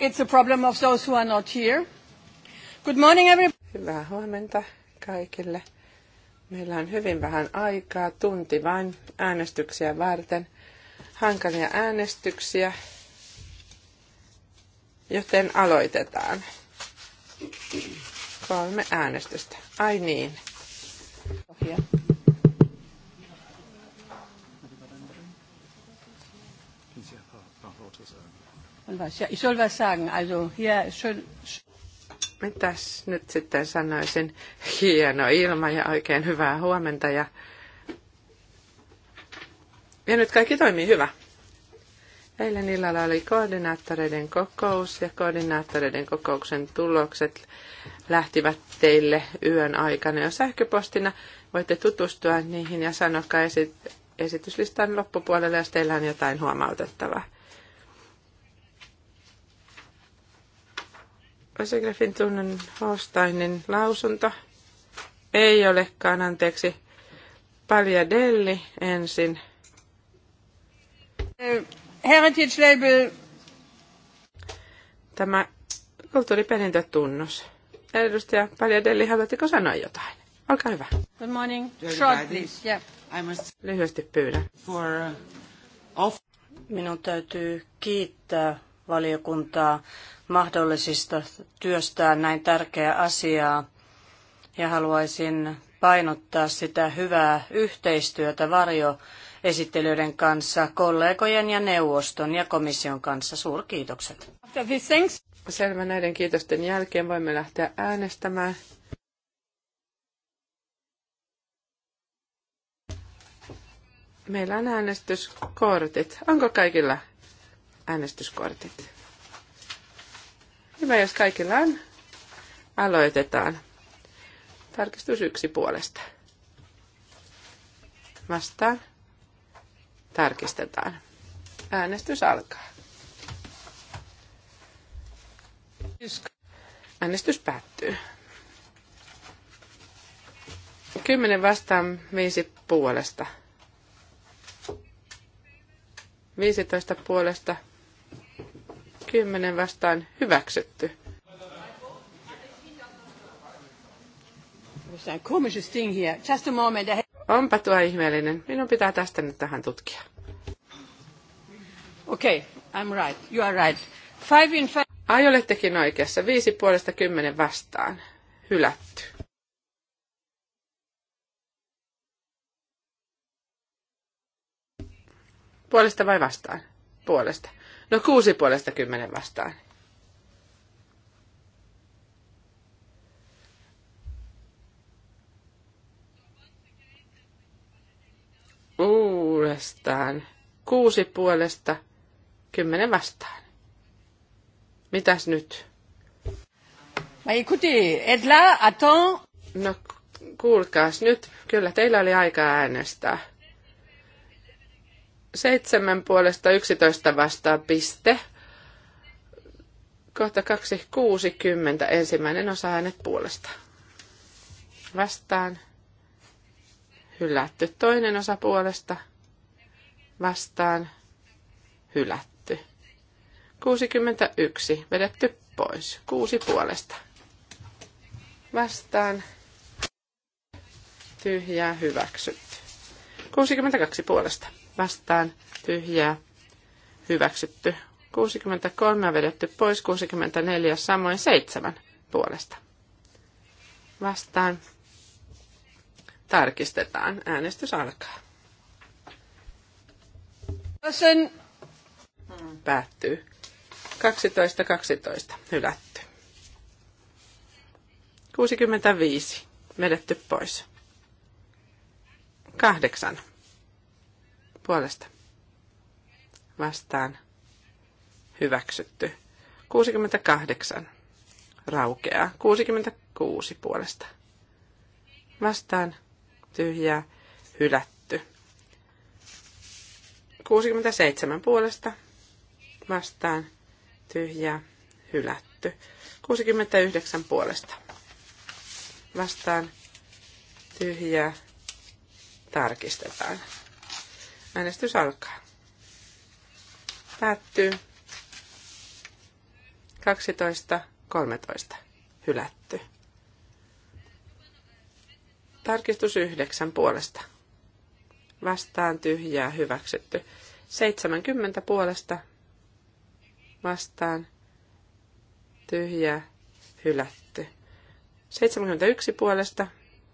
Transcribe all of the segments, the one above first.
It's a problem of those who are not here. Good morning everybody. Hyvää huomenta kaikille. Meillä on hyvin vähän aikaa, tunti vain äänestyksiä varten. Hankalia äänestyksiä, joten aloitetaan. Kolme äänestystä. Ai niin. on was. Ja, ich soll was sagen. Also, hier schön. Mitäs nyt sitten sanoisin? Hieno ilma ja oikein hyvää huomenta. Ja, ja nyt kaikki toimii hyvä. Eilen illalla oli koordinaattoreiden kokous ja koordinaattoreiden kokouksen tulokset lähtivät teille yön aikana jo sähköpostina. Voitte tutustua niihin ja sanokaa esityslistan loppupuolelle, jos teillä on jotain huomautettavaa. Segrafin tunnen hostainen lausunto. Ei olekaan, anteeksi. Delli ensin. Eh, Heritage Label. Tämä kulttuuriperintötunnus. Edustaja Delli, haluatteko sanoa jotain? Olkaa hyvä. Good morning. Short, please. Yeah. I must... Lyhyesti pyydän. For, uh, off... Minun täytyy kiittää valiokuntaa mahdollisista työstää näin tärkeää asiaa ja haluaisin painottaa sitä hyvää yhteistyötä varjoesittelyiden kanssa, kollegojen ja neuvoston ja komission kanssa. Suurkiitokset. Selvä näiden kiitosten jälkeen voimme lähteä äänestämään. Meillä on äänestyskortit. Onko kaikilla äänestyskortit? Hyvä, jos kaikilla on. Aloitetaan. Tarkistus yksi puolesta. Vastaan. Tarkistetaan. Äänestys alkaa. Äänestys päättyy. Kymmenen vastaan viisi puolesta. 15 puolesta Kymmenen vastaan hyväksytty. Onpa tuo ihmeellinen. Minun pitää tästä nyt tähän tutkia. Okei, okay, I'm right. You are right. Five in five. Ai olettekin oikeassa. Viisi puolesta kymmenen vastaan. Hylätty. Puolesta vai vastaan? Puolesta. No kuusi puolesta kymmenen vastaan. Uudestaan. Kuusi puolesta kymmenen vastaan. Mitäs nyt? Mä ikuti, et la, No kuulkaas nyt, kyllä teillä oli aika äänestää. 7 puolesta 11 vastaa piste. Kohta 260 ensimmäinen osa äänet puolesta. Vastaan. Hylätty toinen osa puolesta. Vastaan. Hylätty. 61. Vedetty pois. Kuusi puolesta. Vastaan. Tyhjää hyväksytty. 62 puolesta vastaan tyhjää hyväksytty. 63 vedetty pois, 64 samoin 7 puolesta. Vastaan tarkistetaan. Äänestys alkaa. Sen päättyy. 12.12. 12. Hylätty. 65. Vedetty pois. Kahdeksan puolesta vastaan hyväksytty. 68 raukeaa. 66 puolesta vastaan tyhjää hylätty. 67 puolesta vastaan tyhjää hylätty. 69 puolesta vastaan tyhjää tarkistetaan. Äänestys alkaa. Päättyy. 12, 13. Hylätty. Tarkistus 9 puolesta. Vastaan tyhjää hyväksytty. 70 puolesta. Vastaan tyhjää hylätty. 71 puolesta.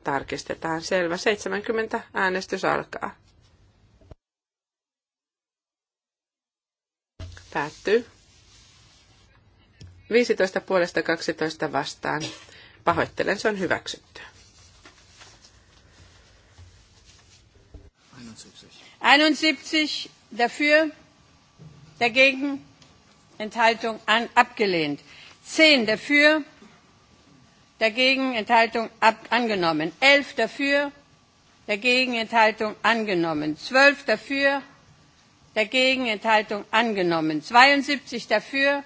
Tarkistetaan selvä. 70 äänestys alkaa. Päättyy. 15 puolesta 12 vastaan. Pahoittelen, se on hyväksytty. 71 dafür, dagegen, Enthaltung an, abgelehnt. 10 dafür, dagegen, Enthaltung ab, angenommen. 11 dafür, dagegen, Enthaltung angenommen. 12 dafür, dagegen Enthaltung angenommen. 72 dafür,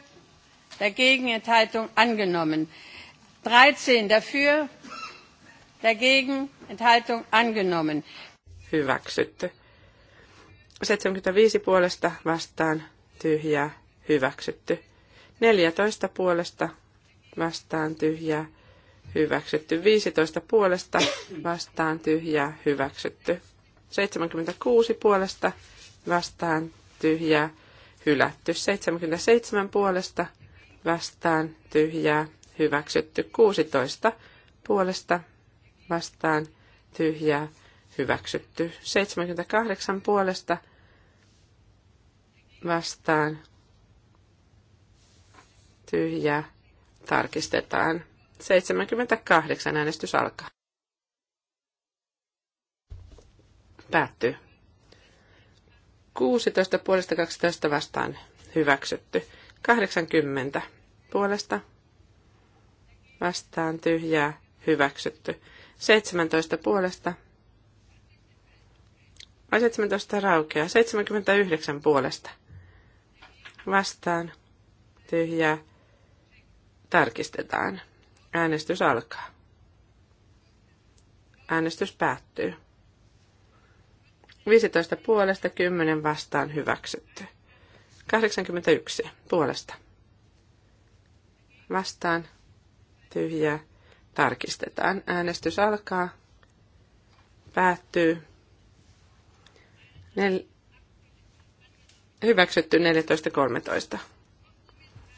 dagegen Enthaltung angenommen. 13 dafür, dagegen Enthaltung angenommen. Hyväksytty. 75 puolesta vastaan tyhjää hyväksytty. 14 puolesta vastaan tyhjää hyväksytty. 15 puolesta vastaan tyhjää hyväksytty. 76 puolesta vastaan tyhjää hylätty. 77 puolesta vastaan tyhjää hyväksytty. 16 puolesta vastaan tyhjää hyväksytty. 78 puolesta vastaan tyhjää tarkistetaan. 78 äänestys alkaa. Päättyy. 16 puolesta 12 vastaan hyväksytty. 80 puolesta vastaan tyhjää hyväksytty. 17 puolesta vai 17 raukeaa. 79 puolesta vastaan tyhjää tarkistetaan. Äänestys alkaa. Äänestys päättyy. 15 puolesta, 10 vastaan hyväksytty. 81 puolesta. Vastaan tyhjää. Tarkistetaan. Äänestys alkaa. Päättyy. Nel- hyväksytty 14.13.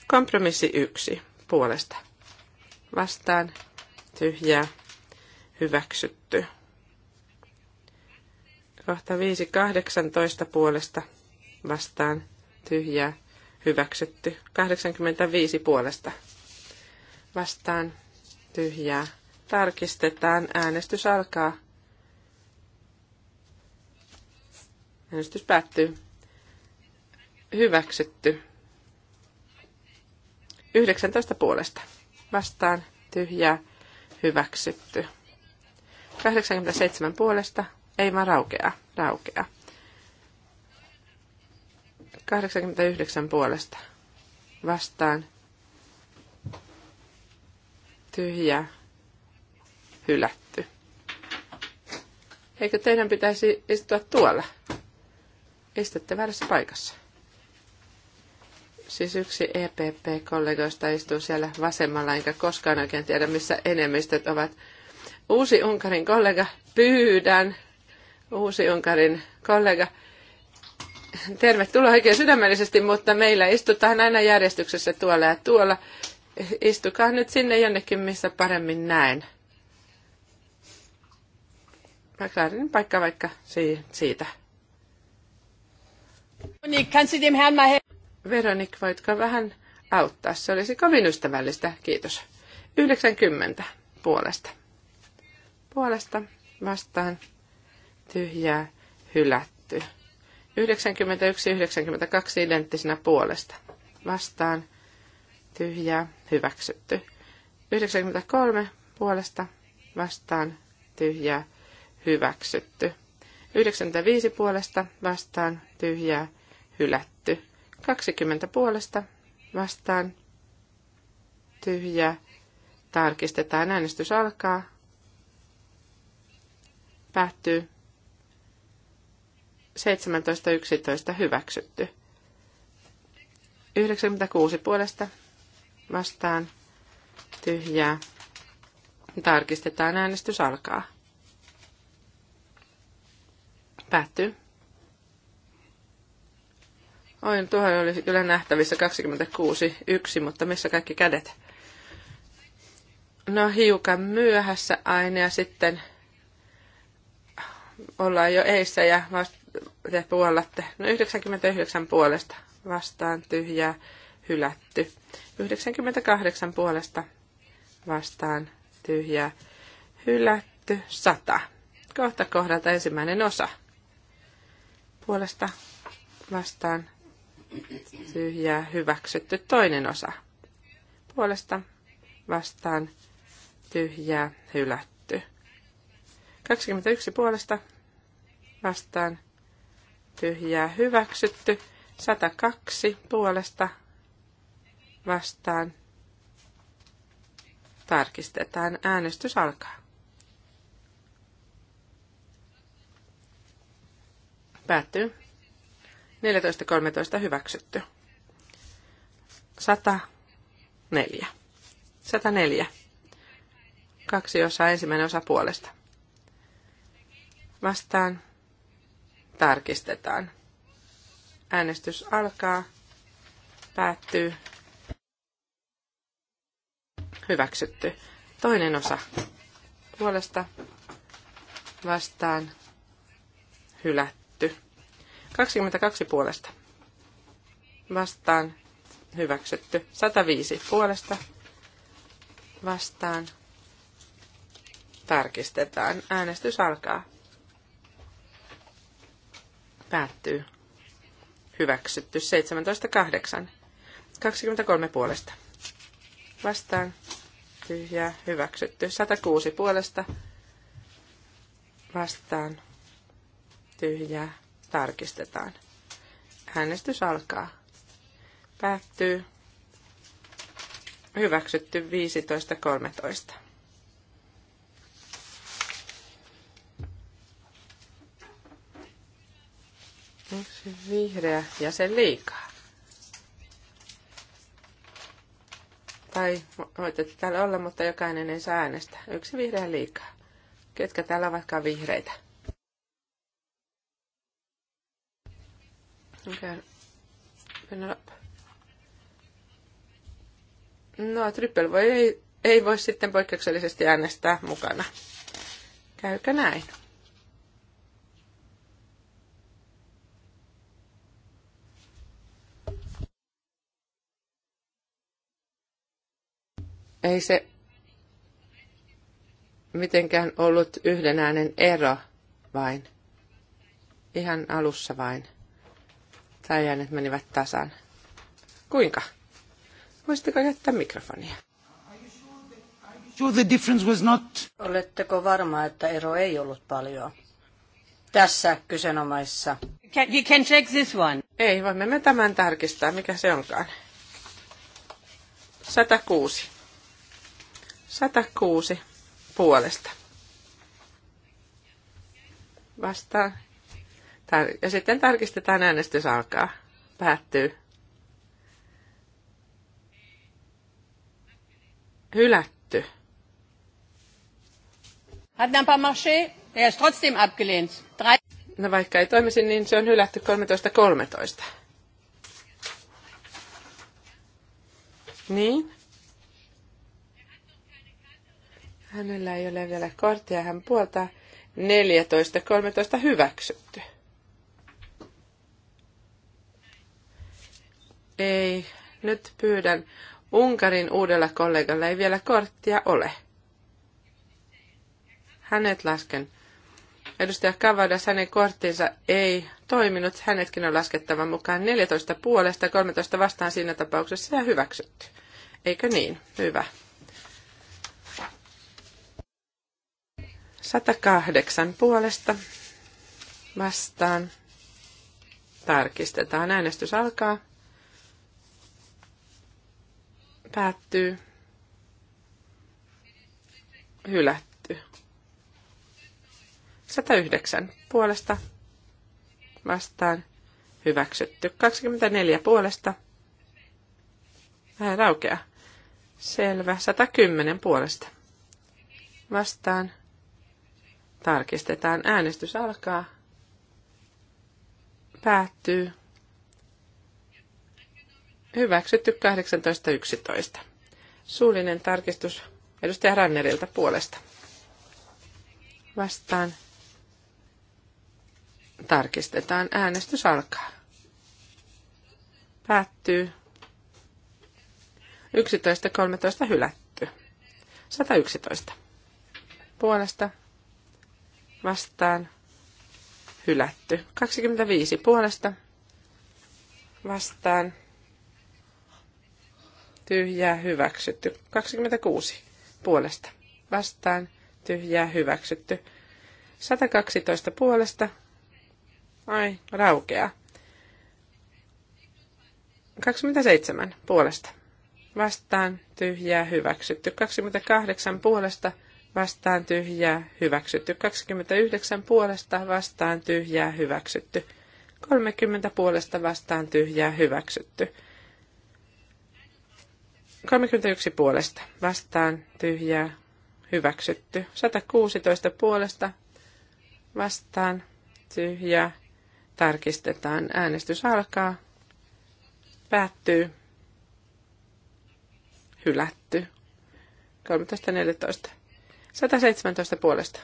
Kompromissi 1 puolesta. Vastaan tyhjää. Hyväksytty. Kohta 5, 18 puolesta vastaan tyhjää hyväksytty. 85 puolesta vastaan tyhjää. Tarkistetaan. Äänestys alkaa. Äänestys päättyy. Hyväksytty. 19 puolesta. Vastaan tyhjää. Hyväksytty. 87 puolesta ei vaan raukeaa, raukeaa. 89 puolesta vastaan tyhjä, hylätty. Eikö teidän pitäisi istua tuolla? Istutte väärässä paikassa. Siis yksi EPP-kollegoista istuu siellä vasemmalla, enkä koskaan oikein tiedä, missä enemmistöt ovat. Uusi Unkarin kollega, pyydän, uusi Unkarin kollega. Tervetuloa oikein sydämellisesti, mutta meillä istutaan aina järjestyksessä tuolla ja tuolla. Istukaa nyt sinne jonnekin, missä paremmin näen. McLarenin paikka vaikka siitä. Veronik, voitko vähän auttaa? Se olisi kovin ystävällistä, kiitos. 90 puolesta. Puolesta vastaan tyhjää hylätty. 91-92 identtisinä puolesta. Vastaan tyhjää hyväksytty. 93 puolesta vastaan tyhjää hyväksytty. 95 puolesta vastaan tyhjää hylätty. 20 puolesta vastaan tyhjää. Tarkistetaan äänestys alkaa. Päättyy. 17.11 hyväksytty. 96 puolesta vastaan tyhjää. Tarkistetaan äänestys alkaa. Päättyy. Oi, tuohon oli kyllä nähtävissä 26.1, mutta missä kaikki kädet? No hiukan myöhässä aina ja sitten ollaan jo eissä ja vasta te puolatte. No 99 puolesta vastaan tyhjää hylätty. 98 puolesta vastaan tyhjää hylätty. 100. Kohta kohdalta ensimmäinen osa. Puolesta vastaan tyhjää hyväksytty toinen osa. Puolesta vastaan tyhjää hylätty. 21 puolesta vastaan tyhjää hyväksytty. 102 puolesta vastaan tarkistetaan. Äänestys alkaa. Päättyy. 14.13 hyväksytty. 104. 104. Kaksi osaa ensimmäinen osa puolesta. Vastaan tarkistetaan. Äänestys alkaa, päättyy, hyväksytty. Toinen osa puolesta vastaan hylätty. 22 puolesta vastaan hyväksytty. 105 puolesta vastaan tarkistetaan. Äänestys alkaa. Päättyy. Hyväksytty. 17.8. 23 puolesta. Vastaan. Tyhjää. Hyväksytty. 106 puolesta. Vastaan. Tyhjää. Tarkistetaan. Äänestys alkaa. Päättyy. Hyväksytty 15.13. Yksi vihreä ja sen liikaa. Tai voitte täällä olla, mutta jokainen ei saa äänestä. Yksi vihreä liikaa. Ketkä täällä vaikka vihreitä? No, trippel voi, ei, ei voi sitten poikkeuksellisesti äänestää mukana. Käykö näin? Ei se mitenkään ollut yhdenäinen ero vain. Ihan alussa vain. Tai äänet menivät tasan. Kuinka? Voisitteko jättää mikrofonia? Oletteko varma, että ero ei ollut paljon? Tässä kyseenomaisessa. you can check this one. Ei, voimme me tämän tarkistaa, mikä se onkaan. 106. 106 puolesta. Vastaan. Ja sitten tarkistetaan äänestys alkaa. Päättyy. Hylätty. Hat ein paar marché, er ist trotzdem abgelehnt. Drei. No vaikka ei toimisi, niin se on hylätty 13.13. 13. Niin. Hänellä ei ole vielä korttia, hän puolta 14.13 hyväksytty. Ei, nyt pyydän. Unkarin uudella kollegalla ei vielä korttia ole. Hänet lasken. Edustaja Kavadas, hänen korttinsa ei toiminut. Hänetkin on laskettava mukaan 14 puolesta, 13 vastaan siinä tapauksessa ja hyväksytty. Eikö niin? Hyvä. 108 puolesta vastaan. Tarkistetaan. Äänestys alkaa. Päättyy. Hylätty. 109 puolesta vastaan. Hyväksytty. 24 puolesta. Vähän raukea. Selvä. 110 puolesta. Vastaan tarkistetaan. Äänestys alkaa. Päättyy. Hyväksytty 18.11. Suullinen tarkistus edustaja Ranneriltä puolesta. Vastaan. Tarkistetaan. Äänestys alkaa. Päättyy. 11.13 hylätty. 111. Puolesta vastaan hylätty. 25 puolesta vastaan tyhjää hyväksytty. 26 puolesta vastaan tyhjää hyväksytty. 112 puolesta ai raukeaa. 27 puolesta vastaan tyhjää hyväksytty. 28 puolesta vastaan vastaan tyhjää hyväksytty. 29 puolesta vastaan tyhjää hyväksytty. 30 puolesta vastaan tyhjää hyväksytty. 31 puolesta vastaan tyhjää hyväksytty. 116 puolesta vastaan tyhjää tarkistetaan. Äänestys alkaa. Päättyy. Hylätty. 13.14. 117 puolesta.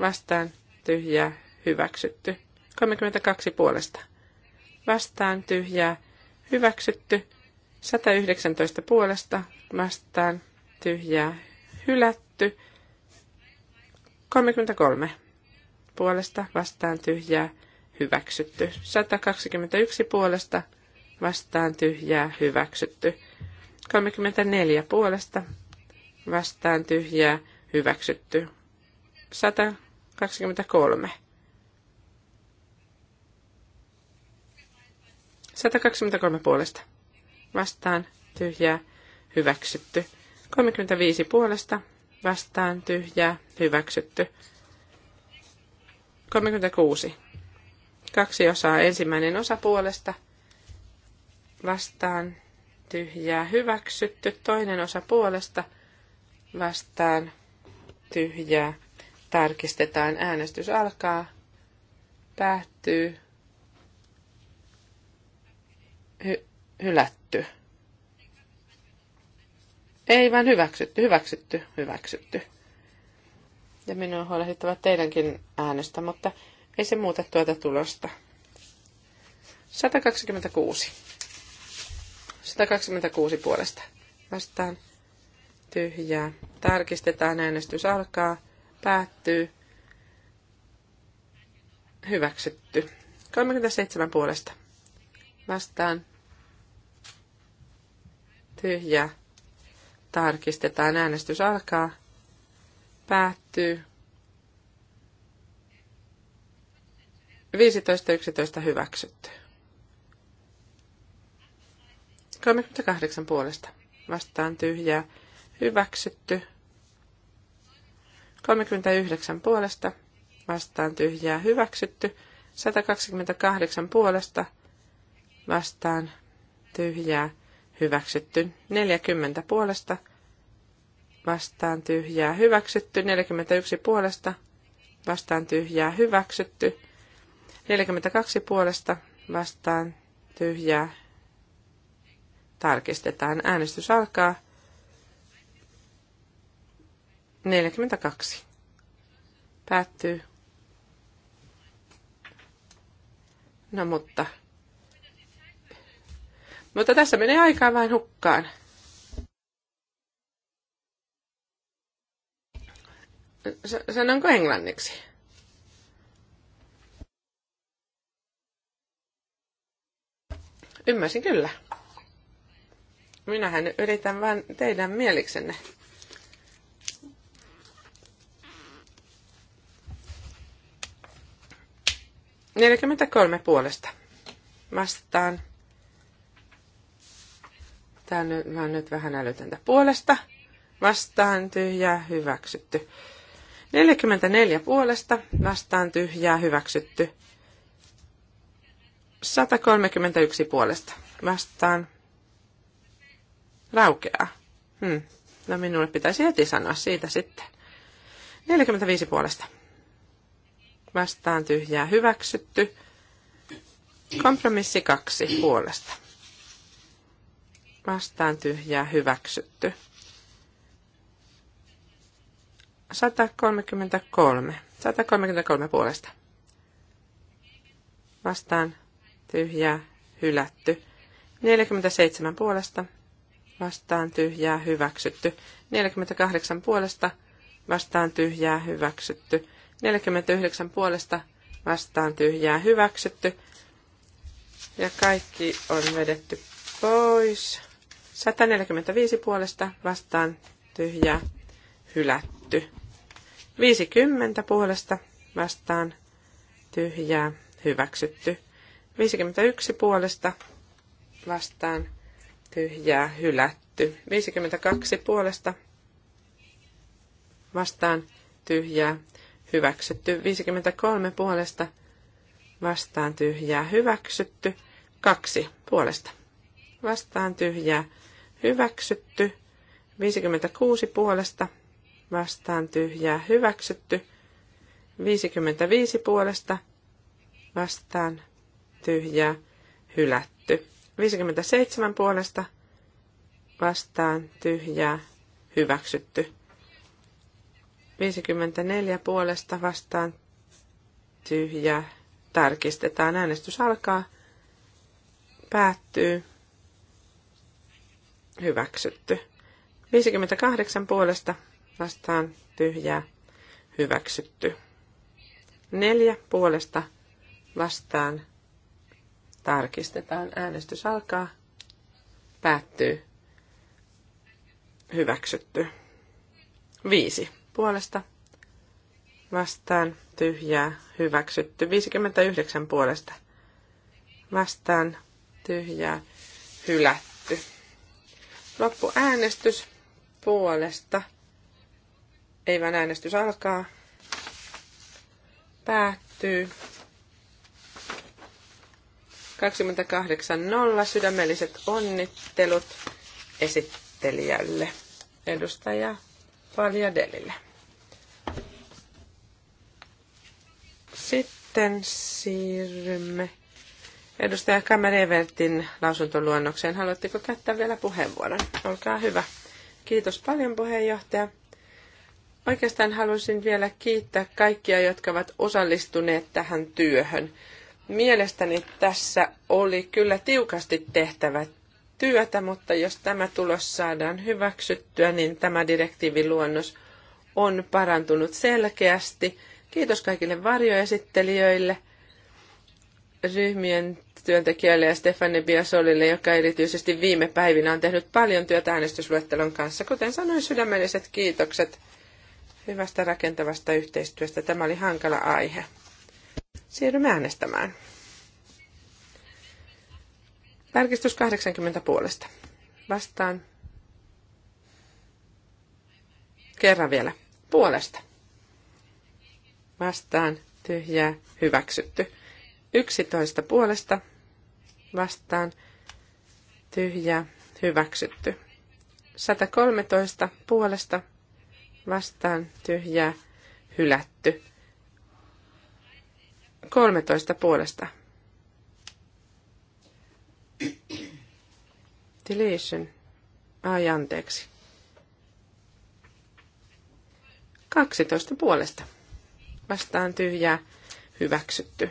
Vastaan tyhjää hyväksytty. 32 puolesta. Vastaan tyhjää hyväksytty. 119 puolesta. Vastaan tyhjää hylätty. 33 puolesta. Vastaan tyhjää hyväksytty. 121 puolesta. Vastaan tyhjää hyväksytty. 34 puolesta. Vastaan tyhjää hyväksytty. 123. 123 puolesta. Vastaan tyhjää hyväksytty. 35 puolesta. Vastaan tyhjää hyväksytty. 36. Kaksi osaa. Ensimmäinen osa puolesta. Vastaan tyhjää hyväksytty. Toinen osa puolesta. Vastaan tyhjää. Tarkistetaan. Äänestys alkaa. Päättyy. Hy- hylätty. Ei vaan hyväksytty, hyväksytty, hyväksytty. Ja minun on huolehdittava teidänkin äänestä, mutta ei se muuta tuota tulosta. 126. 126 puolesta. Vastaan tyhjää. Tarkistetaan äänestys alkaa, päättyy, hyväksytty. 37 puolesta. Vastaan. Tyhjä, Tarkistetaan äänestys alkaa, päättyy. 15.11 hyväksytty. 38 puolesta. Vastaan tyhjää Hyväksytty. 39 puolesta vastaan tyhjää hyväksytty. 128 puolesta vastaan tyhjää hyväksytty. 40 puolesta vastaan tyhjää hyväksytty. 41 puolesta vastaan tyhjää hyväksytty. 42 puolesta vastaan tyhjää tarkistetaan. Äänestys alkaa. 42. Päättyy. No mutta. Mutta tässä menee aikaa vain hukkaan. sanonko englanniksi? Ymmärsin kyllä. Minähän yritän vain teidän mieliksenne. 43 puolesta. Vastaan. Tää on nyt, mä oon nyt vähän älytäntä puolesta. Vastaan tyhjää hyväksytty. 44 puolesta. Vastaan tyhjää hyväksytty. 131 puolesta. Vastaan raukeaa. Hmm. No minulle pitäisi heti sanoa siitä sitten. 45 puolesta vastaan tyhjää hyväksytty. Kompromissi kaksi puolesta. Vastaan tyhjää hyväksytty. 133. 133 puolesta. Vastaan tyhjää hylätty. 47 puolesta. Vastaan tyhjää hyväksytty. 48 puolesta. Vastaan tyhjää hyväksytty. 49 puolesta vastaan tyhjää hyväksytty. Ja kaikki on vedetty pois. 145 puolesta vastaan tyhjää hylätty. 50 puolesta vastaan tyhjää hyväksytty. 51 puolesta vastaan tyhjää hylätty. 52 puolesta vastaan tyhjää hyväksytty. 53 puolesta vastaan tyhjää hyväksytty. 2 puolesta vastaan tyhjää hyväksytty. 56 puolesta vastaan tyhjää hyväksytty. 55 puolesta vastaan tyhjää hylätty. 57 puolesta vastaan tyhjää hyväksytty. 54 puolesta vastaan tyhjä. Tarkistetaan. Äänestys alkaa. Päättyy. Hyväksytty. 58 puolesta vastaan tyhjää. Hyväksytty. 4 puolesta vastaan tarkistetaan. Äänestys alkaa. Päättyy. Hyväksytty. 5 puolesta vastaan tyhjää hyväksytty. 59 puolesta vastaan tyhjää hylätty. loppu äänestys puolesta. Ei vaan äänestys alkaa. Päättyy. 28.0. Sydämelliset onnittelut esittelijälle, edustaja Paljadelille. Sitten siirrymme edustaja Kamerevertin lausuntoluonnokseen. Haluatteko käyttää vielä puheenvuoron? Olkaa hyvä. Kiitos paljon puheenjohtaja. Oikeastaan haluaisin vielä kiittää kaikkia, jotka ovat osallistuneet tähän työhön. Mielestäni tässä oli kyllä tiukasti tehtävä työtä, mutta jos tämä tulos saadaan hyväksyttyä, niin tämä direktiiviluonnos on parantunut selkeästi – Kiitos kaikille varjoesittelijöille, ryhmien työntekijöille ja Stefani Biasolille, joka erityisesti viime päivinä on tehnyt paljon työtä äänestysluettelon kanssa. Kuten sanoin, sydämelliset kiitokset hyvästä rakentavasta yhteistyöstä. Tämä oli hankala aihe. Siirrymme äänestämään. Tarkistus 80 puolesta. Vastaan. Kerran vielä. Puolesta vastaan tyhjää hyväksytty. 11 puolesta vastaan tyhjää hyväksytty. 113 puolesta vastaan tyhjää hylätty. 13 puolesta. Deletion. Ai anteeksi. 12 puolesta vastaan tyhjää hyväksytty.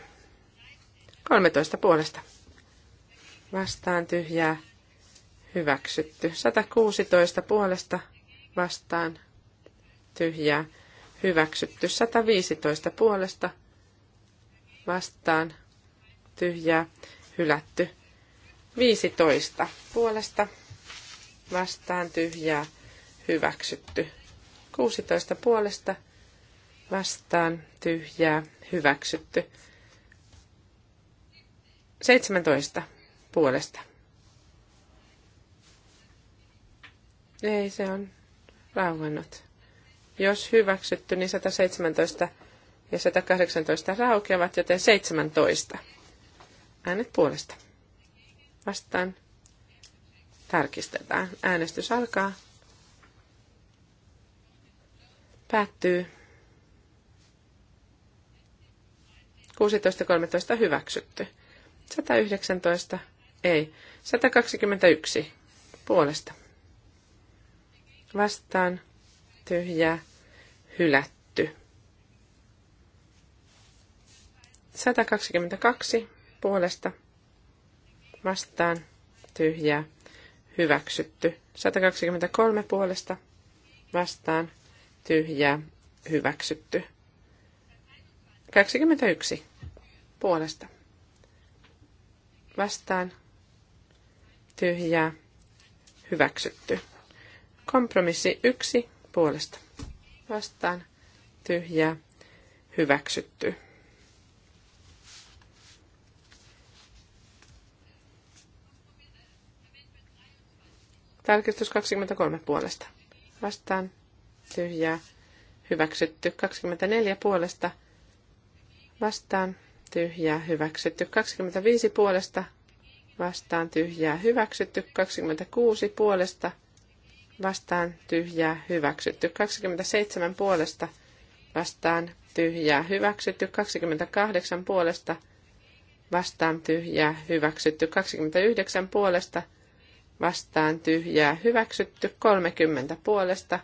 13 puolesta vastaan tyhjää hyväksytty. 116 puolesta vastaan tyhjää hyväksytty. 115 puolesta vastaan tyhjää hylätty. 15 puolesta vastaan tyhjää hyväksytty. 16 puolesta vastaan, vastaan tyhjää hyväksytty. 17 puolesta. Ei, se on rauennut. Jos hyväksytty, niin 117 ja 118 raukeavat, joten 17. Äänet puolesta. Vastaan. Tarkistetaan. Äänestys alkaa. Päättyy. 16.13 hyväksytty. 119 ei. 121 puolesta. Vastaan Tyhjä. hylätty. 122 puolesta vastaan Tyhjä. hyväksytty. 123 puolesta vastaan Tyhjä. hyväksytty. 21 puolesta. Vastaan tyhjää hyväksytty. Kompromissi 1 puolesta. Vastaan tyhjää hyväksytty. Tarkistus 23 puolesta. Vastaan tyhjää hyväksytty. 24 puolesta vastaan tyhjää hyväksytty. 25 puolesta vastaan tyhjää hyväksytty. 26 puolesta vastaan tyhjää hyväksytty. 27 puolesta vastaan tyhjää hyväksytty. 28 puolesta vastaan tyhjää hyväksytty. 29 puolesta vastaan tyhjää hyväksytty. 30 puolesta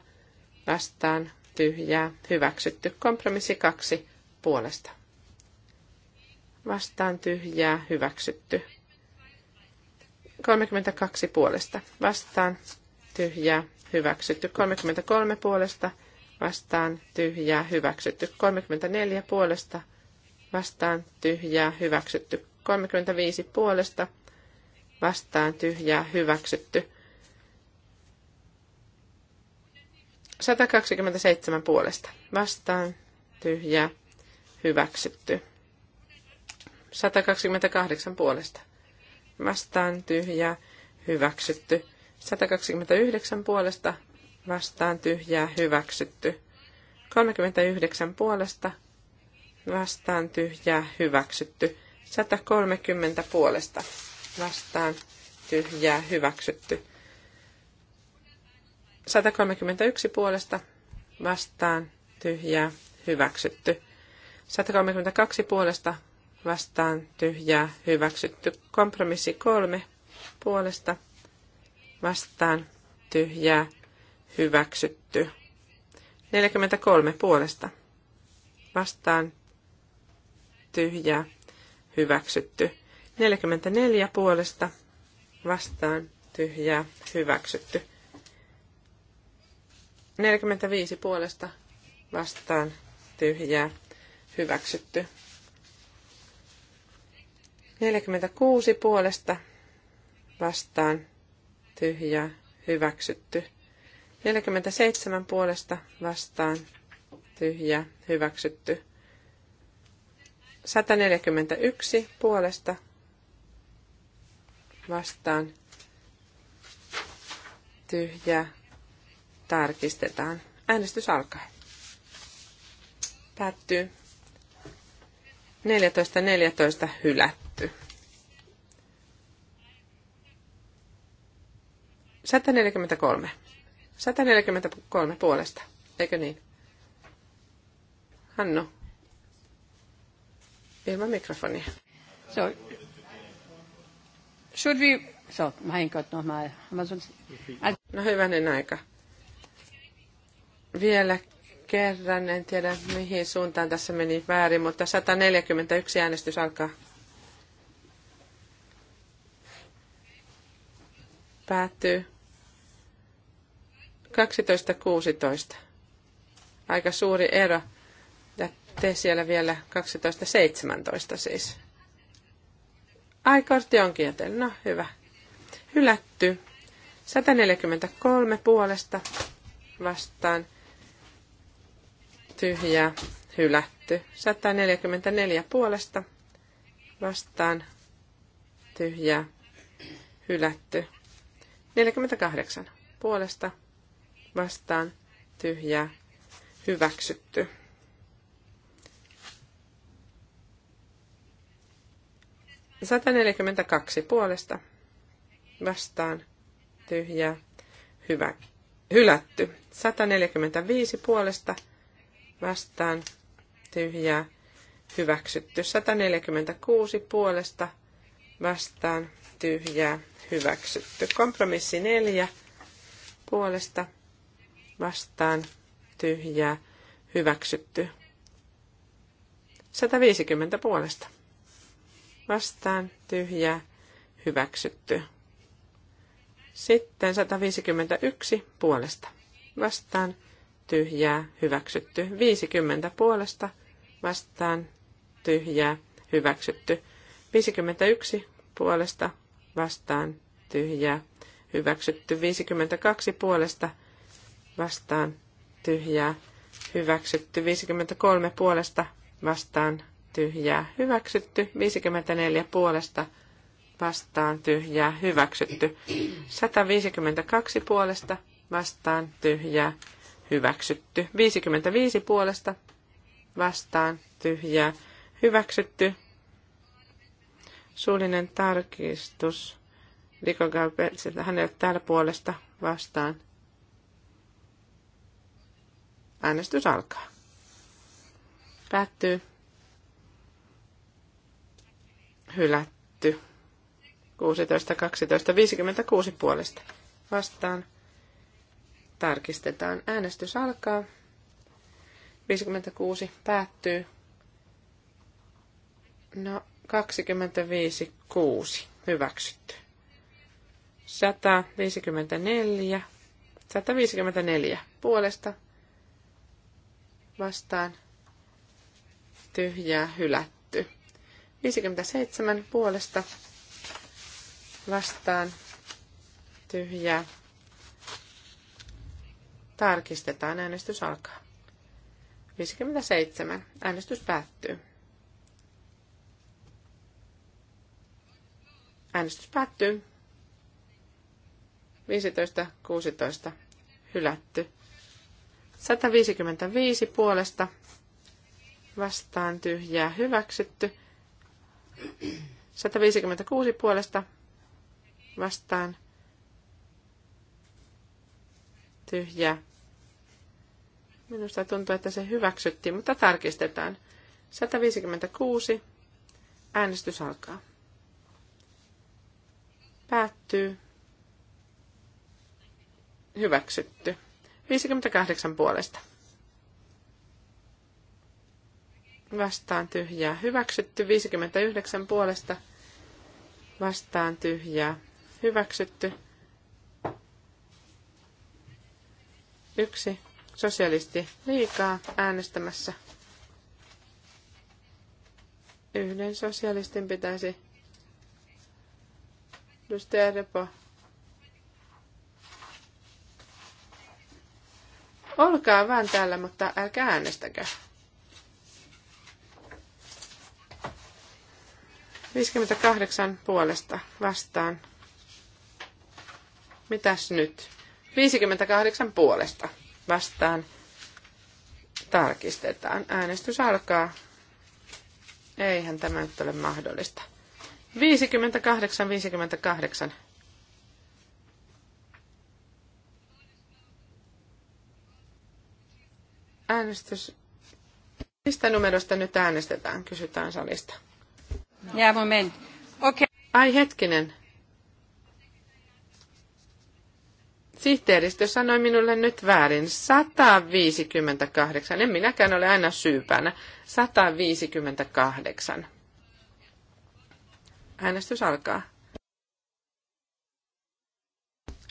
vastaan tyhjää hyväksytty. Kompromissi 2 puolesta vastaan tyhjää hyväksytty. 32 puolesta vastaan tyhjää hyväksytty. 33 puolesta vastaan tyhjää hyväksytty. 34 puolesta vastaan tyhjää hyväksytty. 35 puolesta vastaan tyhjää hyväksytty. 127 puolesta vastaan tyhjää hyväksytty. 128 puolesta. Vastaan tyhjää, hyväksytty. 129 puolesta. Vastaan tyhjää, hyväksytty. 39 puolesta. Vastaan tyhjää, hyväksytty. 130 puolesta. Vastaan tyhjää, hyväksytty. 131 puolesta. Vastaan tyhjää, hyväksytty. 132 puolesta vastaan tyhjää hyväksytty. Kompromissi kolme puolesta vastaan tyhjää hyväksytty. 43 puolesta vastaan tyhjää hyväksytty. 44 puolesta vastaan tyhjää hyväksytty. 45 puolesta vastaan tyhjää hyväksytty. 46 puolesta vastaan tyhjää hyväksytty. 47 puolesta vastaan tyhjää hyväksytty. 141 puolesta vastaan tyhjää tarkistetaan. Äänestys alkaa. Päättyy. 14.14 hylätty. 143. 143 puolesta, eikö niin? Hannu. Ilman mikrofonia. So, should we... So, mein Gott, nochmal. No, no hyvänen niin aika. Vielä kerran, en tiedä mihin suuntaan tässä meni väärin, mutta 141 äänestys alkaa. Päättyy 12.16. Aika suuri ero. Ja te siellä vielä 12.17 siis. Ai, kortti on jätellyt. No, hyvä. Hylätty. 143 puolesta vastaan tyhjä, hylätty. 144 puolesta vastaan, tyhjä, hylätty. 48 puolesta vastaan, tyhjä, hyväksytty. sata kaksi puolesta vastaan tyhjä, hyvä, hylätty. viisi puolesta vastaan tyhjää hyväksytty. 146 puolesta vastaan tyhjää hyväksytty. Kompromissi 4 puolesta vastaan tyhjää hyväksytty. 150 puolesta vastaan tyhjää hyväksytty. Sitten 151 puolesta vastaan tyhjää, hyväksytty. 50 puolesta vastaan, tyhjää, hyväksytty. 51 puolesta vastaan, tyhjää, hyväksytty. 52 puolesta vastaan, tyhjää, hyväksytty. 53 puolesta vastaan, tyhjää, hyväksytty. 54 puolesta vastaan, tyhjää, hyväksytty. 152 puolesta vastaan, tyhjää, hyväksytty. 55 puolesta vastaan tyhjää hyväksytty. Suullinen tarkistus Liko Gaubelsilta hänelle täällä puolesta vastaan. Äänestys alkaa. Päättyy. Hylätty. 16, 12, 56 puolesta. Vastaan tarkistetaan. Äänestys alkaa. 56 päättyy. No, 25, 6. Hyväksytty. 154. 154 puolesta vastaan tyhjää hylätty. 57 puolesta vastaan tyhjää Tarkistetaan. Äänestys alkaa. 57. Äänestys päättyy. Äänestys päättyy. 15, 16. Hylätty. 155 puolesta vastaan tyhjää hyväksytty. 156 puolesta vastaan tyhjää Minusta tuntuu, että se hyväksyttiin, mutta tarkistetaan. 156. Äänestys alkaa. Päättyy. Hyväksytty. 58 puolesta. Vastaan tyhjää. Hyväksytty. 59 puolesta. Vastaan tyhjää. Hyväksytty. Yksi sosialisti liikaa äänestämässä. Yhden sosialistin pitäisi edustaja Repo. Olkaa vaan täällä, mutta älkää äänestäkää. 58 puolesta vastaan. Mitäs nyt? 58 puolesta vastaan tarkistetaan. Äänestys alkaa. Eihän tämä nyt ole mahdollista. 58, 58. Äänestys. Mistä numerosta nyt äänestetään, kysytään salista. Ja moment. Okei. Okay. Ai hetkinen. Sihteeristö sanoi minulle nyt väärin. 158. En minäkään ole aina syypänä. 158. Äänestys alkaa.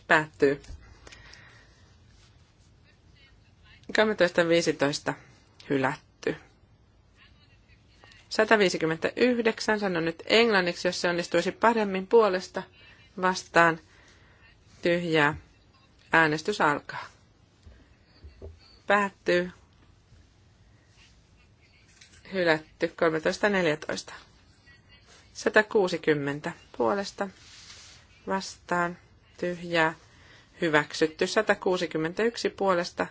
Päättyy. 13.15. Hylätty. 159. Sanon nyt englanniksi, jos se onnistuisi paremmin puolesta vastaan. Tyhjää Äänestys alkaa. Päättyy. Hylätty 13.14. 160 puolesta vastaan tyhjää. Hyväksytty 161 puolesta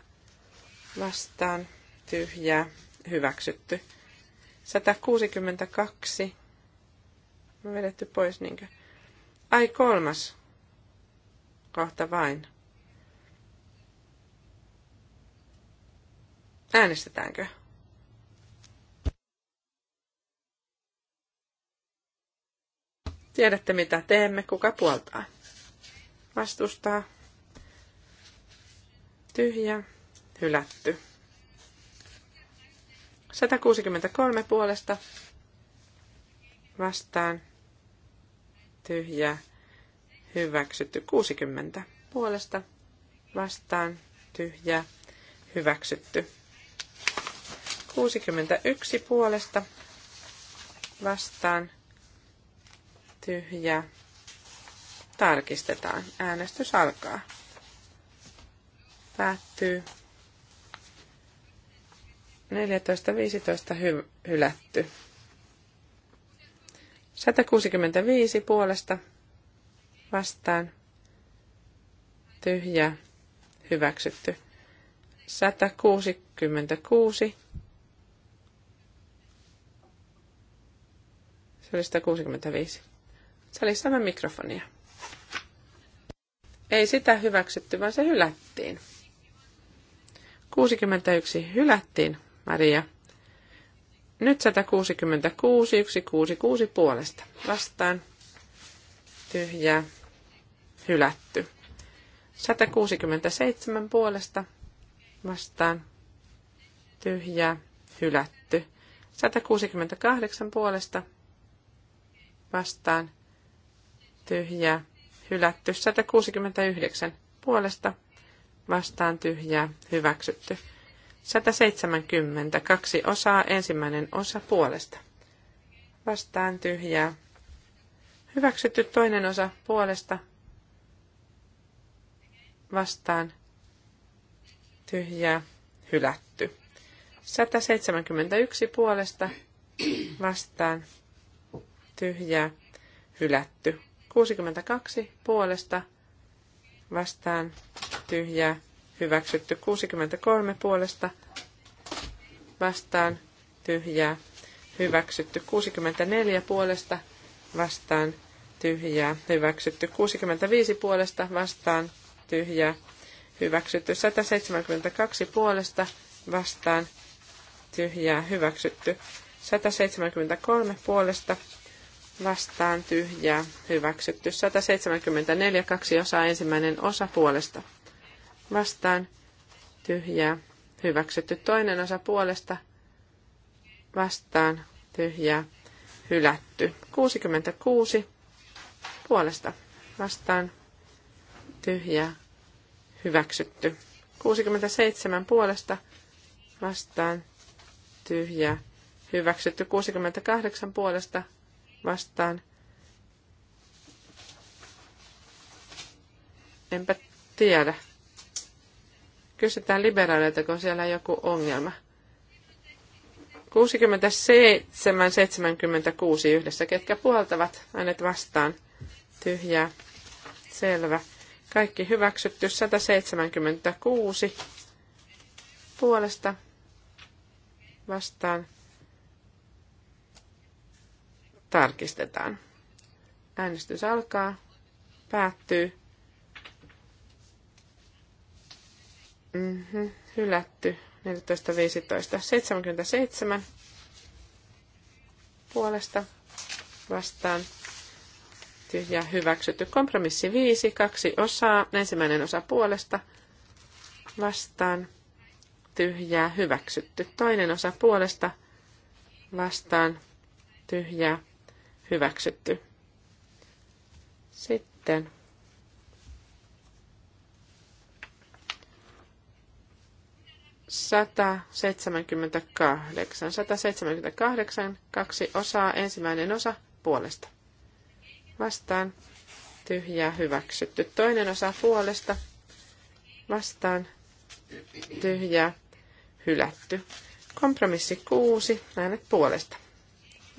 vastaan tyhjää. Hyväksytty 162. Mä vedetty pois niinkö? Ai kolmas. Kohta vain. Äänestetäänkö? Tiedätte mitä teemme, kuka puoltaa. Vastustaa. Tyhjä. Hylätty. 163 puolesta. Vastaan. Tyhjä. Hyväksytty. 60 puolesta. Vastaan. Tyhjä. Hyväksytty. 61 puolesta vastaan tyhjä Tarkistetaan. Äänestys alkaa. Päättyy. 14.15 hy- hylätty. 165 puolesta vastaan tyhjä hyväksytty. 166 Se oli 165. Se oli sama mikrofonia. Ei sitä hyväksytty, vaan se hylättiin. 61 hylättiin, Maria. Nyt 166, 166 puolesta. Vastaan. Tyhjää. Hylätty. 167 puolesta. Vastaan. Tyhjää. Hylätty. 168 puolesta vastaan tyhjää, hylätty. 169 puolesta vastaan tyhjää, hyväksytty. 170, kaksi osaa, ensimmäinen osa puolesta. Vastaan tyhjää. Hyväksytty toinen osa puolesta. Vastaan tyhjää, hylätty. 171 puolesta vastaan tyhjää, hylätty. 62 puolesta vastaan tyhjää, hyväksytty. 63 puolesta vastaan tyhjää, hyväksytty. 64 puolesta vastaan tyhjää, hyväksytty. 65 puolesta vastaan tyhjää, hyväksytty. 172 puolesta vastaan tyhjää, hyväksytty. 173 puolesta vastaan tyhjää hyväksytty. 174 kaksi osaa ensimmäinen osa puolesta vastaan tyhjää hyväksytty. Toinen osa puolesta vastaan tyhjää hylätty. 66 puolesta vastaan tyhjää hyväksytty. 67 puolesta vastaan tyhjää hyväksytty. 68 puolesta vastaan. Enpä tiedä. Kysytään liberaaleilta, kun siellä on joku ongelma. 67, 76 yhdessä. Ketkä puoltavat, äänet vastaan. Tyhjää. Selvä. Kaikki hyväksytty. 176 puolesta vastaan tarkistetaan. Äänestys alkaa, päättyy. Mm-hmm, hylätty 14.15. 77 puolesta vastaan tyhjä hyväksytty. Kompromissi 5, kaksi osaa. Ensimmäinen osa puolesta vastaan tyhjää hyväksytty. Toinen osa puolesta vastaan tyhjää hyväksytty. Sitten sata seitsemänkymmentäkahdeksan. Sata seitsemänkymmentäkahdeksan, kaksi osaa, ensimmäinen osa puolesta. Vastaan, tyhjää, hyväksytty. Toinen osa puolesta, vastaan, tyhjää, hylätty. Kompromissi kuusi, äänet puolesta.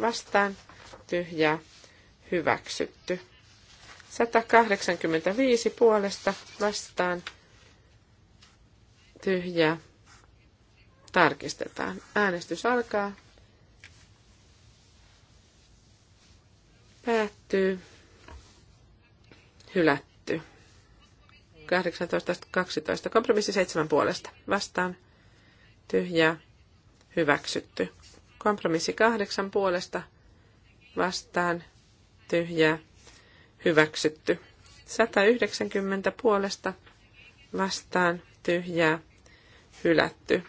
Vastaan, ja hyväksytty. 185 puolesta vastaan tyhjä. tarkistetaan. Äänestys alkaa. Päättyy. Hylätty. 18.12. Kompromissi 7 puolesta. Vastaan. tyhjä, Hyväksytty. Kompromissi 8 puolesta vastaan tyhjää hyväksytty. 190 puolesta vastaan tyhjää hylätty.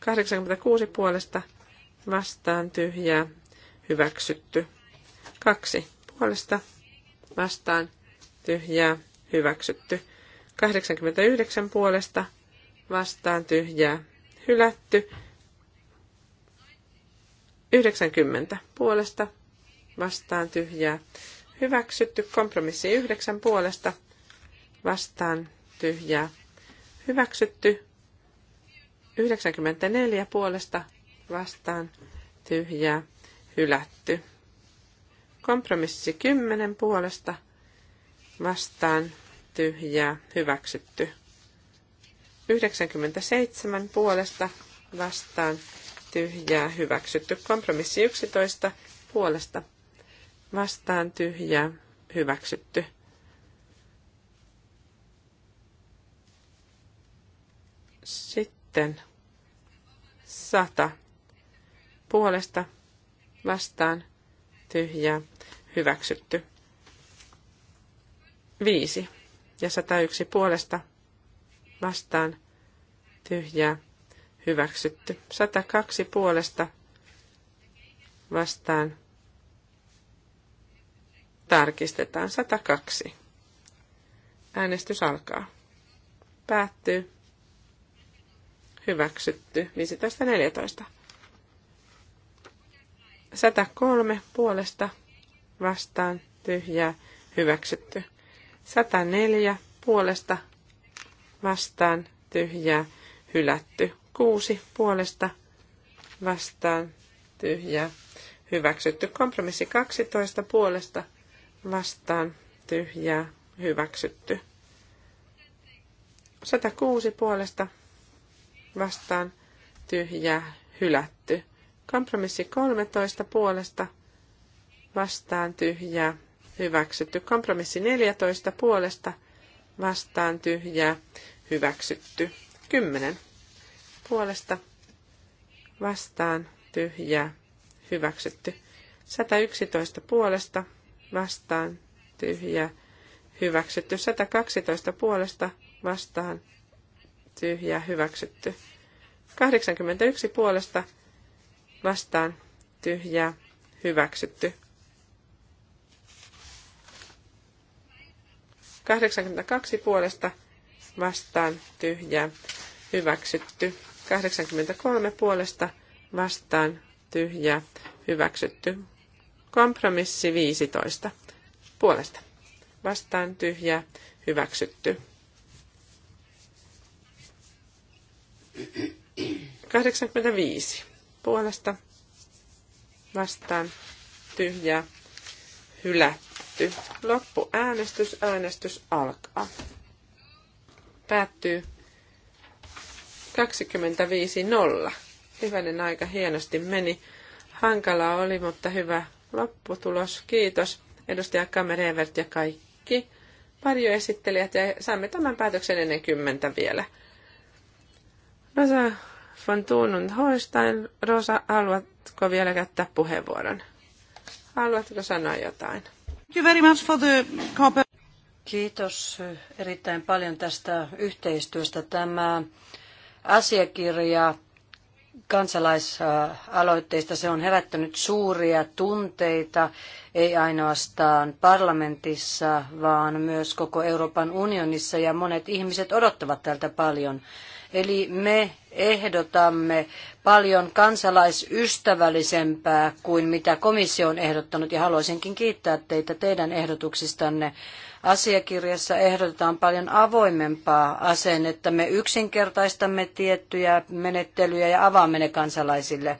86 puolesta vastaan tyhjää hyväksytty. 2 puolesta vastaan tyhjää hyväksytty. 89 puolesta vastaan tyhjää hylätty. 90 puolesta vastaan tyhjää. Hyväksytty kompromissi yhdeksän puolesta vastaan tyhjää. Hyväksytty 94 puolesta vastaan tyhjää. Hylätty. Kompromissi 10 puolesta vastaan tyhjää. Hyväksytty. 97 puolesta vastaan tyhjää. Hyväksytty. Kompromissi 11 puolesta vastaan tyhjä hyväksytty. Sitten sata puolesta vastaan tyhjää hyväksytty. Viisi ja sata yksi puolesta vastaan tyhjää hyväksytty. kaksi puolesta vastaan Tarkistetaan 102. Äänestys alkaa. Päättyy. Hyväksytty. 15.14. 103 puolesta vastaan tyhjää hyväksytty. 104 puolesta vastaan tyhjää hylätty. 6 puolesta vastaan tyhjää hyväksytty. Kompromissi 12 puolesta vastaan tyhjää hyväksytty. 106 puolesta vastaan tyhjää hylätty. Kompromissi 13 puolesta vastaan tyhjää hyväksytty. Kompromissi 14 puolesta vastaan tyhjää hyväksytty. 10 puolesta vastaan tyhjää hyväksytty. 111 puolesta vastaan tyhjä hyväksytty. 112 puolesta vastaan tyhjä hyväksytty. 81 puolesta vastaan tyhjä hyväksytty. 82 puolesta vastaan tyhjä hyväksytty. 83 puolesta vastaan tyhjä hyväksytty. Kompromissi 15. Puolesta. Vastaan tyhjää. Hyväksytty. 85. Puolesta. Vastaan tyhjää. Hylätty. Loppu äänestys. Äänestys alkaa. Päättyy 25.0. Hyvänen aika hienosti meni. Hankala oli, mutta hyvä lopputulos. Kiitos edustaja Kamerevert ja kaikki varjoesittelijät ja saamme tämän päätöksen ennen kymmentä vielä. Rosa von Tuunun Hoistain, Rosa, haluatko vielä käyttää puheenvuoron? Haluatko sanoa jotain? Kiitos erittäin paljon tästä yhteistyöstä. Tämä asiakirja kansalaisaloitteista. Se on herättänyt suuria tunteita, ei ainoastaan parlamentissa, vaan myös koko Euroopan unionissa, ja monet ihmiset odottavat tältä paljon. Eli me ehdotamme paljon kansalaisystävällisempää kuin mitä komissio on ehdottanut, ja haluaisinkin kiittää teitä teidän ehdotuksistanne Asiakirjassa ehdotetaan paljon avoimempaa asennetta. Me yksinkertaistamme tiettyjä menettelyjä ja avaamme ne kansalaisille.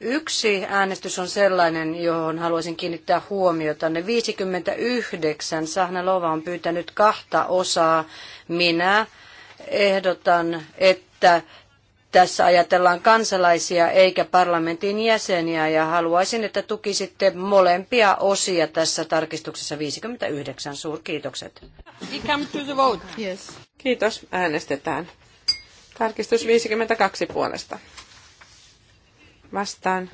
Yksi äänestys on sellainen, johon haluaisin kiinnittää huomiota. Ne 59 Sahnalova on pyytänyt kahta osaa. Minä ehdotan, että tässä ajatellaan kansalaisia eikä parlamentin jäseniä ja haluaisin, että tukisitte molempia osia tässä tarkistuksessa 59. Suurkiitokset. We Kiitos. Äänestetään. Tarkistus 52 puolesta. Vastaan.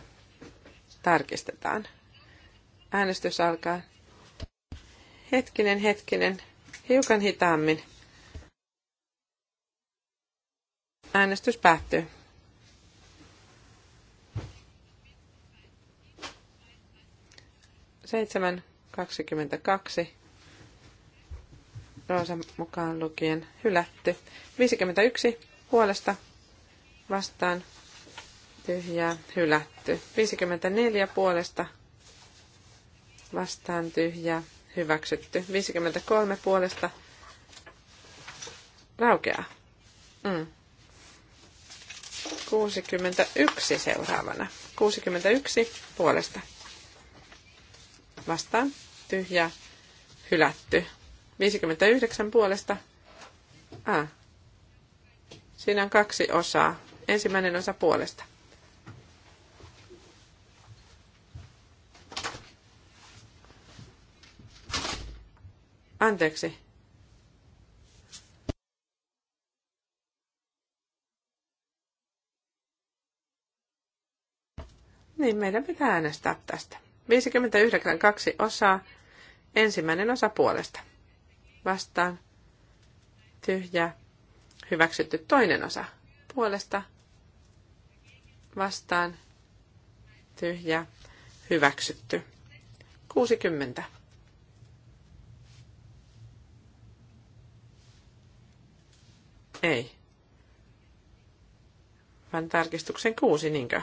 Tarkistetaan. Äänestys alkaa. Hetkinen, hetkinen. Hiukan hitaammin. Äänestys päättyy. Seitsemän, kaksikymmentäkaksi. Roosa mukaan lukien hylätty. 51 puolesta vastaan tyhjää hylätty. 54 puolesta vastaan tyhjää hyväksytty. 53 puolesta raukeaa. Mm. 61 seuraavana. 61 puolesta. Vastaan. Tyhjä. Hylätty. 59 puolesta. A. Siinä on kaksi osaa. Ensimmäinen osa puolesta. Anteeksi. Niin, meidän pitää äänestää tästä. 59 kaksi osaa. Ensimmäinen osa puolesta. Vastaan. Tyhjä. Hyväksytty toinen osa. Puolesta. Vastaan. Tyhjä. Hyväksytty. 60. Ei. Vain tarkistuksen kuusi, niinkö?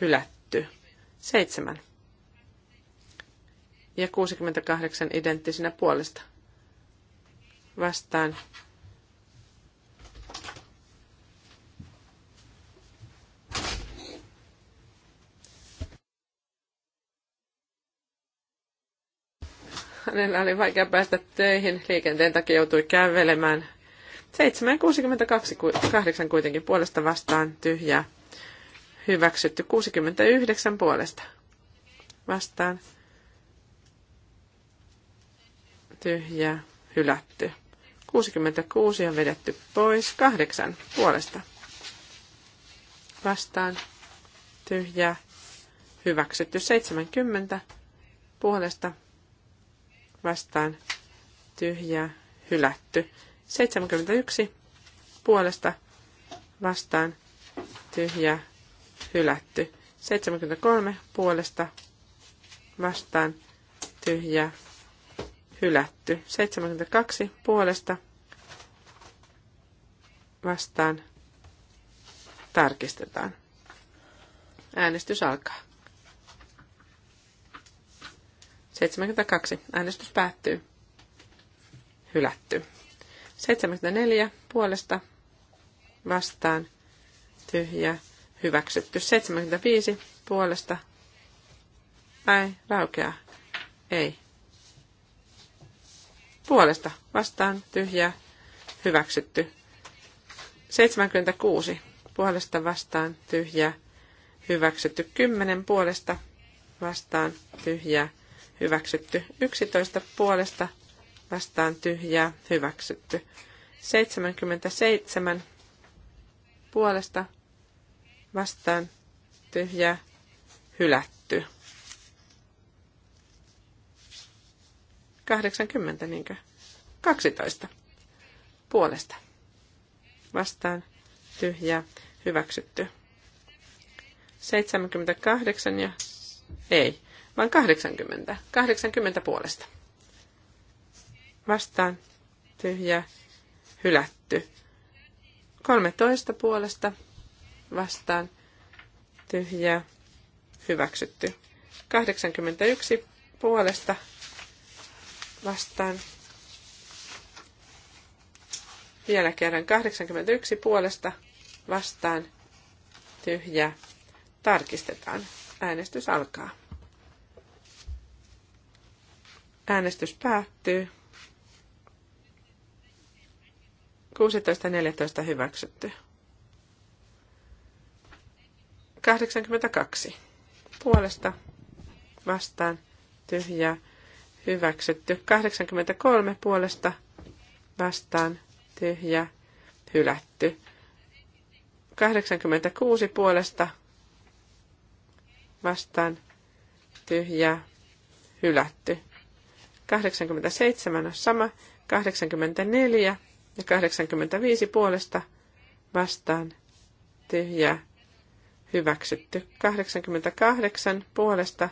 hylätty. Seitsemän. Ja 68 identtisinä puolesta. Vastaan. Hänellä oli vaikea päästä töihin. Liikenteen takia joutui kävelemään. 7.62.8 kuitenkin puolesta vastaan tyhjää Hyväksytty 69 puolesta. Vastaan. Tyhjä. Hylätty. 66 on vedetty pois. 8 puolesta. Vastaan. Tyhjä. Hyväksytty 70 puolesta. Vastaan. Tyhjä. Hylätty. 71 puolesta. Vastaan. Tyhjä hylätty. 73 puolesta vastaan tyhjää hylätty. 72 puolesta vastaan tarkistetaan. Äänestys alkaa. 72. Äänestys päättyy. Hylätty. 74 puolesta vastaan tyhjää hyväksytty. 75 puolesta. Ai, raukeaa. Ei. Puolesta vastaan tyhjä, hyväksytty. 76 puolesta vastaan tyhjä, hyväksytty. 10 puolesta vastaan tyhjä, hyväksytty. 11 puolesta vastaan tyhjä, hyväksytty. 77 puolesta vastaan tyhjä hylätty. 80 niinkö? 12 puolesta vastaan tyhjä hyväksytty. 78 ja ei, vaan 80. 80 puolesta. Vastaan tyhjä, hylätty. 13 puolesta vastaan tyhjä hyväksytty. 81 puolesta vastaan vielä kerran 81 puolesta vastaan tyhjä Tarkistetaan. Äänestys alkaa. Äänestys päättyy. 16.14 hyväksytty. 82. Puolesta vastaan tyhjää hyväksytty. 83 puolesta vastaan tyhjä hylätty. 86 puolesta vastaan tyhjä hylätty. 87 on sama. 84 ja 85 puolesta vastaan tyhjä hyväksytty. 88 puolesta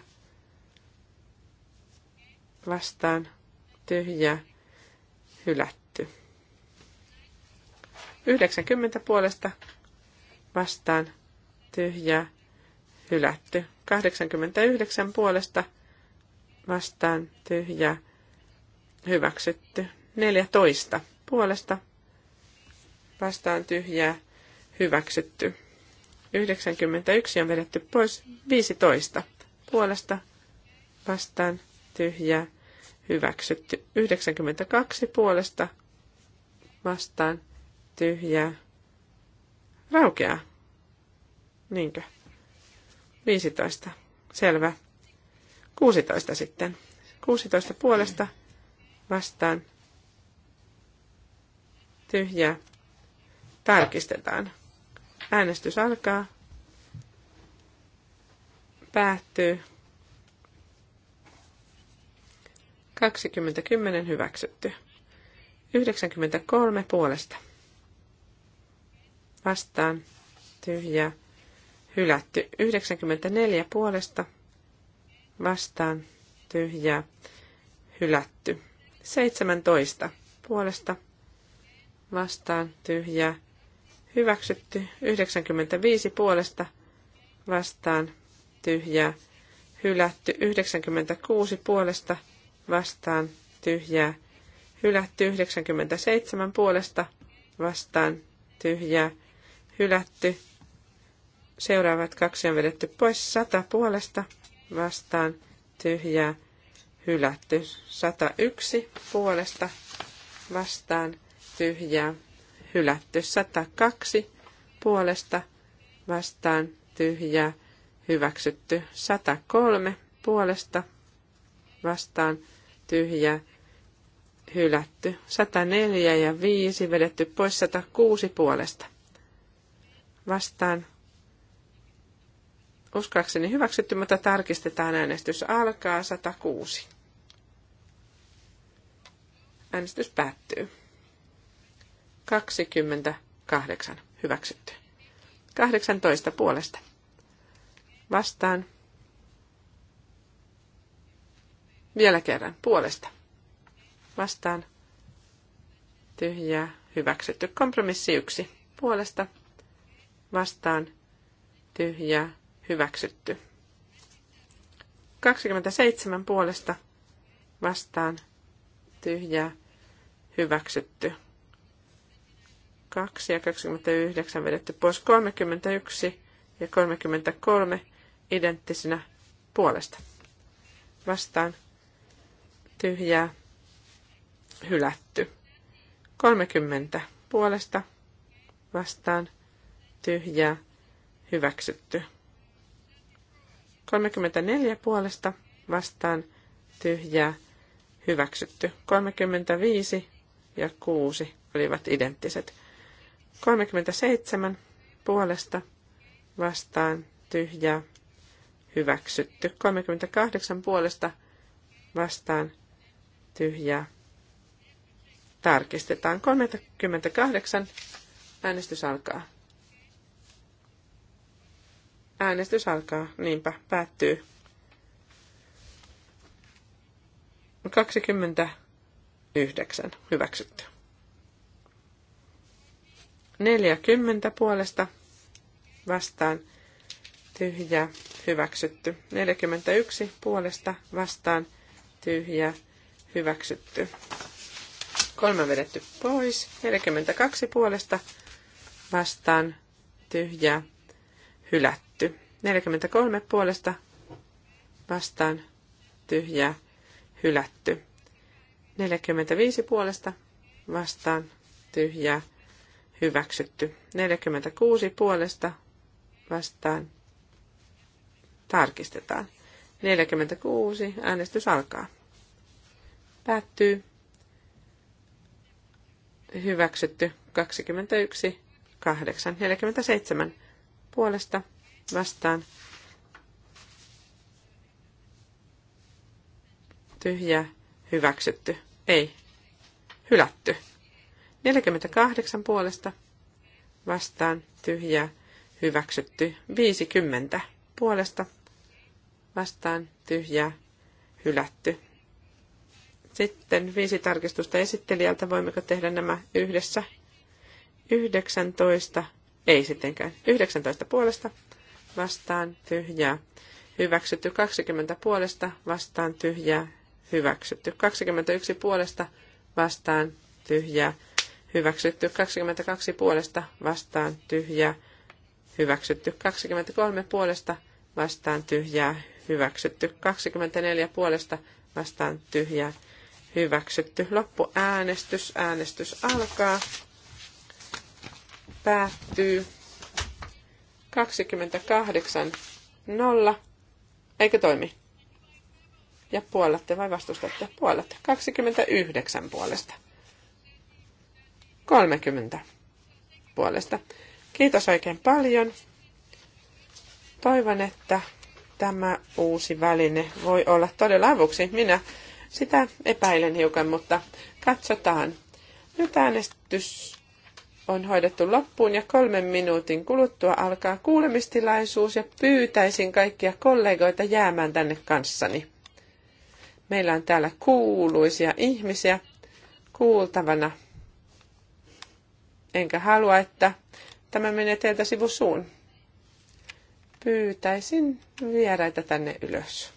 vastaan tyhjä hylätty. 90 puolesta vastaan tyhjä hylätty. 89 puolesta vastaan tyhjä hyväksytty. 14 puolesta vastaan tyhjää hyväksytty. 91 on vedetty pois. 15 puolesta vastaan tyhjää hyväksytty. 92 puolesta vastaan tyhjää raukeaa. Niinkö? 15. Selvä. 16 sitten. 16 puolesta vastaan tyhjää tarkistetaan. Äänestys alkaa. Päättyy. 2010 hyväksytty. 93 puolesta. Vastaan. Tyhjä. Hylätty. 94 puolesta. Vastaan. Tyhjä. Hylätty. 17 puolesta. Vastaan. Tyhjä Hyväksytty 95 puolesta vastaan tyhjää. Hylätty 96 puolesta vastaan tyhjää. Hylätty 97 puolesta vastaan tyhjää. Hylätty. Seuraavat kaksi on vedetty pois 100 puolesta vastaan tyhjää. Hylätty 101 puolesta vastaan tyhjää hylätty. 102 puolesta vastaan tyhjää hyväksytty. 103 puolesta vastaan tyhjää hylätty. 104 ja 5 vedetty pois 106 puolesta. Vastaan uskoakseni hyväksytty, mutta tarkistetaan äänestys alkaa 106. Äänestys päättyy. 28 hyväksytty. 18 puolesta. Vastaan. Vielä kerran puolesta. Vastaan. Tyhjää hyväksytty. Kompromissi yksi puolesta. Vastaan. Tyhjää hyväksytty. 27 puolesta. Vastaan. Tyhjää hyväksytty. 22 ja 29 vedetty pois 31 ja 33 identtisinä puolesta. Vastaan tyhjää hylätty. 30 puolesta vastaan tyhjää hyväksytty. 34 puolesta vastaan tyhjää hyväksytty. 35 ja 6 olivat identtiset. 37 puolesta vastaan tyhjää hyväksytty. 38 puolesta vastaan tyhjää. Tarkistetaan 38. Äänestys alkaa. Äänestys alkaa, niinpä, päättyy. 29. Hyväksytty. 40 puolesta vastaan tyhjä hyväksytty. 41 puolesta vastaan tyhjä hyväksytty. Kolme vedetty pois. 42 puolesta vastaan tyhjä hylätty. 43 puolesta vastaan tyhjä hylätty. 45 puolesta vastaan tyhjä hylätty hyväksytty. 46 puolesta vastaan tarkistetaan. 46 äänestys alkaa. Päättyy. Hyväksytty 21 8 47 puolesta vastaan tyhjä hyväksytty. Ei. Hylätty. 48 puolesta vastaan tyhjää hyväksytty. 50 puolesta vastaan tyhjää hylätty. Sitten viisi tarkistusta esittelijältä. Voimmeko tehdä nämä yhdessä? 19, ei sittenkään, 19 puolesta vastaan tyhjää. Hyväksytty 20 puolesta vastaan tyhjää. Hyväksytty 21 puolesta vastaan tyhjää hyväksytty 22 puolesta vastaan tyhjää, hyväksytty 23 puolesta vastaan tyhjää, hyväksytty 24 puolesta vastaan tyhjää, hyväksytty. Loppuäänestys, äänestys alkaa, päättyy 28 nolla, eikö toimi? Ja puolatte vai vastustatte? Puolatte. 29 puolesta. 30 puolesta. Kiitos oikein paljon. Toivon, että tämä uusi väline voi olla todella avuksi. Minä sitä epäilen hiukan, mutta katsotaan. Nyt äänestys on hoidettu loppuun ja kolmen minuutin kuluttua alkaa kuulemistilaisuus ja pyytäisin kaikkia kollegoita jäämään tänne kanssani. Meillä on täällä kuuluisia ihmisiä kuultavana enkä halua, että tämä menee teiltä sivusuun. Pyytäisin vieraita tänne ylös.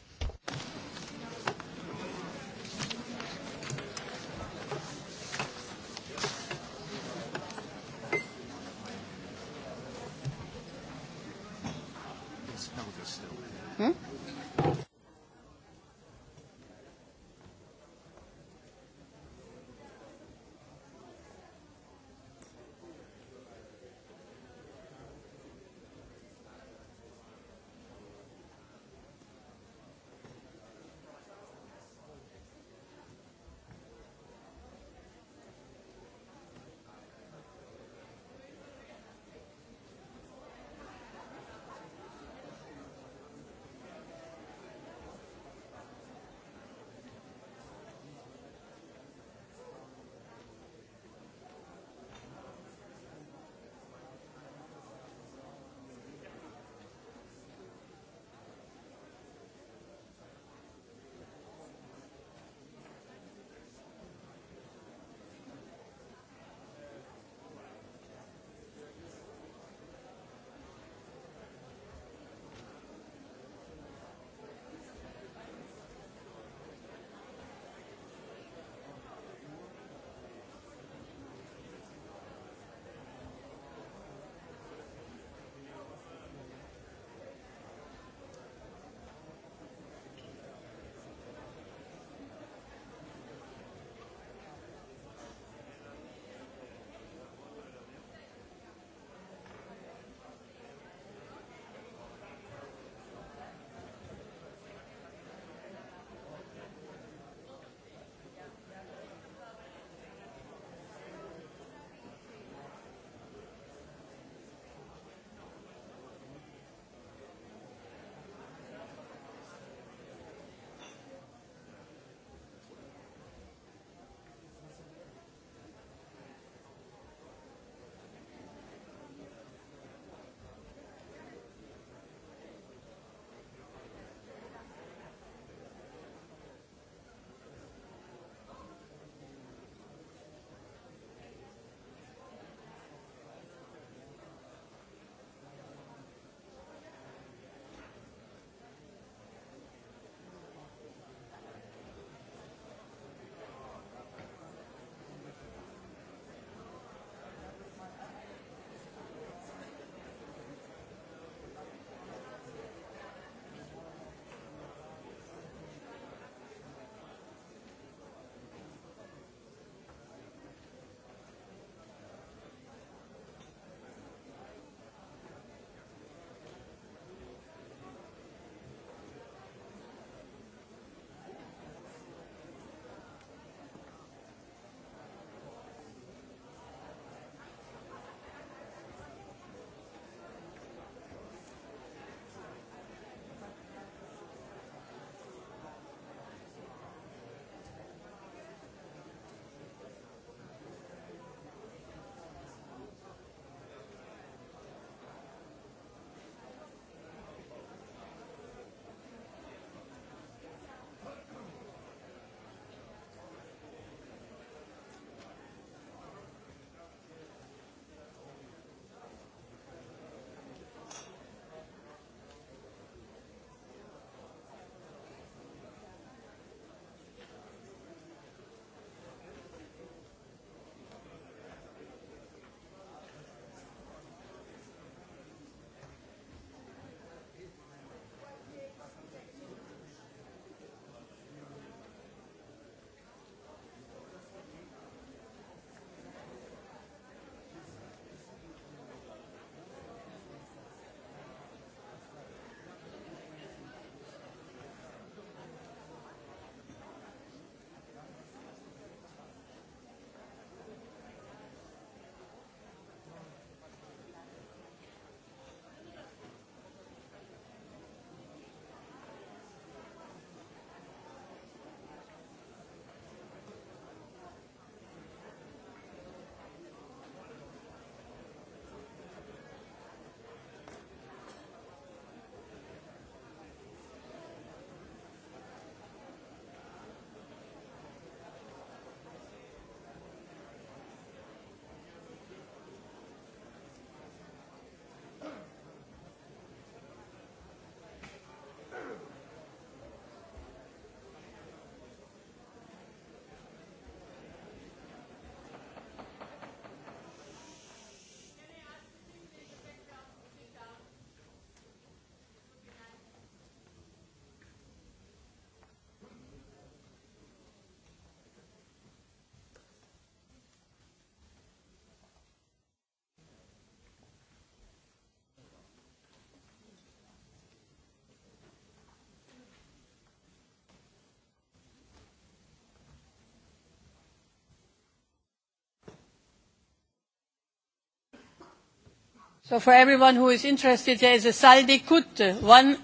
for everyone who is interested, there is a saldi kutte. One...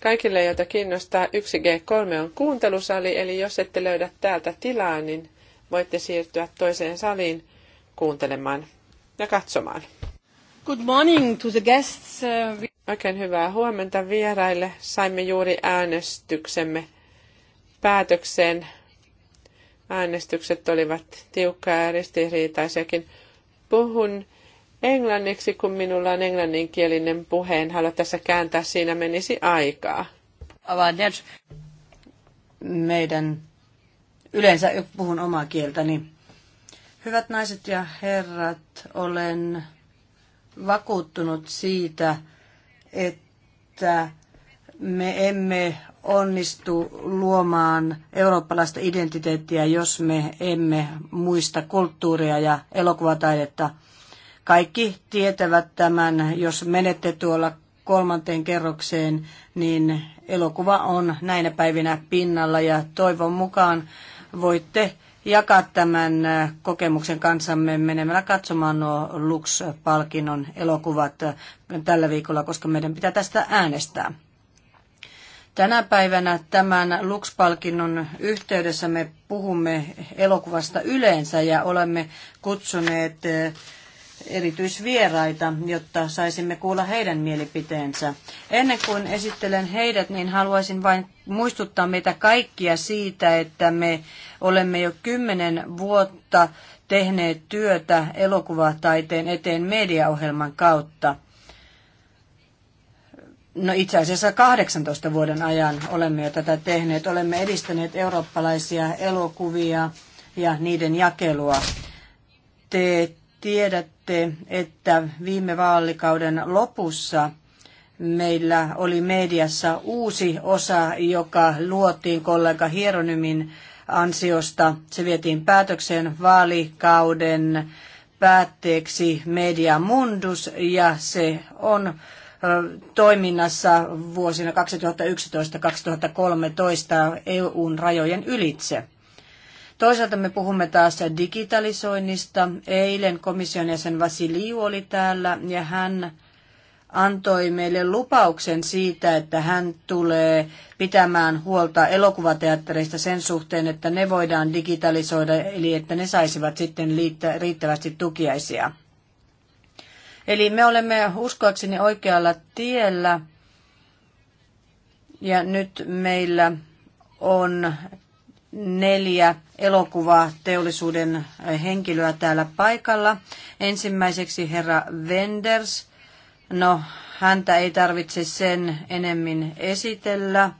Kaikille, joita kiinnostaa, 1G3 on kuuntelusali, eli jos ette löydä täältä tilaa, niin voitte siirtyä toiseen saliin kuuntelemaan ja katsomaan. Good morning to the guests. Uh, Oikein hyvää huomenta vieraille. Saimme juuri äänestyksemme päätökseen. Äänestykset olivat tiukkaa ja ristiriitaisiakin. Puhun englanniksi, kun minulla on englanninkielinen puhe. En halua tässä kääntää, siinä menisi aikaa. Meidän yleensä puhun omaa kieltäni. Niin Hyvät naiset ja herrat, olen vakuuttunut siitä, että me emme onnistu luomaan eurooppalaista identiteettiä, jos me emme muista kulttuuria ja elokuvataidetta – kaikki tietävät tämän, jos menette tuolla kolmanteen kerrokseen, niin elokuva on näinä päivinä pinnalla ja toivon mukaan voitte jakaa tämän äh, kokemuksen kanssamme menemällä katsomaan nuo Lux-palkinnon elokuvat äh, tällä viikolla, koska meidän pitää tästä äänestää. Tänä päivänä tämän Lux-palkinnon yhteydessä me puhumme elokuvasta yleensä ja olemme kutsuneet äh, erityisvieraita, jotta saisimme kuulla heidän mielipiteensä. Ennen kuin esittelen heidät, niin haluaisin vain muistuttaa meitä kaikkia siitä, että me olemme jo kymmenen vuotta tehneet työtä elokuvataiteen eteen mediaohjelman kautta. No itse asiassa 18 vuoden ajan olemme jo tätä tehneet. Olemme edistäneet eurooppalaisia elokuvia ja niiden jakelua. Te tiedätte muistatte, että viime vaalikauden lopussa meillä oli mediassa uusi osa, joka luotiin kollega Hieronymin ansiosta. Se vietiin päätökseen vaalikauden päätteeksi Media Mundus ja se on toiminnassa vuosina 2011-2013 EUn rajojen ylitse. Toisaalta me puhumme taas digitalisoinnista. Eilen komission jäsen Vasiliu oli täällä ja hän antoi meille lupauksen siitä, että hän tulee pitämään huolta elokuvateattereista sen suhteen, että ne voidaan digitalisoida, eli että ne saisivat sitten riittävästi tukiaisia. Eli me olemme uskoakseni oikealla tiellä, ja nyt meillä on neljä elokuvateollisuuden henkilöä täällä paikalla. Ensimmäiseksi herra Wenders. No, häntä ei tarvitse sen enemmin esitellä.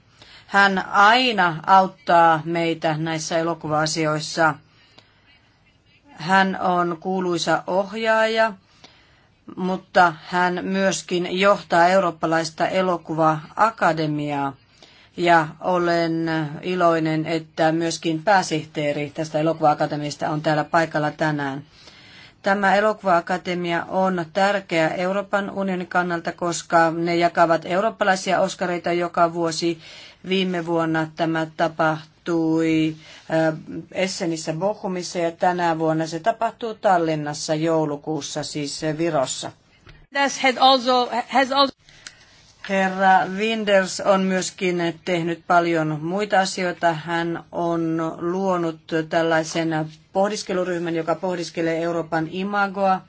Hän aina auttaa meitä näissä elokuva-asioissa. Hän on kuuluisa ohjaaja, mutta hän myöskin johtaa eurooppalaista elokuva-akademiaa. Ja olen iloinen, että myöskin pääsihteeri tästä elokuva on täällä paikalla tänään. Tämä elokuvaakatemia on tärkeä Euroopan unionin kannalta, koska ne jakavat eurooppalaisia oskareita joka vuosi. Viime vuonna tämä tapahtui äh, Essenissä Bochumissa ja tänä vuonna se tapahtuu Tallinnassa joulukuussa, siis Virossa. Has also, has also... Herra Winders on myöskin tehnyt paljon muita asioita. Hän on luonut tällaisen pohdiskeluryhmän, joka pohdiskelee Euroopan imagoa.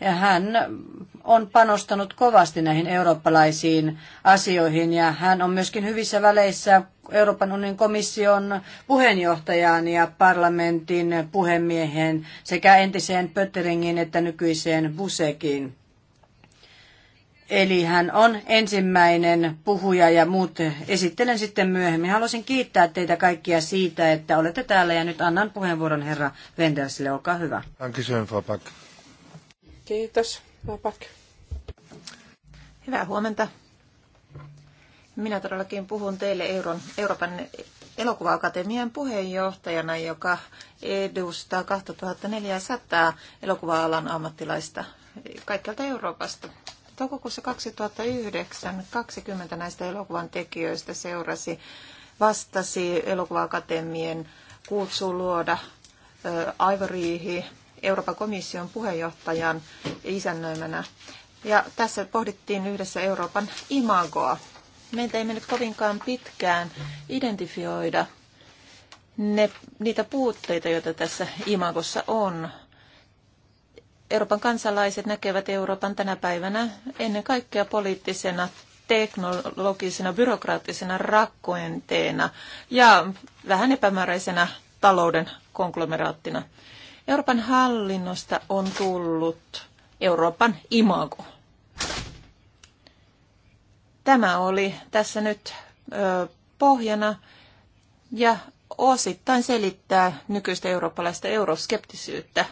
Ja hän on panostanut kovasti näihin eurooppalaisiin asioihin ja hän on myöskin hyvissä väleissä Euroopan unionin komission puheenjohtajaan ja parlamentin puhemiehen sekä entiseen Pötteringin että nykyiseen Busekiin. Eli hän on ensimmäinen puhuja ja muut esittelen sitten myöhemmin. Haluaisin kiittää teitä kaikkia siitä, että olette täällä ja nyt annan puheenvuoron herra Wendersille. Olkaa hyvä. Kiitos, Vapak. Hyvää huomenta. Minä todellakin puhun teille Euron, Euroopan elokuvaakatemian puheenjohtajana, joka edustaa 2400 elokuva-alan ammattilaista kaikkialta Euroopasta. Toukokuussa 2009 20 näistä elokuvan tekijöistä seurasi, vastasi elokuvaakatemien kutsu luoda Aivoriihi Euroopan komission puheenjohtajan isännöimänä. Ja tässä pohdittiin yhdessä Euroopan imagoa. Meitä ei mennyt kovinkaan pitkään identifioida ne, niitä puutteita, joita tässä imagossa on Euroopan kansalaiset näkevät Euroopan tänä päivänä ennen kaikkea poliittisena, teknologisena, byrokraattisena rakenteena ja vähän epämääräisenä talouden konglomeraattina. Euroopan hallinnosta on tullut Euroopan imago. Tämä oli tässä nyt ö, pohjana ja osittain selittää nykyistä eurooppalaista euroskeptisyyttä.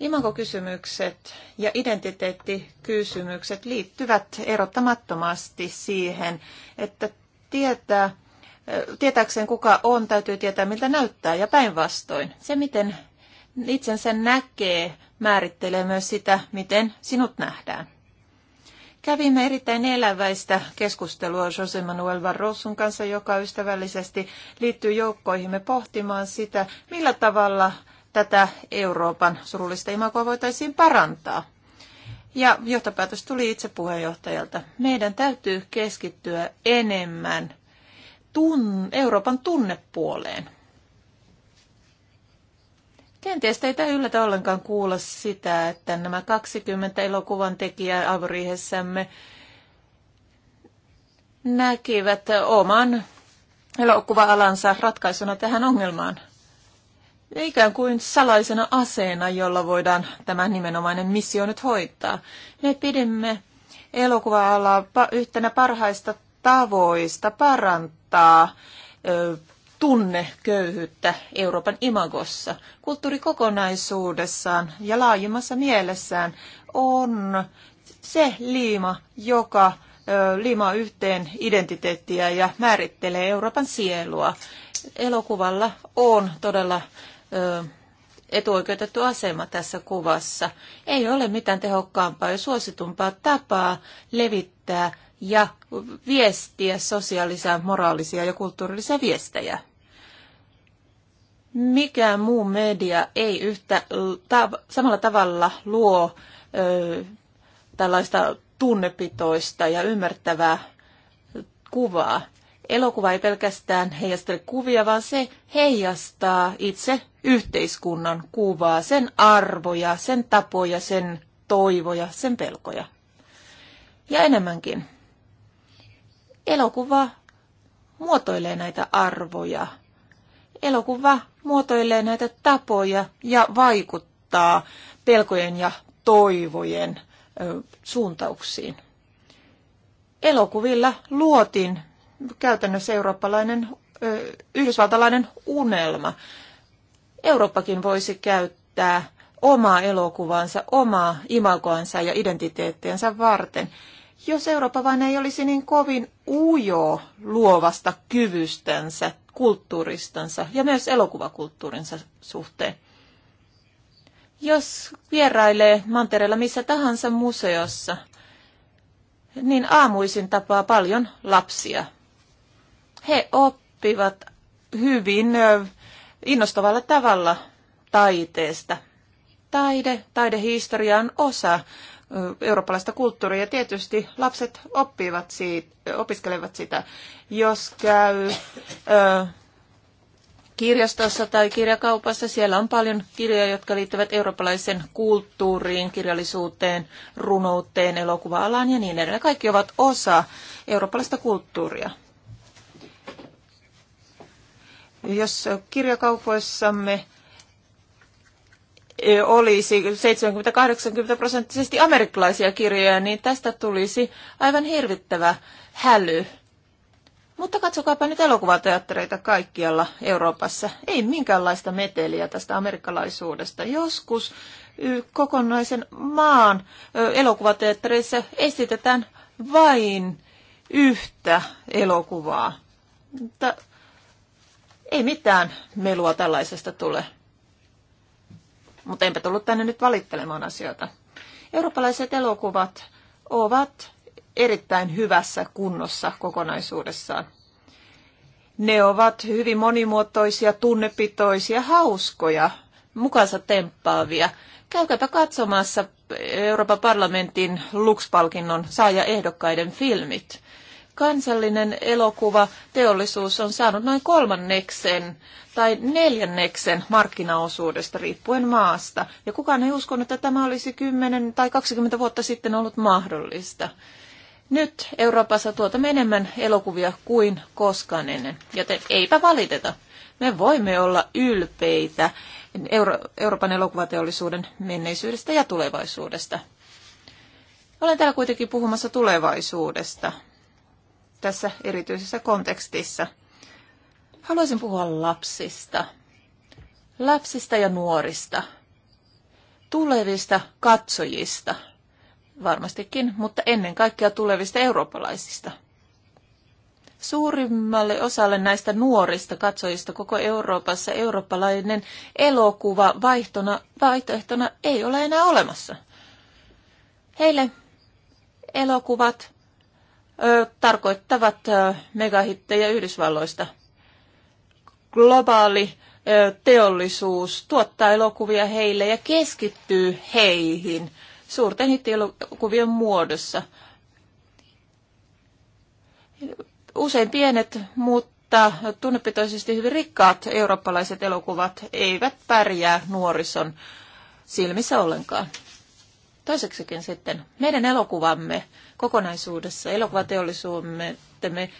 Imagokysymykset ja identiteettikysymykset liittyvät erottamattomasti siihen, että tietää, tietääkseen kuka on, täytyy tietää miltä näyttää ja päinvastoin. Se, miten itsensä näkee, määrittelee myös sitä, miten sinut nähdään. Kävimme erittäin eläväistä keskustelua Jose Manuel Varrosun kanssa, joka ystävällisesti liittyy joukkoihimme pohtimaan sitä, millä tavalla tätä Euroopan surullista imakoa voitaisiin parantaa. Ja johtopäätös tuli itse puheenjohtajalta. Meidän täytyy keskittyä enemmän tun, Euroopan tunnepuoleen. Kenties teitä yllätä ollenkaan kuulla sitä, että nämä 20 elokuvan tekijää avriihessämme näkivät oman elokuva-alansa ratkaisuna tähän ongelmaan ikään kuin salaisena aseena, jolla voidaan tämä nimenomainen missio nyt hoitaa. Me pidimme elokuva-alaa yhtenä parhaista tavoista parantaa ö, tunneköyhyyttä Euroopan imagossa. Kulttuuri kokonaisuudessaan ja laajimmassa mielessään on se liima, joka liimaa yhteen identiteettiä ja määrittelee Euroopan sielua. Elokuvalla on todella etuoikeutettu asema tässä kuvassa. Ei ole mitään tehokkaampaa ja suositumpaa tapaa levittää ja viestiä sosiaalisia, moraalisia ja kulttuurillisia viestejä. Mikään muu media ei yhtä ta, samalla tavalla luo ö, tällaista tunnepitoista ja ymmärtävää kuvaa elokuva ei pelkästään heijastele kuvia, vaan se heijastaa itse yhteiskunnan kuvaa, sen arvoja, sen tapoja, sen toivoja, sen pelkoja. Ja enemmänkin. Elokuva muotoilee näitä arvoja. Elokuva muotoilee näitä tapoja ja vaikuttaa pelkojen ja toivojen ö, suuntauksiin. Elokuvilla luotin käytännössä eurooppalainen, yhdysvaltalainen unelma. Eurooppakin voisi käyttää omaa elokuvansa, omaa imagoansa ja identiteettiensä varten. Jos Eurooppa vain ei olisi niin kovin ujo luovasta kyvystänsä, kulttuuristansa ja myös elokuvakulttuurinsa suhteen. Jos vierailee mantereella missä tahansa museossa, niin aamuisin tapaa paljon lapsia, he oppivat hyvin innostavalla tavalla taiteesta. Taide, taidehistoria on osa eurooppalaista kulttuuria. Tietysti lapset oppivat siitä, opiskelevat sitä, jos käy ö, kirjastossa tai kirjakaupassa. Siellä on paljon kirjoja, jotka liittyvät eurooppalaisen kulttuuriin, kirjallisuuteen, runouteen, elokuva-alaan ja niin edelleen. Kaikki ovat osa eurooppalaista kulttuuria. Jos kirjakaupoissamme e, olisi 70-80 prosenttisesti amerikkalaisia kirjoja, niin tästä tulisi aivan hirvittävä häly. Mutta katsokaapa nyt elokuvateattereita kaikkialla Euroopassa. Ei minkäänlaista meteliä tästä amerikkalaisuudesta. Joskus kokonaisen maan elokuvateattereissa esitetään vain yhtä elokuvaa. Mutta ei mitään melua tällaisesta tule. Mutta enpä tullut tänne nyt valittelemaan asioita. Eurooppalaiset elokuvat ovat erittäin hyvässä kunnossa kokonaisuudessaan. Ne ovat hyvin monimuotoisia, tunnepitoisia, hauskoja, mukansa temppaavia. Käykääpä katsomassa Euroopan parlamentin Lux-palkinnon saajaehdokkaiden filmit kansallinen elokuva teollisuus on saanut noin kolmanneksen tai neljänneksen markkinaosuudesta riippuen maasta. Ja kukaan ei uskonut, että tämä olisi 10 tai 20 vuotta sitten ollut mahdollista. Nyt Euroopassa tuotamme enemmän elokuvia kuin koskaan ennen, joten eipä valiteta. Me voimme olla ylpeitä Euro- Euroopan elokuvateollisuuden menneisyydestä ja tulevaisuudesta. Olen täällä kuitenkin puhumassa tulevaisuudesta tässä erityisessä kontekstissa. Haluaisin puhua lapsista. Lapsista ja nuorista. Tulevista katsojista. Varmastikin, mutta ennen kaikkea tulevista eurooppalaisista. Suurimmalle osalle näistä nuorista katsojista koko Euroopassa eurooppalainen elokuva vaihtona, vaihtoehtona ei ole enää olemassa. Heille elokuvat tarkoittavat megahittejä Yhdysvalloista. Globaali teollisuus tuottaa elokuvia heille ja keskittyy heihin suurten hittielokuvien muodossa. Usein pienet, mutta tunnepitoisesti hyvin rikkaat eurooppalaiset elokuvat eivät pärjää nuorison silmissä ollenkaan. Toiseksikin sitten meidän elokuvamme kokonaisuudessa, elokuvateollisuutemme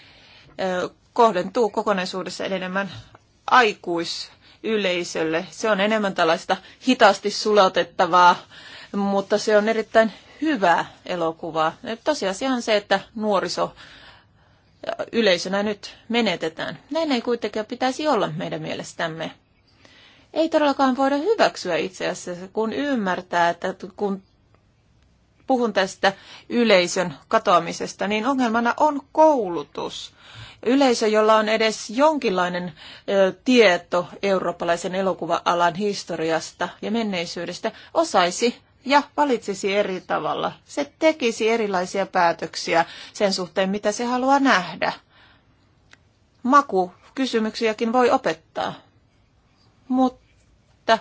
kohdentuu kokonaisuudessa enemmän aikuisyleisölle. Se on enemmän tällaista hitaasti sulatettavaa, mutta se on erittäin hyvää elokuvaa. Tosiasia on se, että nuoriso yleisönä nyt menetetään. Näin ei kuitenkaan pitäisi olla meidän mielestämme. Ei todellakaan voida hyväksyä itse asiassa, kun ymmärtää, että kun puhun tästä yleisön katoamisesta, niin ongelmana on koulutus. Yleisö, jolla on edes jonkinlainen ö, tieto eurooppalaisen elokuva-alan historiasta ja menneisyydestä, osaisi ja valitsisi eri tavalla. Se tekisi erilaisia päätöksiä sen suhteen, mitä se haluaa nähdä. Maku kysymyksiäkin voi opettaa. Mutta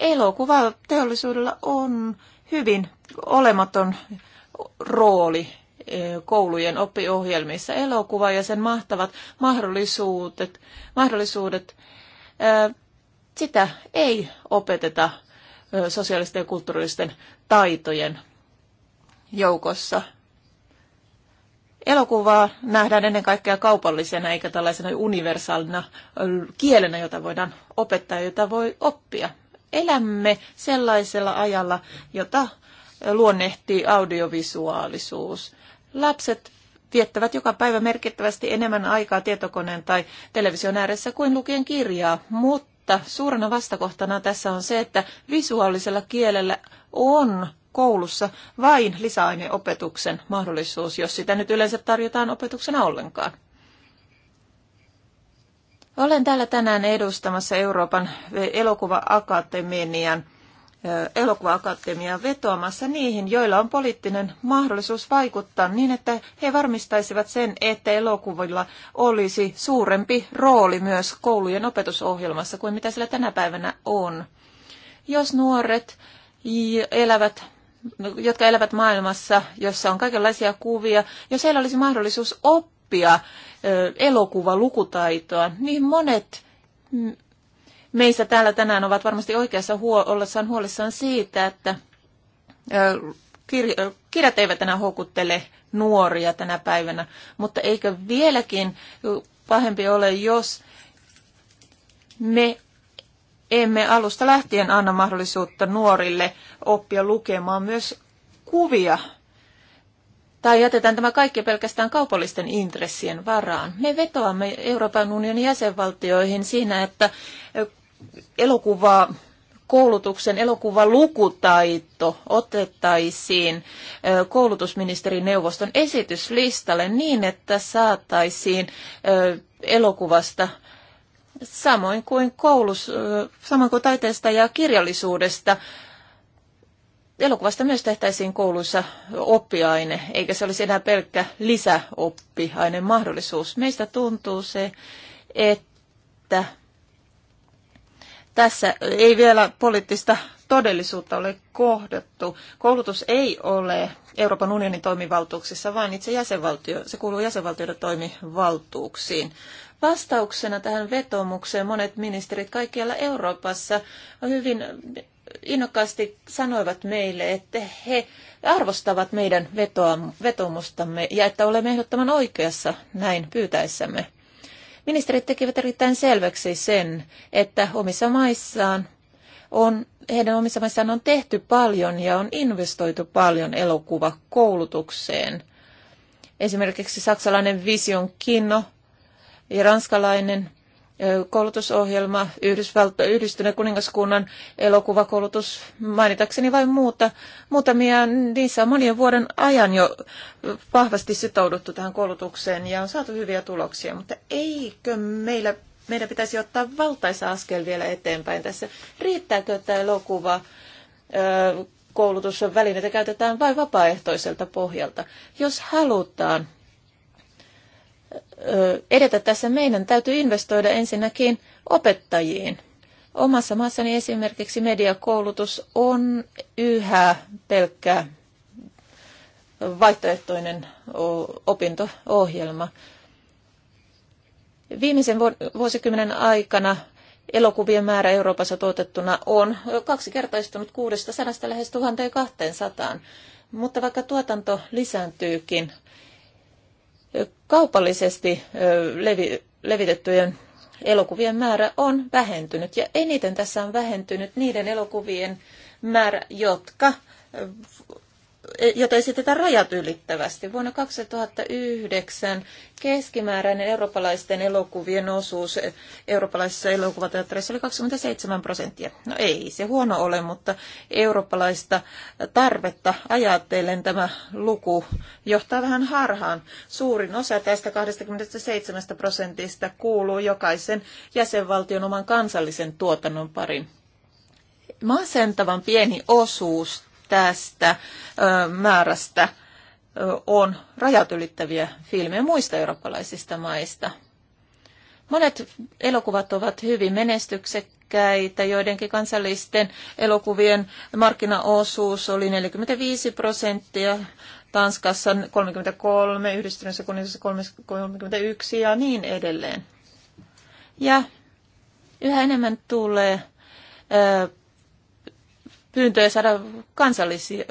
elokuvateollisuudella on hyvin olematon rooli eh, koulujen oppiohjelmissa. Elokuva ja sen mahtavat mahdollisuudet, mahdollisuudet eh, sitä ei opeteta eh, sosiaalisten ja kulttuuristen taitojen joukossa. Elokuvaa nähdään ennen kaikkea kaupallisena eikä tällaisena universaalina kielenä, jota voidaan opettaa, jota voi oppia elämme sellaisella ajalla, jota luonnehtii audiovisuaalisuus. Lapset viettävät joka päivä merkittävästi enemmän aikaa tietokoneen tai television ääressä kuin lukien kirjaa, mutta suurena vastakohtana tässä on se, että visuaalisella kielellä on koulussa vain lisäaineopetuksen mahdollisuus, jos sitä nyt yleensä tarjotaan opetuksena ollenkaan. Olen täällä tänään edustamassa Euroopan elokuva-akatemian elokuvaakatemiaa vetoamassa niihin, joilla on poliittinen mahdollisuus vaikuttaa niin, että he varmistaisivat sen, että elokuvilla olisi suurempi rooli myös koulujen opetusohjelmassa kuin mitä sillä tänä päivänä on. Jos nuoret elävät jotka elävät maailmassa, jossa on kaikenlaisia kuvia, jos heillä olisi mahdollisuus oppia, oppia elokuvalukutaitoa, niin monet meistä täällä tänään ovat varmasti oikeassa ollessaan huolissaan siitä, että kirjat eivät enää houkuttele nuoria tänä päivänä, mutta eikö vieläkin pahempi ole, jos me emme alusta lähtien anna mahdollisuutta nuorille oppia lukemaan myös kuvia tai jätetään tämä kaikki pelkästään kaupallisten intressien varaan. Me vetoamme Euroopan unionin jäsenvaltioihin siinä, että elokuva koulutuksen elokuvalukutaito otettaisiin koulutusministerineuvoston esityslistalle niin, että saataisiin elokuvasta samoin kuin koulus, samoin kuin taiteesta ja kirjallisuudesta elokuvasta myös tehtäisiin kouluissa oppiaine, eikä se olisi enää pelkkä lisäoppiaineen mahdollisuus. Meistä tuntuu se, että tässä ei vielä poliittista todellisuutta ole kohdattu. Koulutus ei ole Euroopan unionin toimivaltuuksissa, vaan itse jäsenvaltio, se kuuluu jäsenvaltioiden toimivaltuuksiin. Vastauksena tähän vetomukseen monet ministerit kaikkialla Euroopassa hyvin innokkaasti sanoivat meille, että he arvostavat meidän vetomustamme ja että olemme ehdottoman oikeassa näin pyytäessämme. Ministerit tekivät erittäin selväksi sen, että omissa maissaan on, heidän omissa maissaan on tehty paljon ja on investoitu paljon elokuvakoulutukseen. Esimerkiksi saksalainen Vision Kino ja ranskalainen koulutusohjelma, yhdistyneen kuningaskunnan elokuvakoulutus, mainitakseni vain muuta, muutamia, niissä on monien vuoden ajan jo vahvasti sitouduttu tähän koulutukseen ja on saatu hyviä tuloksia, mutta eikö meillä, meidän pitäisi ottaa valtaisa askel vielä eteenpäin tässä? Riittääkö tämä elokuva koulutusvälineitä käytetään vain vapaaehtoiselta pohjalta. Jos halutaan edetä tässä, meidän täytyy investoida ensinnäkin opettajiin. Omassa maassani esimerkiksi mediakoulutus on yhä pelkkä vaihtoehtoinen opinto-ohjelma. Viimeisen vuosikymmenen aikana elokuvien määrä Euroopassa tuotettuna on kaksikertaistunut 600 lähes 1200. Mutta vaikka tuotanto lisääntyykin, kaupallisesti levi, levitettyjen elokuvien määrä on vähentynyt. Ja eniten tässä on vähentynyt niiden elokuvien määrä, jotka jota esitetään rajat ylittävästi. Vuonna 2009 keskimääräinen eurooppalaisten elokuvien osuus eurooppalaisissa elokuvateatterissa oli 27 prosenttia. No ei se huono ole, mutta eurooppalaista tarvetta ajatellen tämä luku johtaa vähän harhaan. Suurin osa tästä 27 prosentista kuuluu jokaisen jäsenvaltion oman kansallisen tuotannon parin masentavan pieni osuus tästä määrästä on rajat ylittäviä filmejä muista eurooppalaisista maista. Monet elokuvat ovat hyvin menestyksekkäitä, joidenkin kansallisten elokuvien markkinaosuus oli 45 prosenttia, Tanskassa 33, Yhdistyneessä kuningasessa 31 ja niin edelleen. Ja yhä enemmän tulee pyyntöjä saada kansallisia,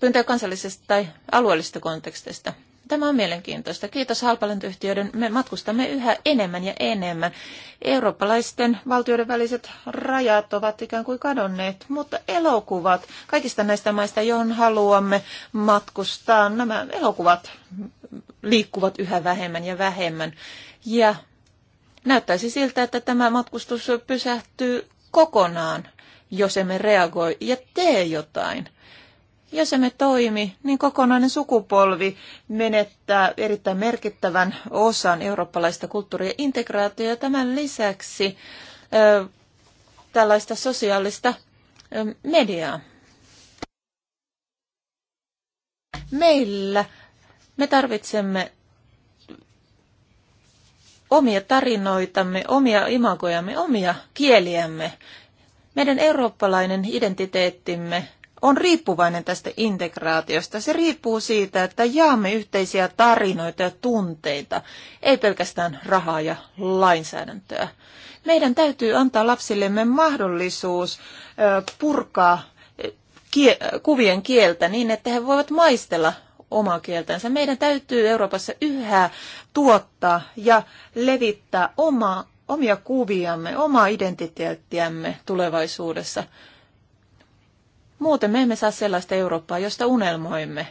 pyyntöjä kansallisesta tai alueellisesta kontekstista. Tämä on mielenkiintoista. Kiitos halpalentoyhtiöiden. Me matkustamme yhä enemmän ja enemmän. Eurooppalaisten valtioiden väliset rajat ovat ikään kuin kadonneet, mutta elokuvat kaikista näistä maista, johon haluamme matkustaa, nämä elokuvat liikkuvat yhä vähemmän ja vähemmän. Ja näyttäisi siltä, että tämä matkustus pysähtyy kokonaan jos emme reagoi ja tee jotain. Jos emme toimi, niin kokonainen sukupolvi menettää erittäin merkittävän osan eurooppalaista kulttuuria integraatiota tämän lisäksi ö, tällaista sosiaalista ö, mediaa. Meillä me tarvitsemme omia tarinoitamme, omia imagojamme, omia kieliämme. Meidän eurooppalainen identiteettimme on riippuvainen tästä integraatiosta. Se riippuu siitä, että jaamme yhteisiä tarinoita ja tunteita, ei pelkästään rahaa ja lainsäädäntöä. Meidän täytyy antaa lapsillemme mahdollisuus purkaa kuvien kieltä niin, että he voivat maistella omaa kieltänsä. Meidän täytyy Euroopassa yhä tuottaa ja levittää omaa omia kuviamme, omaa identiteettiämme tulevaisuudessa. Muuten me emme saa sellaista Eurooppaa, josta unelmoimme.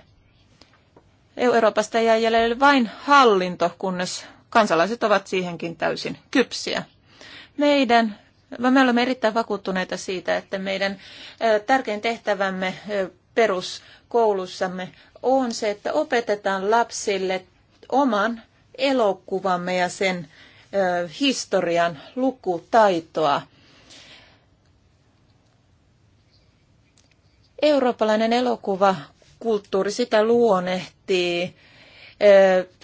Euroopasta jää jäljelle vain hallinto, kunnes kansalaiset ovat siihenkin täysin kypsiä. Meidän me olemme erittäin vakuuttuneita siitä, että meidän tärkein tehtävämme peruskoulussamme on se, että opetetaan lapsille oman elokuvamme ja sen historian lukutaitoa. Eurooppalainen elokuva kulttuuri sitä luonnehtii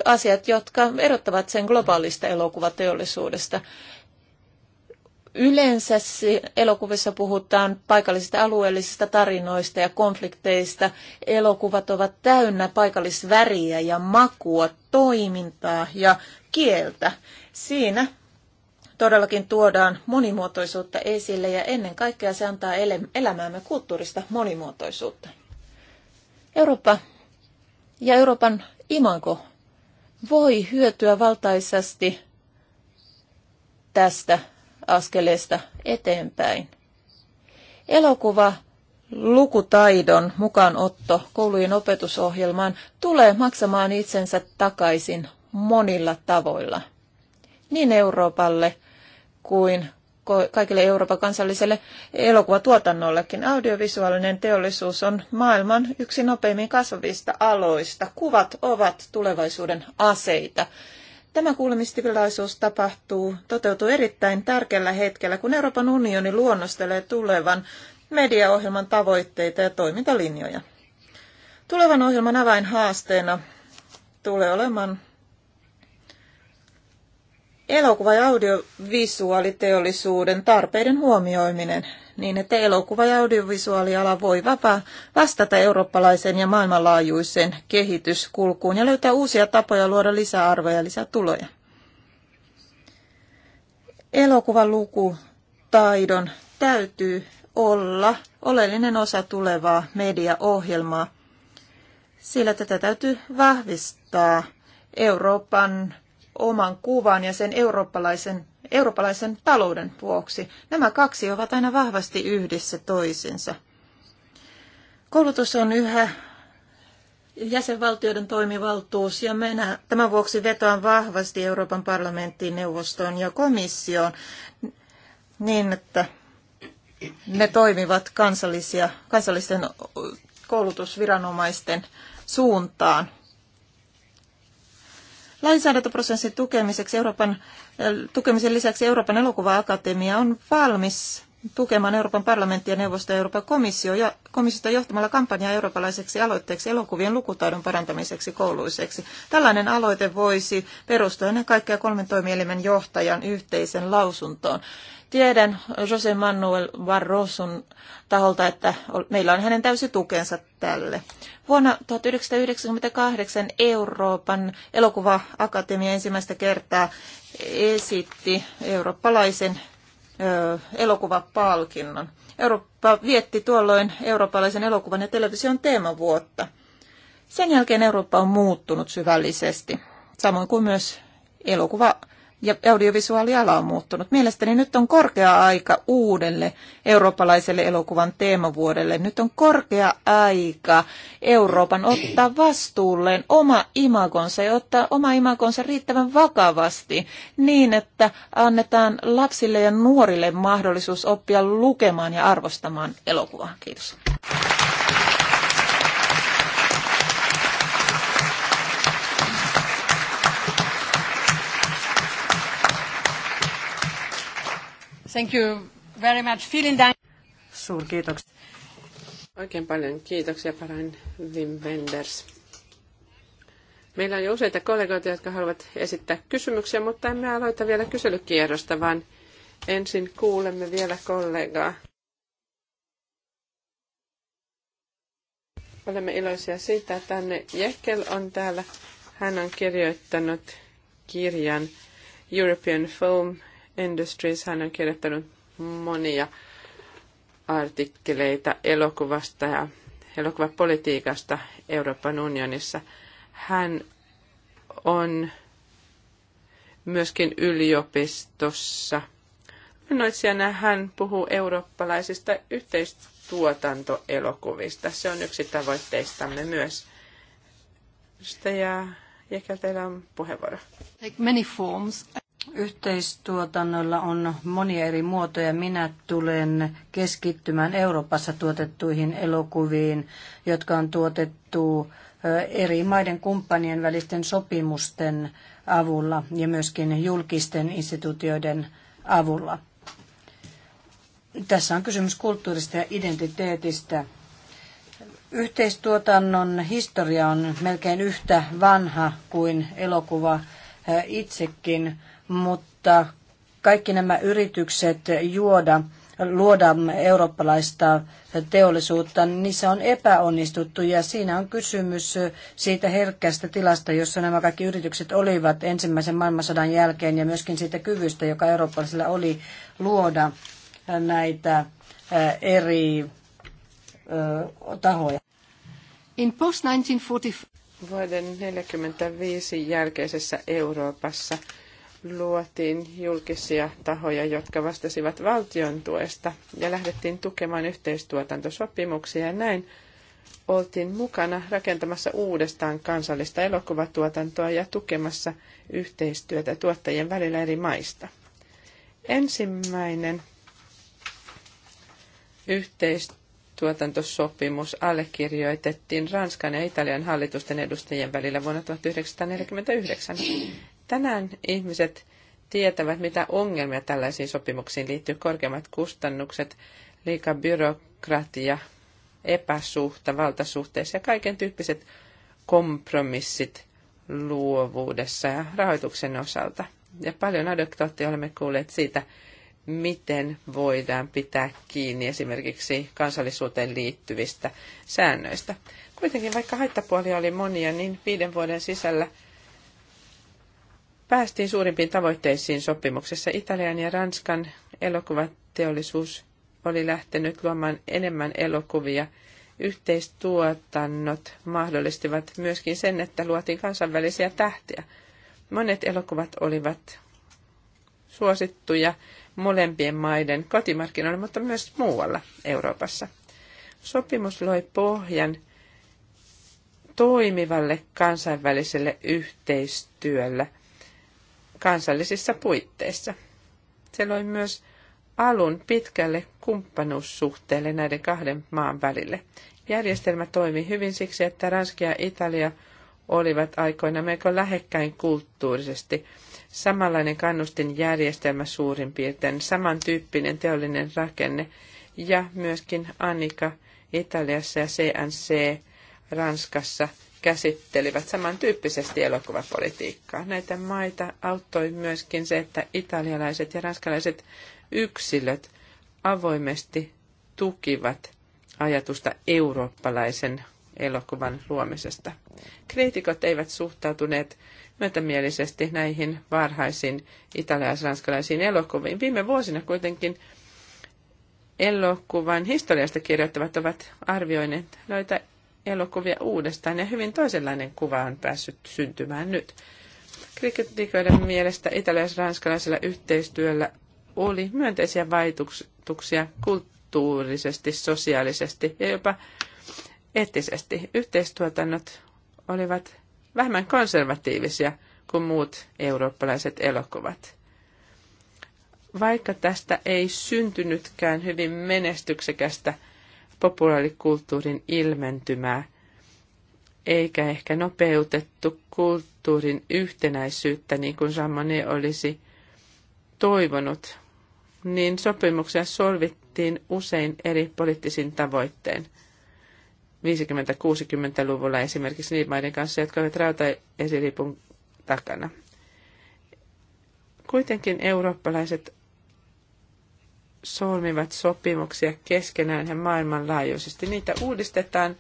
asiat, jotka erottavat sen globaalista elokuvateollisuudesta. Yleensä elokuvissa puhutaan paikallisista alueellisista tarinoista ja konflikteista. Elokuvat ovat täynnä paikallisväriä ja makua, toimintaa ja kieltä. Siinä todellakin tuodaan monimuotoisuutta esille ja ennen kaikkea se antaa elämäämme kulttuurista monimuotoisuutta. Eurooppa ja Euroopan imanko voi hyötyä valtaisesti tästä askeleesta eteenpäin. Elokuva lukutaidon mukaanotto koulujen opetusohjelmaan tulee maksamaan itsensä takaisin monilla tavoilla. Niin Euroopalle kuin kaikille Euroopan kansalliselle elokuvatuotannollekin. Audiovisuaalinen teollisuus on maailman yksi nopeimmin kasvavista aloista. Kuvat ovat tulevaisuuden aseita. Tämä kuulemistilaisuus tapahtuu, toteutuu erittäin tärkeällä hetkellä, kun Euroopan unioni luonnostelee tulevan mediaohjelman tavoitteita ja toimintalinjoja. Tulevan ohjelman avainhaasteena tulee olemaan elokuva- ja audiovisuaaliteollisuuden tarpeiden huomioiminen niin että elokuva- ja audiovisuaaliala voi vapaa vastata eurooppalaisen ja maailmanlaajuisen kehityskulkuun ja löytää uusia tapoja luoda lisäarvoja ja lisätuloja. Elokuvan lukutaidon täytyy olla oleellinen osa tulevaa mediaohjelmaa, sillä tätä täytyy vahvistaa Euroopan oman kuvan ja sen eurooppalaisen eurooppalaisen talouden vuoksi. Nämä kaksi ovat aina vahvasti yhdessä toisinsa. Koulutus on yhä jäsenvaltioiden toimivaltuus ja minä tämän vuoksi vetoan vahvasti Euroopan parlamenttiin, neuvostoon ja komissioon niin, että ne toimivat kansallisia, kansallisten koulutusviranomaisten suuntaan. Lainsäädäntöprosessin tukemiseksi Euroopan, äh, tukemisen lisäksi Euroopan elokuva-akatemia on valmis tukemaan Euroopan parlamenttia ja neuvosto ja Euroopan komissio ja komissiosta johtamalla kampanjaa eurooppalaiseksi aloitteeksi elokuvien lukutaidon parantamiseksi kouluiseksi. Tällainen aloite voisi perustua ennen kaikkea kolmen toimielimen johtajan yhteisen lausuntoon. Tiedän Jose Manuel Barroson taholta, että meillä on hänen täysi tukensa tälle. Vuonna 1998 Euroopan elokuva-akatemia ensimmäistä kertaa esitti eurooppalaisen elokuvapalkinnon. Eurooppa vietti tuolloin eurooppalaisen elokuvan ja television teemavuotta. Sen jälkeen Eurooppa on muuttunut syvällisesti, samoin kuin myös elokuva ja audiovisuaaliala on muuttunut. Mielestäni nyt on korkea aika uudelle eurooppalaiselle elokuvan teemavuodelle. Nyt on korkea aika Euroopan ottaa vastuulleen oma imagonsa ja ottaa oma imagonsa riittävän vakavasti niin, että annetaan lapsille ja nuorille mahdollisuus oppia lukemaan ja arvostamaan elokuvaa. Kiitos. Thank you very much. Vielen Dank. Suurkiitoksia. Oikein paljon kiitoksia, Parain Wim Wenders. Meillä on jo useita kollegoita, jotka haluavat esittää kysymyksiä, mutta emme aloita vielä kyselykierrosta, vaan ensin kuulemme vielä kollegaa. Olemme iloisia siitä, että Anne Jekel on täällä. Hän on kirjoittanut kirjan European Film Industries. Hän on kirjoittanut monia artikkeleita elokuvasta ja elokuvapolitiikasta Euroopan unionissa. Hän on myöskin yliopistossa luennoitsijana. Hän puhuu eurooppalaisista yhteistuotantoelokuvista. Se on yksi tavoitteistamme myös. Ja Jekä, teillä on puheenvuoro. Take many forms. Yhteistuotannolla on monia eri muotoja. Minä tulen keskittymään Euroopassa tuotettuihin elokuviin, jotka on tuotettu eri maiden kumppanien välisten sopimusten avulla ja myöskin julkisten instituutioiden avulla. Tässä on kysymys kulttuurista ja identiteetistä. Yhteistuotannon historia on melkein yhtä vanha kuin elokuva itsekin, mutta kaikki nämä yritykset juoda, luoda eurooppalaista teollisuutta, niin niissä on epäonnistuttu ja siinä on kysymys siitä herkkästä tilasta, jossa nämä kaikki yritykset olivat ensimmäisen maailmansodan jälkeen ja myöskin siitä kyvystä, joka eurooppalaisilla oli luoda näitä eh, eri eh, tahoja. In post 1945 Vuoden 1945 jälkeisessä Euroopassa luotiin julkisia tahoja, jotka vastasivat valtion tuesta ja lähdettiin tukemaan yhteistuotantosopimuksia ja näin oltiin mukana rakentamassa uudestaan kansallista elokuvatuotantoa ja tukemassa yhteistyötä tuottajien välillä eri maista. Ensimmäinen yhteistuotantosopimus allekirjoitettiin Ranskan ja Italian hallitusten edustajien välillä vuonna 1949. Tänään ihmiset tietävät, mitä ongelmia tällaisiin sopimuksiin liittyy. Korkeammat kustannukset, liika byrokratia, epäsuhta, valtasuhteissa ja kaiken tyyppiset kompromissit luovuudessa ja rahoituksen osalta. Ja paljon adekvaattia olemme kuulleet siitä, miten voidaan pitää kiinni esimerkiksi kansallisuuteen liittyvistä säännöistä. Kuitenkin vaikka haittapuolia oli monia, niin viiden vuoden sisällä – päästiin suurimpiin tavoitteisiin sopimuksessa. Italian ja Ranskan elokuvateollisuus oli lähtenyt luomaan enemmän elokuvia. Yhteistuotannot mahdollistivat myöskin sen, että luotiin kansainvälisiä tähtiä. Monet elokuvat olivat suosittuja molempien maiden kotimarkkinoilla, mutta myös muualla Euroopassa. Sopimus loi pohjan toimivalle kansainväliselle yhteistyölle – kansallisissa puitteissa. Se loi myös alun pitkälle kumppanuussuhteelle näiden kahden maan välille. Järjestelmä toimi hyvin siksi, että Ranska ja Italia olivat aikoina melko lähekkäin kulttuurisesti. Samanlainen kannustinjärjestelmä suurin piirtein, samantyyppinen teollinen rakenne ja myöskin Annika Italiassa ja CNC Ranskassa käsittelivät samantyyppisesti elokuvapolitiikkaa. Näitä maita auttoi myöskin se, että italialaiset ja ranskalaiset yksilöt avoimesti tukivat ajatusta eurooppalaisen elokuvan luomisesta. Kriitikot eivät suhtautuneet myötämielisesti näihin varhaisiin italialais-ranskalaisiin elokuviin. Viime vuosina kuitenkin elokuvan historiasta kirjoittavat ovat arvioineet noita elokuvia uudestaan ja hyvin toisenlainen kuva on päässyt syntymään nyt. Kritikoiden mielestä italialais-ranskalaisella yhteistyöllä oli myönteisiä vaikutuksia kulttuurisesti, sosiaalisesti ja jopa eettisesti. Yhteistuotannot olivat vähemmän konservatiivisia kuin muut eurooppalaiset elokuvat. Vaikka tästä ei syntynytkään hyvin menestyksekästä populaarikulttuurin ilmentymää, eikä ehkä nopeutettu kulttuurin yhtenäisyyttä, niin kuin Samone olisi toivonut, niin sopimuksia solvittiin usein eri poliittisin tavoitteen. 50-60-luvulla esimerkiksi niiden maiden kanssa, jotka olivat rautaesiripun takana. Kuitenkin eurooppalaiset solmivat sopimuksia keskenään ja maailmanlaajuisesti. Niitä uudistetaan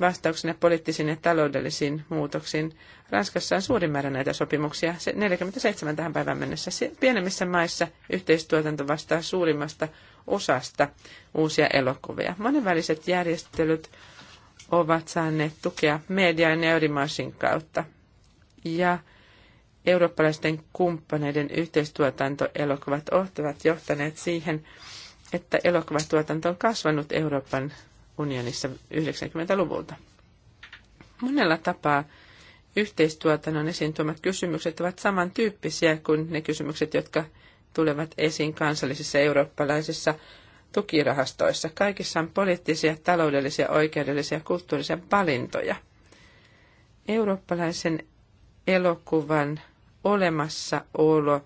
vastauksena poliittisiin ja taloudellisiin muutoksiin. Ranskassa on suurin määrä näitä sopimuksia, 47 tähän päivään mennessä. Pienemmissä maissa yhteistuotanto vastaa suurimmasta osasta uusia elokuvia. Monenväliset järjestelyt ovat saaneet tukea median ja Eurimaasin kautta. Ja eurooppalaisten kumppaneiden yhteistuotantoelokuvat ovat johtaneet siihen, että elokuvatuotanto on kasvanut Euroopan unionissa 90-luvulta. Monella tapaa yhteistuotannon esiin tuomat kysymykset ovat samantyyppisiä kuin ne kysymykset, jotka tulevat esiin kansallisissa eurooppalaisissa tukirahastoissa. Kaikissa on poliittisia, taloudellisia, oikeudellisia ja kulttuurisia valintoja. Eurooppalaisen elokuvan olemassaolo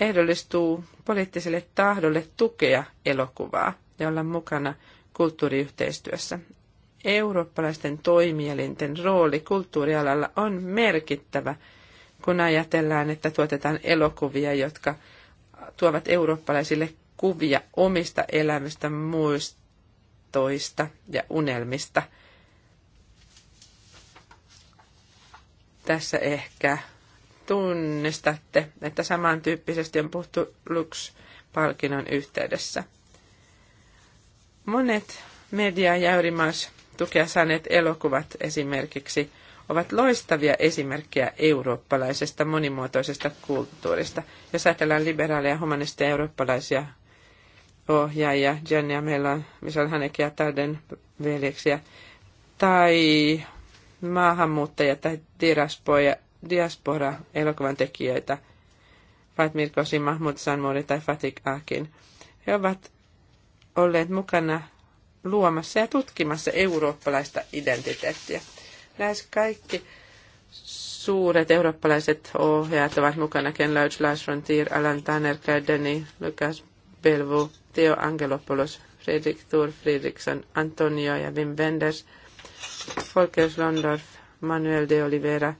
ehdollistuu poliittiselle tahdolle tukea elokuvaa ja olla mukana kulttuuriyhteistyössä. Eurooppalaisten toimielinten rooli kulttuurialalla on merkittävä, kun ajatellaan, että tuotetaan elokuvia, jotka tuovat eurooppalaisille kuvia omista elämistä, muistoista ja unelmista. Tässä ehkä tunnistatte, että samantyyppisesti on puhuttu Lux-palkinnon yhteydessä. Monet media- ja tukea saaneet elokuvat esimerkiksi ovat loistavia esimerkkejä eurooppalaisesta monimuotoisesta kulttuurista. Jos ajatellaan liberaaleja, humanisteja, eurooppalaisia ohjaajia, Gianni meillä on Michel ja Tarden veljeksiä, tai maahanmuuttajia tai tiraspoja diaspora-elokuvan tekijöitä, Fatmir Kosi, Mahmoud Sanmori tai Fatik Akin. He ovat olleet mukana luomassa ja tutkimassa eurooppalaista identiteettiä. Lähes kaikki suuret eurooppalaiset ohjaajat ovat mukana Ken Loach, Lars Frontier, Alan Tanner, Kädeni, Lucas Belvu, Theo Angelopoulos, Fredrik Thor Fredriksson, Antonio ja Wim Wenders, Volker Londorf, Manuel de Oliveira,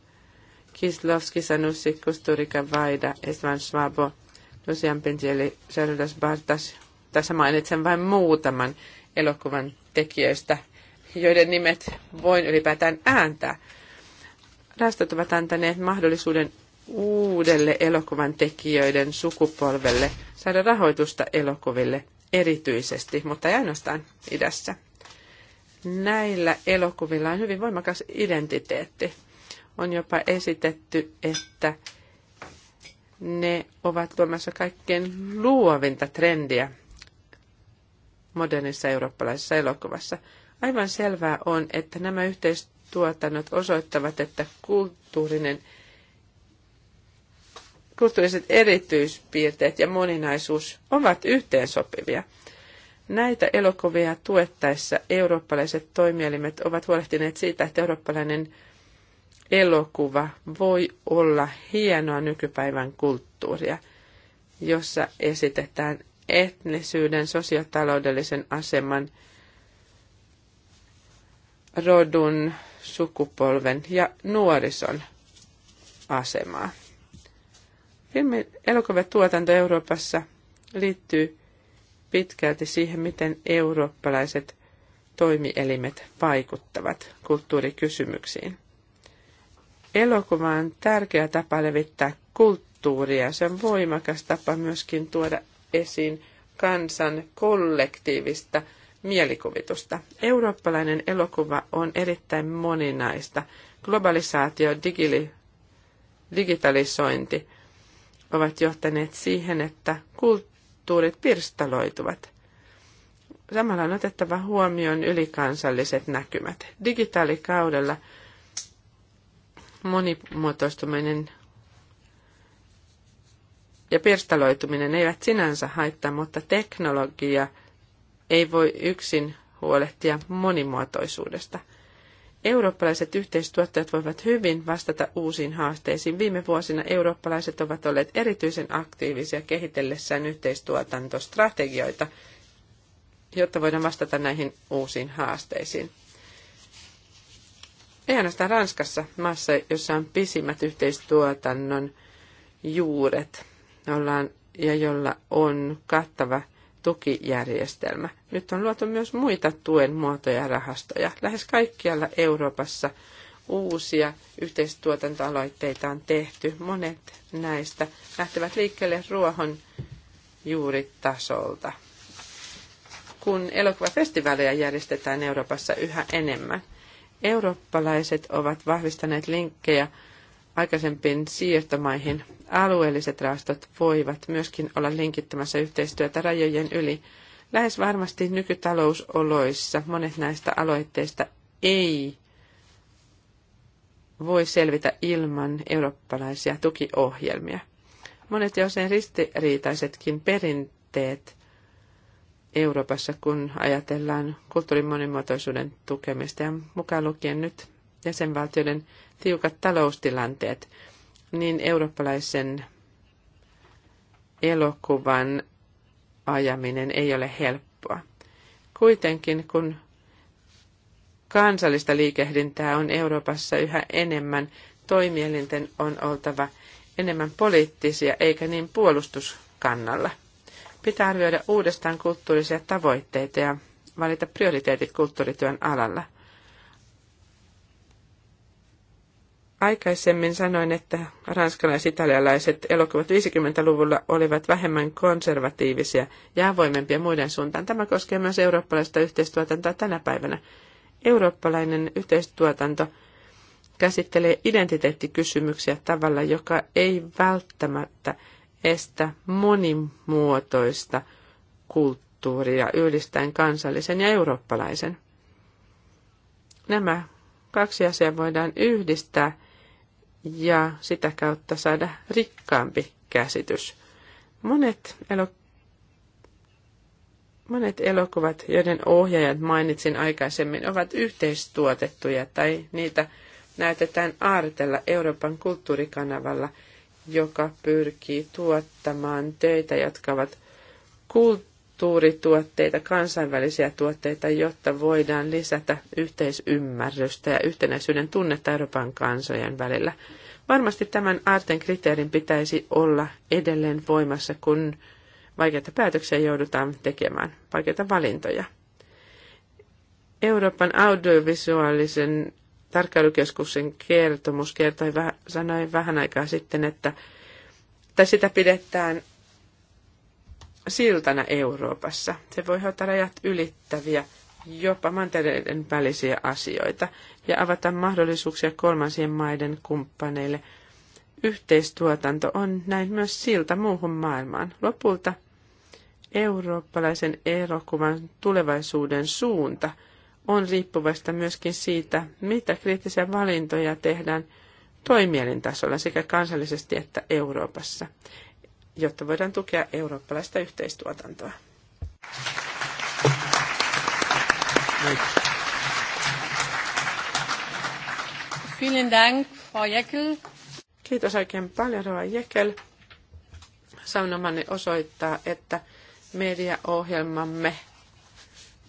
Kislovski, Sanusi, Kusturika, Vaida, Estvan Svabo, pinti eli Sardas Bartas. Tässä mainitsen vain muutaman elokuvan tekijöistä, joiden nimet voin ylipäätään ääntää. Rastot ovat antaneet mahdollisuuden uudelle elokuvan tekijöiden sukupolvelle saada rahoitusta elokuville erityisesti, mutta ei ainoastaan idässä. Näillä elokuvilla on hyvin voimakas identiteetti on jopa esitetty, että ne ovat tuomassa kaikkein luovinta trendiä modernissa eurooppalaisessa elokuvassa. Aivan selvää on, että nämä yhteistuotannot osoittavat, että kulttuurinen, kulttuuriset erityispiirteet ja moninaisuus ovat yhteensopivia. Näitä elokuvia tuettaessa eurooppalaiset toimielimet ovat huolehtineet siitä, että eurooppalainen elokuva voi olla hienoa nykypäivän kulttuuria, jossa esitetään etnisyyden, sosiotaloudellisen aseman, rodun, sukupolven ja nuorison asemaa. Filmin elokuvatuotanto Euroopassa liittyy pitkälti siihen, miten eurooppalaiset toimielimet vaikuttavat kulttuurikysymyksiin. Elokuva on tärkeä tapa levittää kulttuuria. Se on voimakas tapa myöskin tuoda esiin kansan kollektiivista mielikuvitusta. Eurooppalainen elokuva on erittäin moninaista. Globalisaatio, digili, digitalisointi ovat johtaneet siihen, että kulttuurit pirstaloituvat. Samalla on otettava huomioon ylikansalliset näkymät. Digitaalikaudella – monimuotoistuminen ja pirstaloituminen eivät sinänsä haittaa, mutta teknologia ei voi yksin huolehtia monimuotoisuudesta. Eurooppalaiset yhteistuottajat voivat hyvin vastata uusiin haasteisiin. Viime vuosina eurooppalaiset ovat olleet erityisen aktiivisia kehitellessään yhteistuotantostrategioita, jotta voidaan vastata näihin uusiin haasteisiin ei ainoastaan Ranskassa, maassa, jossa on pisimmät yhteistuotannon juuret, ollaan, ja jolla on kattava tukijärjestelmä. Nyt on luotu myös muita tuen muotoja ja rahastoja. Lähes kaikkialla Euroopassa uusia yhteistuotantoaloitteita on tehty. Monet näistä lähtevät liikkeelle ruohon juuritasolta. Kun elokuvafestivaaleja järjestetään Euroopassa yhä enemmän, Eurooppalaiset ovat vahvistaneet linkkejä aikaisempiin siirtomaihin. Alueelliset rahastot voivat myöskin olla linkittämässä yhteistyötä rajojen yli. Lähes varmasti nykytalousoloissa monet näistä aloitteista ei voi selvitä ilman eurooppalaisia tukiohjelmia. Monet ja usein ristiriitaisetkin perinteet Euroopassa, kun ajatellaan kulttuurin monimuotoisuuden tukemista ja mukaan lukien nyt jäsenvaltioiden tiukat taloustilanteet, niin eurooppalaisen elokuvan ajaminen ei ole helppoa. Kuitenkin kun kansallista liikehdintää on Euroopassa yhä enemmän, toimielinten on oltava enemmän poliittisia eikä niin puolustuskannalla. Pitää arvioida uudestaan kulttuurisia tavoitteita ja valita prioriteetit kulttuurityön alalla. Aikaisemmin sanoin, että ranskalais-italialaiset elokuvat 50-luvulla olivat vähemmän konservatiivisia ja avoimempia muiden suuntaan. Tämä koskee myös eurooppalaista yhteistuotantoa tänä päivänä. Eurooppalainen yhteistuotanto käsittelee identiteettikysymyksiä tavalla, joka ei välttämättä estä monimuotoista kulttuuria yhdistäen kansallisen ja eurooppalaisen. Nämä kaksi asiaa voidaan yhdistää ja sitä kautta saada rikkaampi käsitys. Monet, elo, monet elokuvat, joiden ohjaajat mainitsin aikaisemmin, ovat yhteistuotettuja tai niitä näytetään aartella Euroopan kulttuurikanavalla – joka pyrkii tuottamaan töitä, jotka ovat kulttuurituotteita, kansainvälisiä tuotteita, jotta voidaan lisätä yhteisymmärrystä ja yhtenäisyyden tunnetta Euroopan kansojen välillä. Varmasti tämän aarten kriteerin pitäisi olla edelleen voimassa, kun vaikeita päätöksiä joudutaan tekemään, vaikeita valintoja. Euroopan audiovisuaalisen tarkkailukeskuksen kertomus kertoi, sanoi vähän aikaa sitten, että, että sitä pidetään siltana Euroopassa. Se voi hoitaa rajat ylittäviä, jopa mantereiden välisiä asioita ja avata mahdollisuuksia kolmansien maiden kumppaneille. Yhteistuotanto on näin myös silta muuhun maailmaan. Lopulta eurooppalaisen erokuvan tulevaisuuden suunta – on riippuvasta myöskin siitä, mitä kriittisiä valintoja tehdään toimielintasolla sekä kansallisesti että Euroopassa, jotta voidaan tukea eurooppalaista yhteistuotantoa. Vielen Dank, Frau Kiitos oikein paljon, Rova Jekel. Saunomani osoittaa, että mediaohjelmamme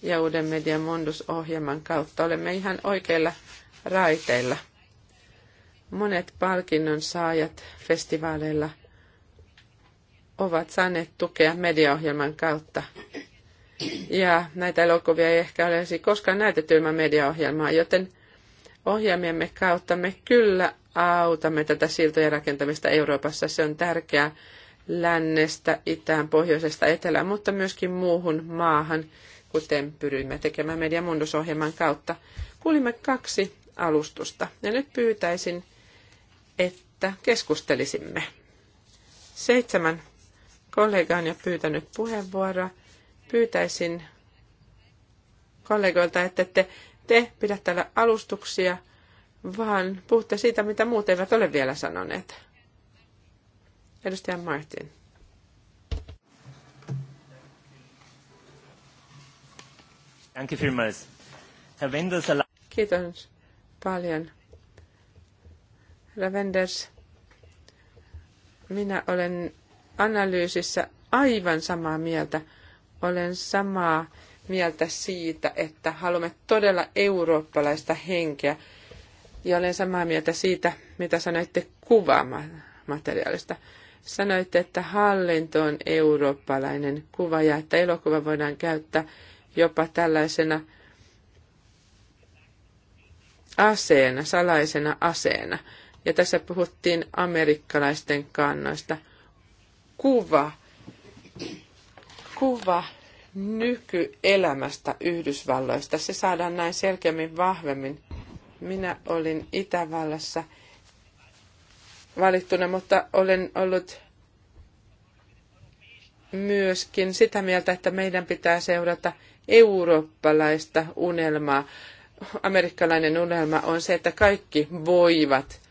ja Uuden median Mondus-ohjelman kautta olemme ihan oikeilla raiteilla. Monet palkinnon saajat festivaaleilla ovat saaneet tukea mediaohjelman kautta. Ja näitä elokuvia ei ehkä ole koskaan näytetty ilman mediaohjelmaa, joten ohjelmiemme kautta me kyllä autamme tätä siltojen rakentamista Euroopassa. Se on tärkeää lännestä, itään, pohjoisesta, etelään, mutta myöskin muuhun maahan kuten pyrimme tekemään Media Mundus-ohjelman kautta. Kuulimme kaksi alustusta ja nyt pyytäisin, että keskustelisimme. Seitsemän kollegaa on jo pyytänyt puheenvuoroa. Pyytäisin kollegoilta, että te, te pidä täällä alustuksia, vaan puhutte siitä, mitä muut eivät ole vielä sanoneet. Edustaja Martin. Danke vielmals. Herr Wenders, Kiitos paljon. Herra Wenders, minä olen analyysissä aivan samaa mieltä. Olen samaa mieltä siitä, että haluamme todella eurooppalaista henkeä. Ja olen samaa mieltä siitä, mitä sanoitte kuvamateriaalista. Sanoitte, että hallinto on eurooppalainen kuva ja että elokuva voidaan käyttää jopa tällaisena aseena, salaisena aseena. Ja tässä puhuttiin amerikkalaisten kannoista. Kuva, kuva nykyelämästä Yhdysvalloista. Se saadaan näin selkeämmin vahvemmin. Minä olin Itävallassa valittuna, mutta olen ollut myöskin sitä mieltä, että meidän pitää seurata eurooppalaista unelmaa, amerikkalainen unelma on se, että kaikki voivat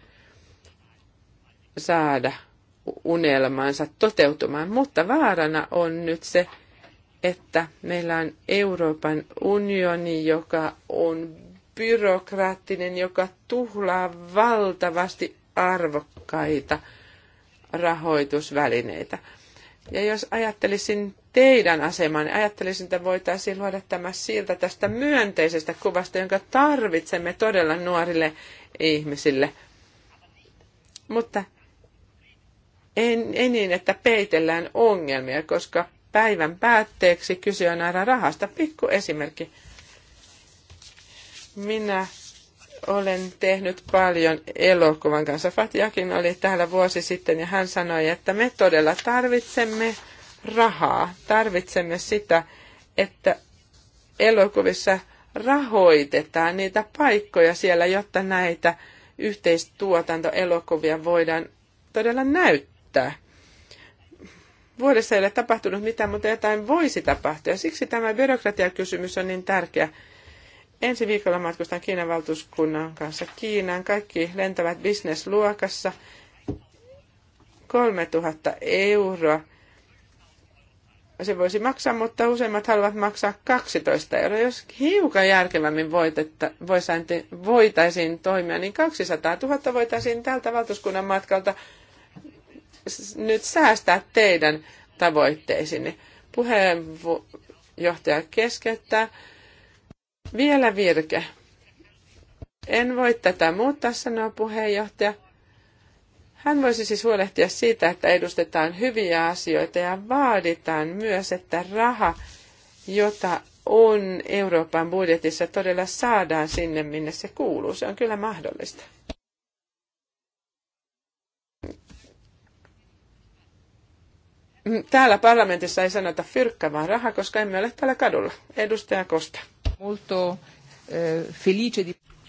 saada unelmansa toteutumaan, mutta vaarana on nyt se, että meillä on Euroopan unioni, joka on byrokraattinen, joka tuhlaa valtavasti arvokkaita rahoitusvälineitä. Ja jos ajattelisin teidän asemaan, niin ajattelisin, että voitaisiin luoda tämä silta tästä myönteisestä kuvasta, jonka tarvitsemme todella nuorille ihmisille. Mutta en ei niin, että peitellään ongelmia, koska päivän päätteeksi kyse on aina rahasta. Pikku esimerkki. Minä olen tehnyt paljon elokuvan kanssa. Fatiakin oli täällä vuosi sitten ja hän sanoi, että me todella tarvitsemme rahaa. Tarvitsemme sitä, että elokuvissa rahoitetaan niitä paikkoja siellä, jotta näitä yhteistuotantoelokuvia voidaan todella näyttää. Vuodessa ei ole tapahtunut mitään, mutta jotain voisi tapahtua. Siksi tämä byrokratiakysymys on niin tärkeä. Ensi viikolla matkustan Kiinan valtuuskunnan kanssa Kiinaan. Kaikki lentävät bisnesluokassa. 3000 euroa se voisi maksaa, mutta useimmat haluavat maksaa 12 euroa. Jos hiukan järkevämmin voitetta, voitaisiin toimia, niin 200 000 voitaisiin tältä valtuuskunnan matkalta nyt säästää teidän tavoitteisiin. Puheenjohtaja keskeyttää. Vielä virke. En voi tätä muuttaa, sanoo puheenjohtaja. Hän voisi siis huolehtia siitä, että edustetaan hyviä asioita ja vaaditaan myös, että raha, jota on Euroopan budjetissa, todella saadaan sinne, minne se kuuluu. Se on kyllä mahdollista. Täällä parlamentissa ei sanota fyrkkä, vaan raha, koska emme ole täällä kadulla. Edustaja Kosta. Molto eh,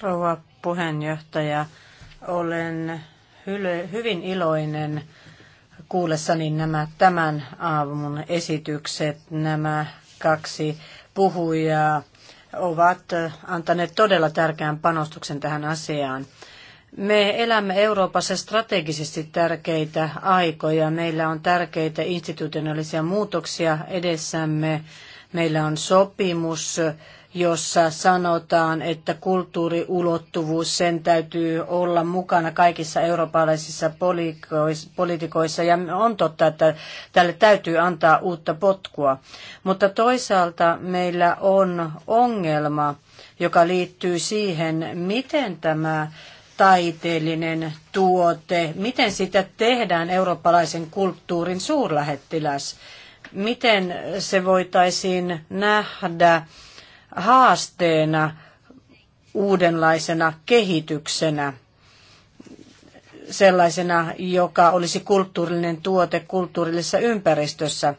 Rouva puheenjohtaja, olen hyvin iloinen kuullessani nämä tämän aamun esitykset. Nämä kaksi puhujaa ovat antaneet todella tärkeän panostuksen tähän asiaan. Me elämme Euroopassa strategisesti tärkeitä aikoja. Meillä on tärkeitä institutionaalisia muutoksia edessämme. Meillä on sopimus, jossa sanotaan, että kulttuuriulottuvuus sen täytyy olla mukana kaikissa eurooppalaisissa poliitikoissa. Ja on totta, että tälle täytyy antaa uutta potkua. Mutta toisaalta meillä on ongelma, joka liittyy siihen, miten tämä taiteellinen tuote, miten sitä tehdään eurooppalaisen kulttuurin suurlähettiläs, miten se voitaisiin nähdä haasteena, uudenlaisena kehityksenä, sellaisena, joka olisi kulttuurillinen tuote kulttuurillisessa ympäristössä.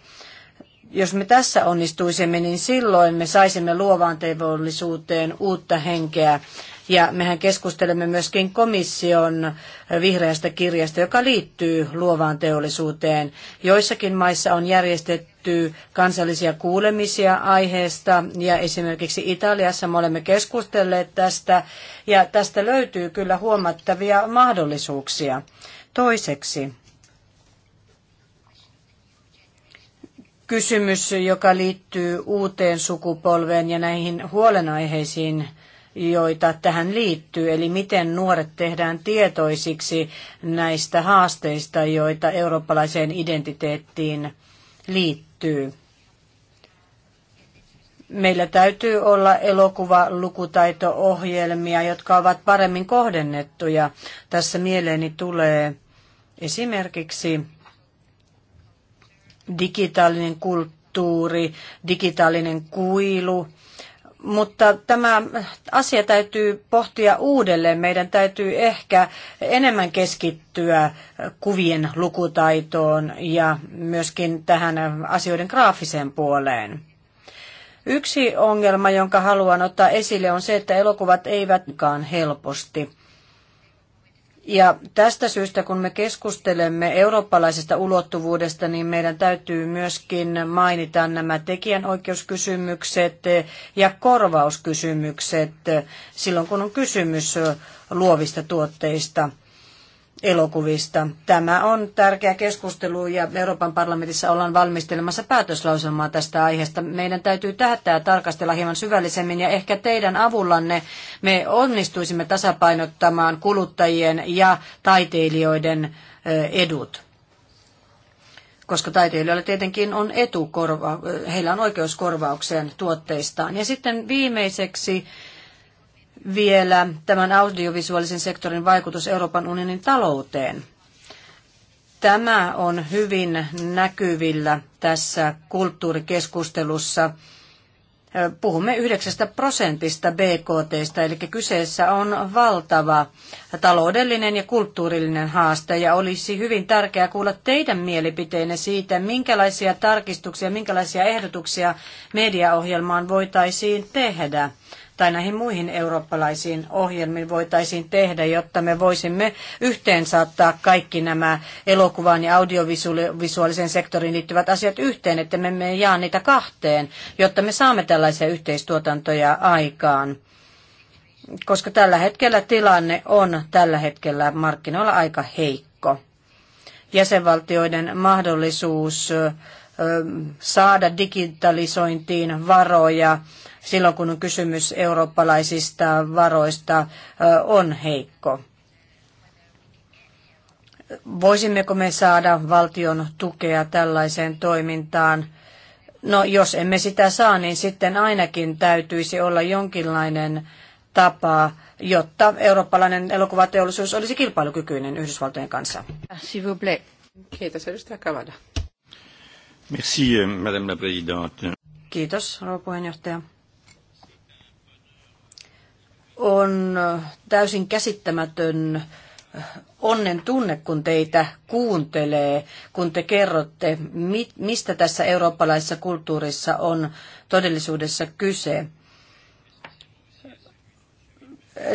Jos me tässä onnistuisimme, niin silloin me saisimme luovaan teollisuuteen uutta henkeä ja mehän keskustelemme myöskin komission vihreästä kirjasta, joka liittyy luovaan teollisuuteen. Joissakin maissa on järjestetty kansallisia kuulemisia aiheesta ja esimerkiksi Italiassa me olemme keskustelleet tästä ja tästä löytyy kyllä huomattavia mahdollisuuksia. Toiseksi, kysymys, joka liittyy uuteen sukupolveen ja näihin huolenaiheisiin, joita tähän liittyy, eli miten nuoret tehdään tietoisiksi näistä haasteista, joita eurooppalaiseen identiteettiin liittyy. Meillä täytyy olla lukutaito ohjelmia jotka ovat paremmin kohdennettuja. Tässä mieleeni tulee esimerkiksi digitaalinen kulttuuri, digitaalinen kuilu, mutta tämä asia täytyy pohtia uudelleen. Meidän täytyy ehkä enemmän keskittyä kuvien lukutaitoon ja myöskin tähän asioiden graafiseen puoleen. Yksi ongelma, jonka haluan ottaa esille, on se, että elokuvat eivätkaan helposti ja tästä syystä, kun me keskustelemme eurooppalaisesta ulottuvuudesta, niin meidän täytyy myöskin mainita nämä tekijänoikeuskysymykset ja korvauskysymykset silloin, kun on kysymys luovista tuotteista – elokuvista. Tämä on tärkeä keskustelu ja Euroopan parlamentissa ollaan valmistelemassa päätöslauselmaa tästä aiheesta. Meidän täytyy tähtää tarkastella hieman syvällisemmin ja ehkä teidän avullanne me onnistuisimme tasapainottamaan kuluttajien ja taiteilijoiden eh, edut. Koska taiteilijoilla tietenkin on etu, eh, heillä on oikeus korvaukseen tuotteistaan. Ja sitten viimeiseksi vielä tämän audiovisuaalisen sektorin vaikutus Euroopan unionin talouteen. Tämä on hyvin näkyvillä tässä kulttuurikeskustelussa. Puhumme 9 prosentista BKTstä, eli kyseessä on valtava taloudellinen ja kulttuurillinen haaste, ja olisi hyvin tärkeää kuulla teidän mielipiteenne siitä, minkälaisia tarkistuksia, minkälaisia ehdotuksia mediaohjelmaan voitaisiin tehdä tai näihin muihin eurooppalaisiin ohjelmiin voitaisiin tehdä, jotta me voisimme yhteen saattaa kaikki nämä elokuvaan ja audiovisuaalisen sektoriin liittyvät asiat yhteen, että me emme jaa niitä kahteen, jotta me saamme tällaisia yhteistuotantoja aikaan. Koska tällä hetkellä tilanne on tällä hetkellä markkinoilla aika heikko. Jäsenvaltioiden mahdollisuus saada digitalisointiin varoja silloin kun on kysymys eurooppalaisista varoista, on heikko. Voisimmeko me saada valtion tukea tällaiseen toimintaan? No jos emme sitä saa, niin sitten ainakin täytyisi olla jonkinlainen tapa, jotta eurooppalainen elokuvateollisuus olisi kilpailukykyinen Yhdysvaltojen kanssa. Kiitos, edustaja Kavada. Merci, euh, madame la présidente. Kiitos, rouva puheenjohtaja on täysin käsittämätön onnen tunne, kun teitä kuuntelee, kun te kerrotte, mistä tässä eurooppalaisessa kulttuurissa on todellisuudessa kyse.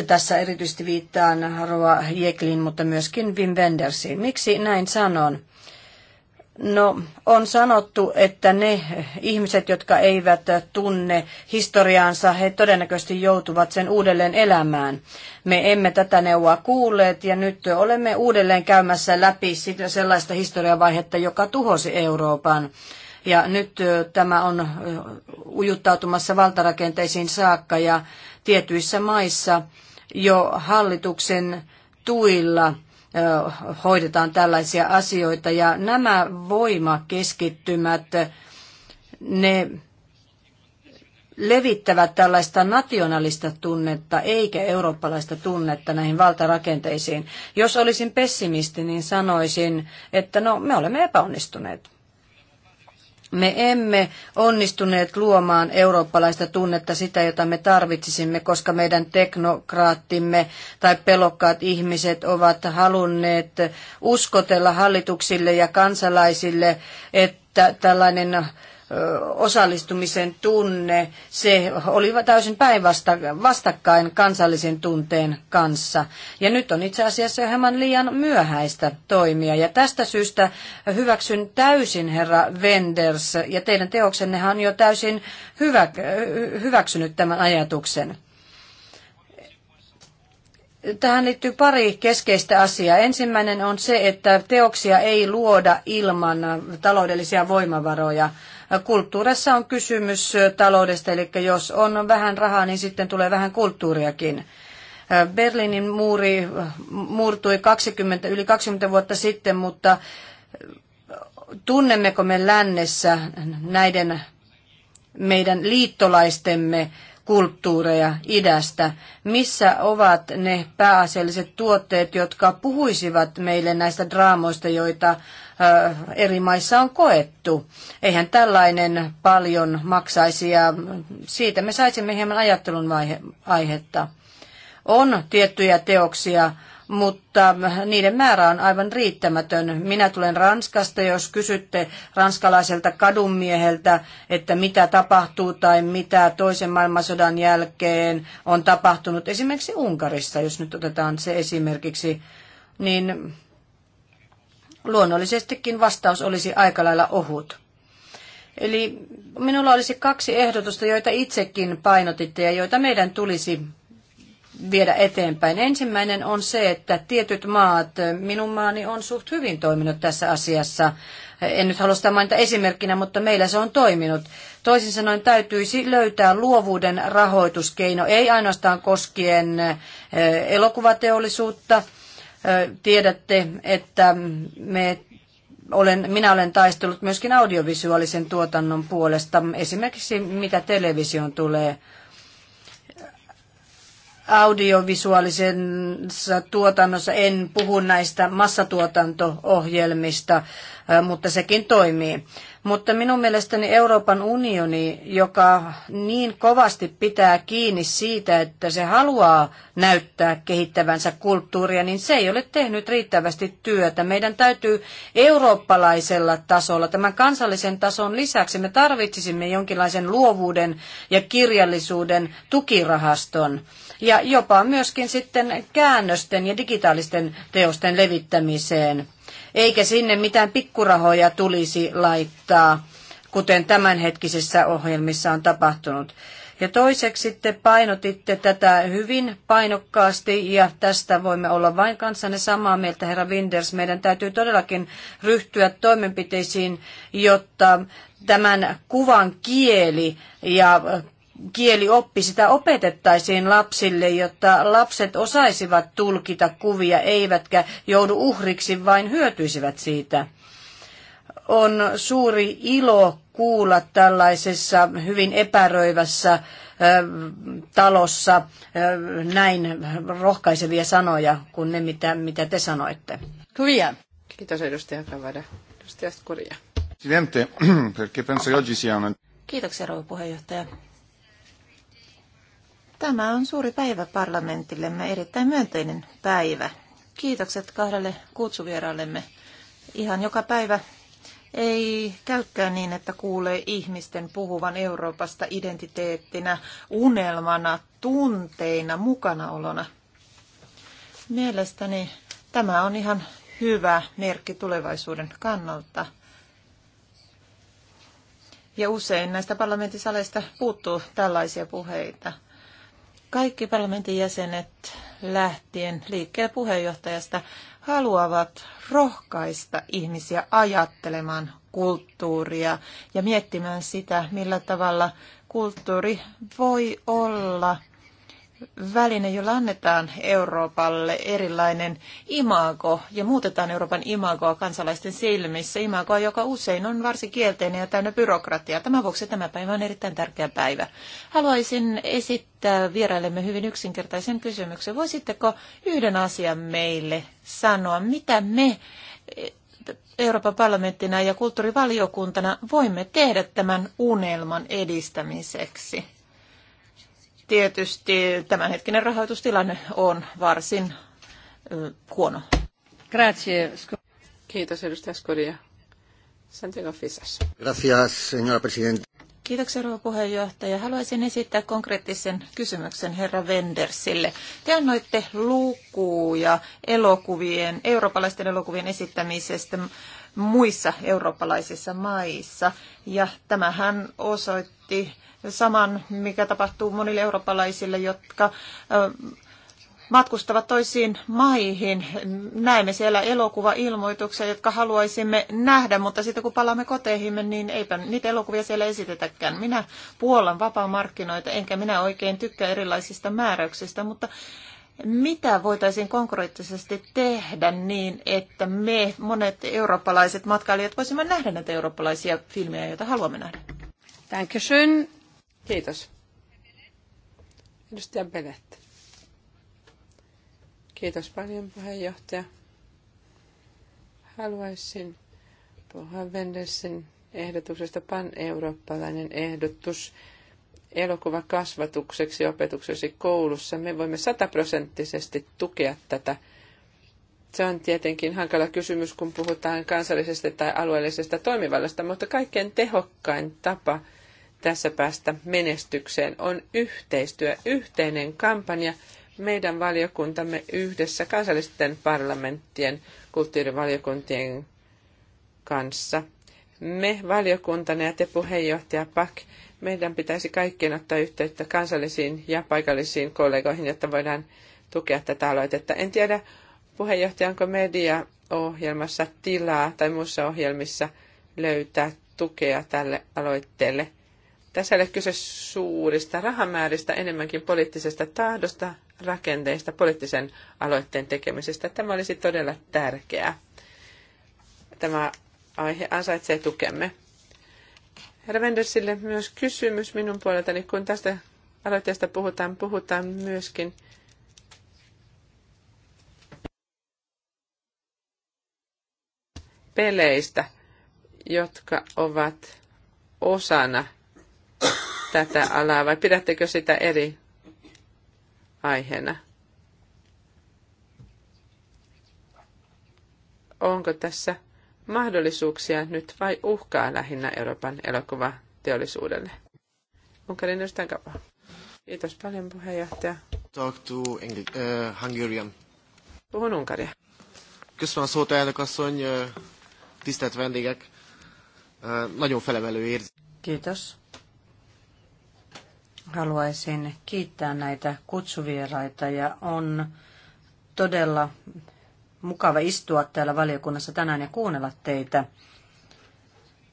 Tässä erityisesti viittaan Roa Jeklin, mutta myöskin Wim Wendersiin. Miksi näin sanon? No, on sanottu, että ne ihmiset, jotka eivät tunne historiaansa, he todennäköisesti joutuvat sen uudelleen elämään. Me emme tätä neuvoa kuulleet ja nyt olemme uudelleen käymässä läpi sellaista historiavaihetta, joka tuhosi Euroopan. Ja nyt tämä on ujuttautumassa valtarakenteisiin saakka ja tietyissä maissa jo hallituksen tuilla – hoidetaan tällaisia asioita. Ja nämä voimakeskittymät, ne levittävät tällaista nationalista tunnetta eikä eurooppalaista tunnetta näihin valtarakenteisiin. Jos olisin pessimisti, niin sanoisin, että no, me olemme epäonnistuneet. Me emme onnistuneet luomaan eurooppalaista tunnetta sitä, jota me tarvitsisimme, koska meidän teknokraattimme tai pelokkaat ihmiset ovat halunneet uskotella hallituksille ja kansalaisille, että tällainen osallistumisen tunne, se oli täysin päinvasta, vastakkain kansallisen tunteen kanssa. Ja nyt on itse asiassa hieman liian myöhäistä toimia. Ja tästä syystä hyväksyn täysin herra Wenders, ja teidän teoksennehan on jo täysin hyvä, hyväksynyt tämän ajatuksen. Tähän liittyy pari keskeistä asiaa. Ensimmäinen on se, että teoksia ei luoda ilman taloudellisia voimavaroja. Kulttuurissa on kysymys taloudesta, eli jos on vähän rahaa, niin sitten tulee vähän kulttuuriakin. Berliinin muuri murtui 20, yli 20 vuotta sitten, mutta tunnemmeko me lännessä näiden meidän liittolaistemme kulttuureja idästä? Missä ovat ne pääasialliset tuotteet, jotka puhuisivat meille näistä draamoista, joita eri maissa on koettu. Eihän tällainen paljon maksaisi ja siitä me saisimme hieman ajattelun vaihe- aihetta. On tiettyjä teoksia, mutta niiden määrä on aivan riittämätön. Minä tulen Ranskasta, jos kysytte ranskalaiselta kadunmieheltä, että mitä tapahtuu tai mitä toisen maailmansodan jälkeen on tapahtunut esimerkiksi Unkarissa, jos nyt otetaan se esimerkiksi, niin luonnollisestikin vastaus olisi aika lailla ohut. Eli minulla olisi kaksi ehdotusta, joita itsekin painotitte ja joita meidän tulisi viedä eteenpäin. Ensimmäinen on se, että tietyt maat, minun maani on suht hyvin toiminut tässä asiassa. En nyt halua sitä mainita esimerkkinä, mutta meillä se on toiminut. Toisin sanoen täytyisi löytää luovuuden rahoituskeino, ei ainoastaan koskien eh, elokuvateollisuutta, Tiedätte, että me olen, minä olen taistellut myöskin audiovisuaalisen tuotannon puolesta, esimerkiksi mitä televisioon tulee. Audiovisuaalisessa tuotannossa en puhu näistä massatuotanto-ohjelmista, mutta sekin toimii. Mutta minun mielestäni Euroopan unioni, joka niin kovasti pitää kiinni siitä, että se haluaa näyttää kehittävänsä kulttuuria, niin se ei ole tehnyt riittävästi työtä. Meidän täytyy eurooppalaisella tasolla, tämän kansallisen tason lisäksi, me tarvitsisimme jonkinlaisen luovuuden ja kirjallisuuden tukirahaston ja jopa myöskin sitten käännösten ja digitaalisten teosten levittämiseen eikä sinne mitään pikkurahoja tulisi laittaa, kuten tämänhetkisissä ohjelmissa on tapahtunut. Ja toiseksi te painotitte tätä hyvin painokkaasti ja tästä voimme olla vain kanssanne samaa mieltä, herra Winders. Meidän täytyy todellakin ryhtyä toimenpiteisiin, jotta tämän kuvan kieli ja kielioppi, sitä opetettaisiin lapsille, jotta lapset osaisivat tulkita kuvia, eivätkä joudu uhriksi, vain hyötyisivät siitä. On suuri ilo kuulla tällaisessa hyvin epäröivässä talossa näin rohkaisevia sanoja kuin ne, mitä, mitä te sanoitte. Kuvia. Kiitos edustaja Kavada. Edustaja Kuria. Presidente, Kiitoksia rouva puheenjohtaja Tämä on suuri päivä parlamentillemme, erittäin myönteinen päivä. Kiitokset kahdelle kutsuvieraallemme. Ihan joka päivä ei käykään niin, että kuulee ihmisten puhuvan Euroopasta identiteettinä, unelmana, tunteina, mukanaolona. Mielestäni tämä on ihan hyvä merkki tulevaisuuden kannalta. Ja usein näistä parlamentisaleista puuttuu tällaisia puheita. Kaikki parlamentin jäsenet lähtien liikkeen puheenjohtajasta haluavat rohkaista ihmisiä ajattelemaan kulttuuria ja miettimään sitä, millä tavalla kulttuuri voi olla – väline, jolla annetaan Euroopalle erilainen imago ja muutetaan Euroopan imagoa kansalaisten silmissä. Imagoa, joka usein on varsin kielteinen ja täynnä byrokratiaa. Tämän vuoksi tämä päivä on erittäin tärkeä päivä. Haluaisin esittää vieraillemme hyvin yksinkertaisen kysymyksen. Voisitteko yhden asian meille sanoa, mitä me eh, Euroopan parlamenttina ja kulttuurivaliokuntana voimme tehdä tämän unelman edistämiseksi? tietysti tämänhetkinen rahoitustilanne on varsin huono. Grazie. Kiitos edustaja Skodia. Santiago Fisas. Gracias, señora presidenta. Kiitoksia, rouva puheenjohtaja. Haluaisin esittää konkreettisen kysymyksen herra Wendersille. Te annoitte lukuja elokuvien, eurooppalaisten elokuvien esittämisestä muissa eurooppalaisissa maissa. Ja tämähän osoitti saman, mikä tapahtuu monille eurooppalaisille, jotka matkustavat toisiin maihin. Näemme siellä elokuvailmoituksia, jotka haluaisimme nähdä, mutta sitten kun palaamme koteihimme, niin eipä niitä elokuvia siellä esitetäkään. Minä puolan vapaa-markkinoita, enkä minä oikein tykkää erilaisista määräyksistä, mutta mitä voitaisiin konkreettisesti tehdä niin, että me monet eurooppalaiset matkailijat voisimme nähdä näitä eurooppalaisia filmejä, joita haluamme nähdä? Dankeschön. Kiitos. Edustaja Benet. Kiitos paljon puheenjohtaja. Haluaisin puhua Vendelsin ehdotuksesta pan-eurooppalainen ehdotus elokuvakasvatukseksi ja opetukseksi koulussa. Me voimme sataprosenttisesti tukea tätä. Se on tietenkin hankala kysymys, kun puhutaan kansallisesta tai alueellisesta toimivallasta, mutta kaikkein tehokkain tapa tässä päästä menestykseen on yhteistyö, yhteinen kampanja, meidän valiokuntamme yhdessä kansallisten parlamenttien kulttuurivaliokuntien kanssa. Me valiokuntana ja te puheenjohtaja Pak meidän pitäisi kaikkien ottaa yhteyttä kansallisiin ja paikallisiin kollegoihin, jotta voidaan tukea tätä aloitetta. En tiedä, puheenjohtaja, onko mediaohjelmassa tilaa tai muissa ohjelmissa löytää tukea tälle aloitteelle. Tässä ei ole kyse suurista rahamääristä, enemmänkin poliittisesta tahdosta, rakenteista, poliittisen aloitteen tekemisestä. Tämä olisi todella tärkeää. Tämä aihe ansaitsee tukemme. Wendersille myös kysymys minun puoleltani, kun tästä aloitteesta puhutaan, puhutaan myöskin peleistä, jotka ovat osana tätä alaa, vai pidättekö sitä eri aiheena? Onko tässä mahdollisuuksia nyt vai uhkaa lähinnä Euroopan elokuvateollisuudelle? Unkarin edustajan kapa. Kiitos paljon puheenjohtaja. Talk to Engl- uh, äh, Hungarian. Puhun Unkaria. Köszönöm a szót, elnök asszony, tisztelt vendégek. Nagyon felemelő érzi. Kiitos. Haluaisin kiittää näitä kutsuvieraita ja on todella mukava istua täällä valiokunnassa tänään ja kuunnella teitä.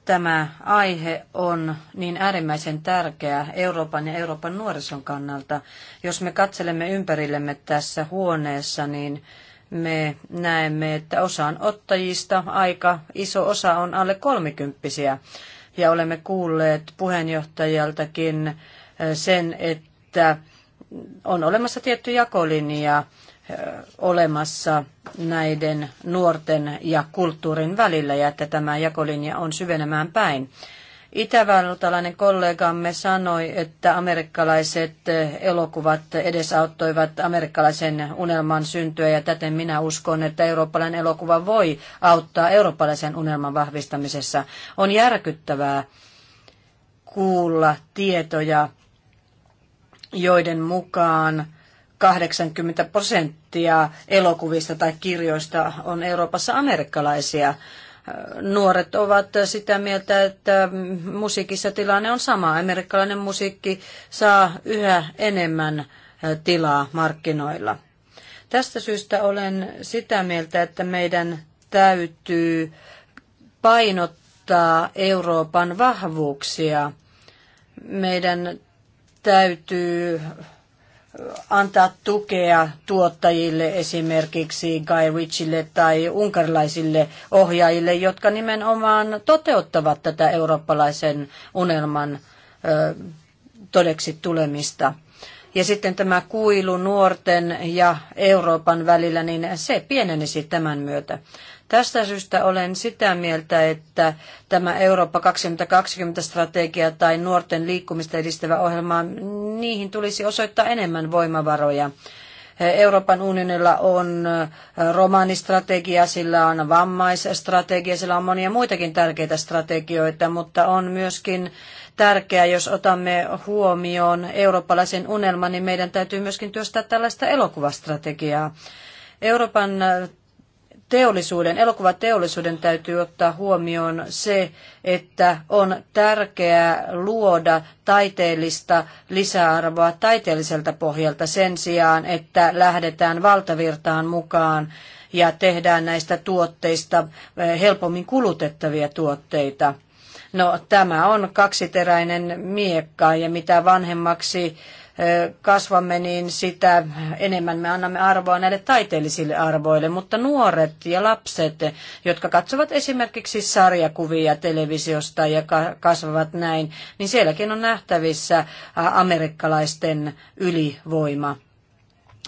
Tämä aihe on niin äärimmäisen tärkeä Euroopan ja Euroopan nuorison kannalta. Jos me katselemme ympärillemme tässä huoneessa, niin me näemme, että osaan ottajista aika iso osa on alle kolmikymppisiä. Ja olemme kuulleet puheenjohtajaltakin eh, sen, että on olemassa tietty jakolinja olemassa näiden nuorten ja kulttuurin välillä ja että tämä jakolinja on syvenemään päin. Itävaltalainen kollegamme sanoi, että amerikkalaiset elokuvat edesauttoivat amerikkalaisen unelman syntyä ja täten minä uskon, että eurooppalainen elokuva voi auttaa eurooppalaisen unelman vahvistamisessa. On järkyttävää kuulla tietoja, joiden mukaan 80 prosenttia elokuvista tai kirjoista on Euroopassa amerikkalaisia. Nuoret ovat sitä mieltä, että musiikissa tilanne on sama. Amerikkalainen musiikki saa yhä enemmän tilaa markkinoilla. Tästä syystä olen sitä mieltä, että meidän täytyy painottaa Euroopan vahvuuksia. Meidän täytyy antaa tukea tuottajille, esimerkiksi Guy Ritchille tai unkarilaisille ohjaajille, jotka nimenomaan toteuttavat tätä eurooppalaisen unelman todeksi tulemista. Ja sitten tämä kuilu nuorten ja Euroopan välillä, niin se pienenisi tämän myötä. Tästä syystä olen sitä mieltä, että tämä Eurooppa 2020-strategia tai nuorten liikkumista edistävä ohjelma, niihin tulisi osoittaa enemmän voimavaroja. Euroopan unionilla on romanistrategia, sillä on vammaisstrategia, sillä on monia muitakin tärkeitä strategioita, mutta on myöskin tärkeää, jos otamme huomioon eurooppalaisen unelman, niin meidän täytyy myöskin työstää tällaista elokuvastrategiaa. Euroopan teollisuuden, elokuvateollisuuden täytyy ottaa huomioon se, että on tärkeää luoda taiteellista lisäarvoa taiteelliselta pohjalta sen sijaan, että lähdetään valtavirtaan mukaan ja tehdään näistä tuotteista eh, helpommin kulutettavia tuotteita. No tämä on kaksiteräinen miekka ja mitä vanhemmaksi kasvamme, niin sitä enemmän me annamme arvoa näille taiteellisille arvoille. Mutta nuoret ja lapset, jotka katsovat esimerkiksi sarjakuvia televisiosta ja kasvavat näin, niin sielläkin on nähtävissä amerikkalaisten ylivoima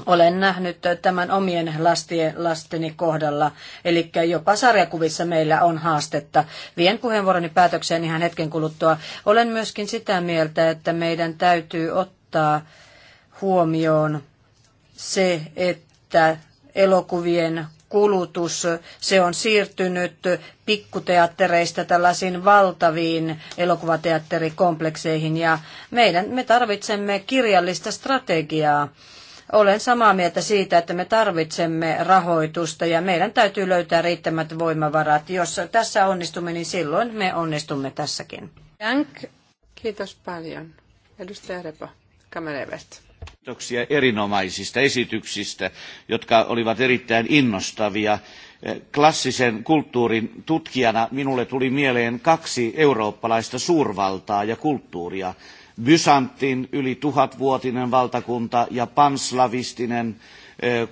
olen nähnyt tämän omien lastien, lasteni kohdalla. Eli jopa sarjakuvissa meillä on haastetta. Vien puheenvuoroni päätökseen ihan hetken kuluttua. Olen myöskin sitä mieltä, että meidän täytyy ottaa ottaa huomioon se, että elokuvien kulutus, se on siirtynyt pikkuteattereista tällaisiin valtaviin elokuvateatterikomplekseihin ja meidän, me tarvitsemme kirjallista strategiaa. Olen samaa mieltä siitä, että me tarvitsemme rahoitusta ja meidän täytyy löytää riittämät voimavarat. Jos tässä onnistumme, niin silloin me onnistumme tässäkin. Dank. Kiitos paljon. Edustaja Repo. Kamerevert. Kiitoksia erinomaisista esityksistä, jotka olivat erittäin innostavia. Eh, klassisen kulttuurin tutkijana minulle tuli mieleen kaksi eurooppalaista suurvaltaa ja kulttuuria. Bysantin yli tuhatvuotinen valtakunta ja panslavistinen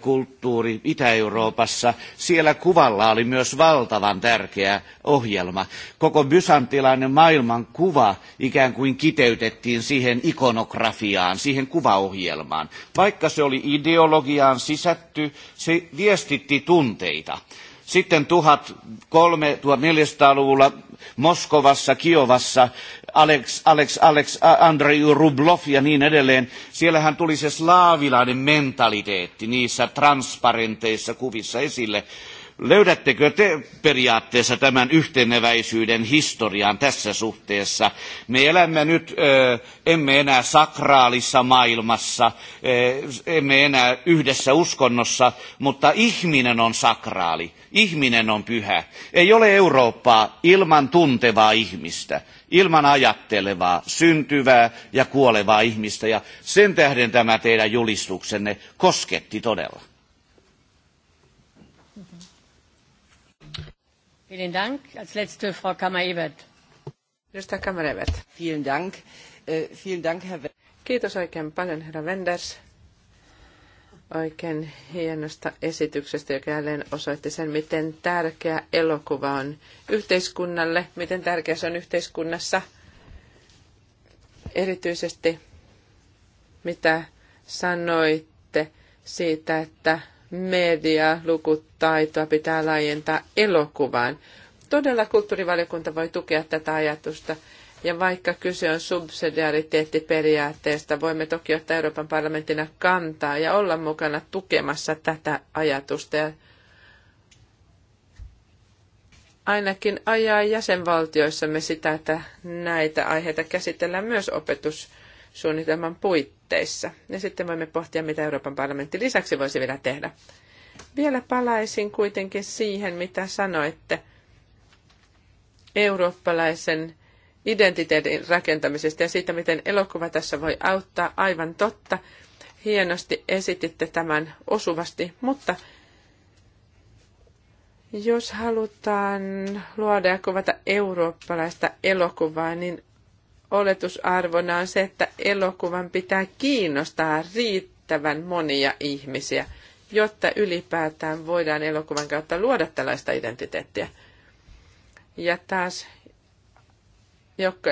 kulttuuri Itä-Euroopassa. Siellä kuvalla oli myös valtavan tärkeä ohjelma. Koko bysantilainen maailman kuva ikään kuin kiteytettiin siihen ikonografiaan, siihen kuvaohjelmaan. Vaikka se oli ideologiaan sisätty, se viestitti tunteita. Sitten 1300-1400-luvulla Moskovassa, Kiovassa, Alex, Alex, Alex, Andrei Rublov ja niin edelleen. Siellähän tuli se slaavilainen mentaliteetti niissä transparenteissa kuvissa esille. Löydättekö te periaatteessa tämän yhteneväisyyden historian tässä suhteessa? Me elämme nyt, emme enää sakraalissa maailmassa, emme enää yhdessä uskonnossa, mutta ihminen on sakraali, ihminen on pyhä. Ei ole Eurooppaa ilman tuntevaa ihmistä, ilman ajattelevaa, syntyvää ja kuolevaa ihmistä. Ja sen tähden tämä teidän julistuksenne kosketti todella. Vielen Dank. Als letzte Frau Kammer-Ebert. Kammer-Ebert. Vielen Dank. Äh, vielen Dank, Herr Kiitos oikein paljon, herra Wenders. Oikein hienosta esityksestä, joka jälleen osoitti sen, miten tärkeä elokuva on yhteiskunnalle, miten tärkeä se on yhteiskunnassa, erityisesti mitä sanoitte siitä, että medialukutaitoa pitää laajentaa elokuvaan. Todella kulttuurivaliokunta voi tukea tätä ajatusta. Ja vaikka kyse on subsidiariteettiperiaatteesta, voimme toki ottaa Euroopan parlamentina kantaa ja olla mukana tukemassa tätä ajatusta ja ainakin ajaa jäsenvaltioissamme sitä, että näitä aiheita käsitellään myös opetus- suunnitelman puitteissa. Ja sitten voimme pohtia, mitä Euroopan parlamentti lisäksi voisi vielä tehdä. Vielä palaisin kuitenkin siihen, mitä sanoitte eurooppalaisen identiteetin rakentamisesta ja siitä, miten elokuva tässä voi auttaa. Aivan totta. Hienosti esititte tämän osuvasti, mutta jos halutaan luoda ja kuvata eurooppalaista elokuvaa, niin oletusarvona on se, että elokuvan pitää kiinnostaa riittävän monia ihmisiä, jotta ylipäätään voidaan elokuvan kautta luoda tällaista identiteettiä. Ja taas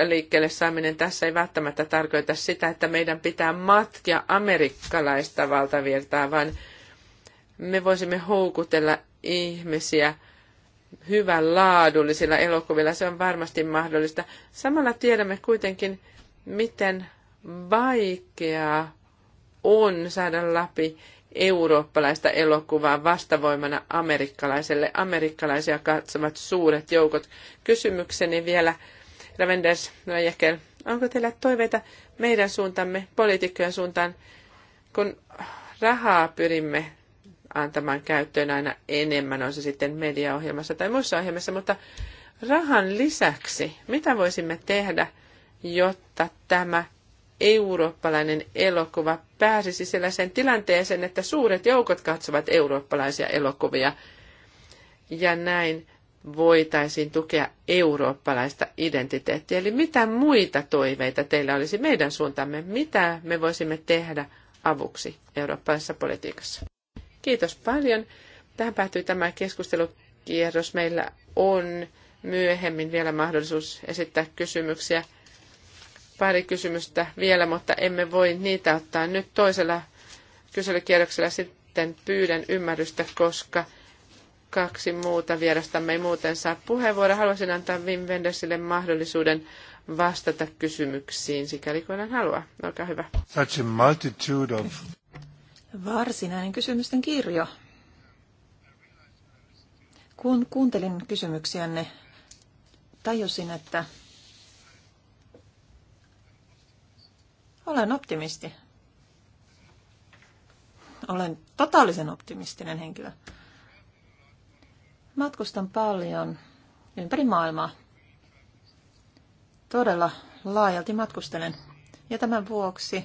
liikkeelle saaminen tässä ei välttämättä tarkoita sitä, että meidän pitää matkia amerikkalaista valtavirtaa, vaan me voisimme houkutella ihmisiä – hyvän laadullisilla elokuvilla. Se on varmasti mahdollista. Samalla tiedämme kuitenkin, miten vaikeaa on saada läpi eurooppalaista elokuvaa vastavoimana amerikkalaiselle. Amerikkalaisia katsovat suuret joukot. Kysymykseni vielä, Ravenders Nojekel, onko teillä toiveita meidän suuntamme, poliitikkojen suuntaan, kun rahaa pyrimme antamaan käyttöön aina enemmän, on se sitten mediaohjelmassa tai muissa ohjelmissa, mutta rahan lisäksi, mitä voisimme tehdä, jotta tämä eurooppalainen elokuva pääsisi sellaiseen tilanteeseen, että suuret joukot katsovat eurooppalaisia elokuvia ja näin voitaisiin tukea eurooppalaista identiteettiä. Eli mitä muita toiveita teillä olisi meidän suuntamme? Mitä me voisimme tehdä avuksi eurooppalaisessa politiikassa? Kiitos paljon. Tähän päättyy tämä keskustelukierros. Meillä on myöhemmin vielä mahdollisuus esittää kysymyksiä. Pari kysymystä vielä, mutta emme voi niitä ottaa nyt toisella kyselykierroksella. Sitten pyydän ymmärrystä, koska kaksi muuta vierastamme ei muuten saa puheenvuoroa. Haluaisin antaa Wim Wendersille mahdollisuuden vastata kysymyksiin, sikäli kuin hän haluaa. Olkaa hyvä. Such a multitude of varsinainen kysymysten kirjo. Kun kuuntelin kysymyksiänne, tajusin, että olen optimisti. Olen totaalisen optimistinen henkilö. Matkustan paljon ympäri maailmaa. Todella laajalti matkustelen. Ja tämän vuoksi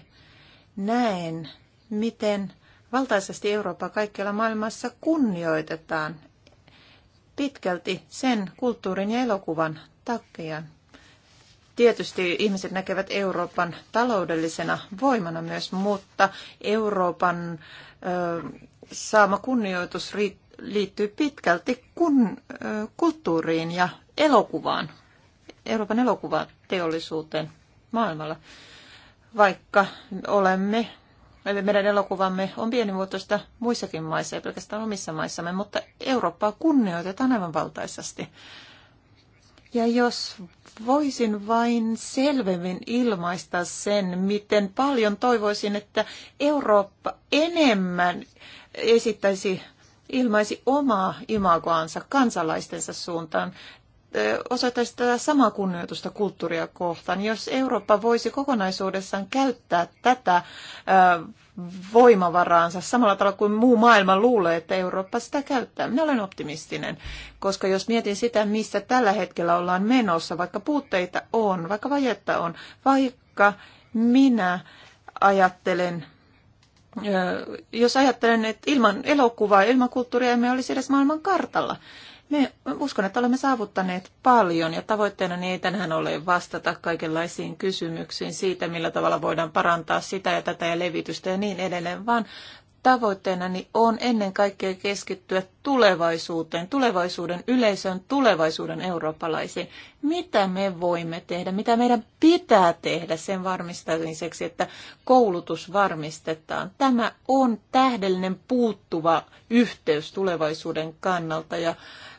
näen miten valtaisesti Eurooppa kaikkialla maailmassa kunnioitetaan pitkälti sen kulttuurin ja elokuvan takia. Tietysti ihmiset näkevät Euroopan taloudellisena voimana myös, mutta Euroopan ö, saama kunnioitus liittyy pitkälti kun, ö, kulttuuriin ja elokuvaan, Euroopan elokuvateollisuuteen maailmalla. Vaikka olemme meidän elokuvamme on pienimuotoista muissakin maissa, ei pelkästään omissa maissamme, mutta Eurooppaa kunnioitetaan aivan valtaisesti. Ja jos voisin vain selvemmin ilmaista sen, miten paljon toivoisin, että Eurooppa enemmän esittäisi ilmaisi omaa imagoansa kansalaistensa suuntaan osoittaisi tätä samaa kunnioitusta kulttuuria kohtaan. Jos Eurooppa voisi kokonaisuudessaan käyttää tätä voimavaraansa samalla tavalla kuin muu maailma luulee, että Eurooppa sitä käyttää. Minä olen optimistinen, koska jos mietin sitä, missä tällä hetkellä ollaan menossa, vaikka puutteita on, vaikka vajetta on, vaikka minä ajattelen jos ajattelen, että ilman elokuvaa ja ilman kulttuuria emme olisi edes maailman kartalla. Me uskon, että olemme saavuttaneet paljon ja tavoitteena ei tänään ole vastata kaikenlaisiin kysymyksiin siitä, millä tavalla voidaan parantaa sitä ja tätä ja levitystä ja niin edelleen, vaan tavoitteena on ennen kaikkea keskittyä tulevaisuuteen, tulevaisuuden yleisön, tulevaisuuden eurooppalaisiin. Mitä me voimme tehdä, mitä meidän pitää tehdä sen varmistamiseksi, että koulutus varmistetaan. Tämä on tähdellinen puuttuva yhteys tulevaisuuden kannalta ja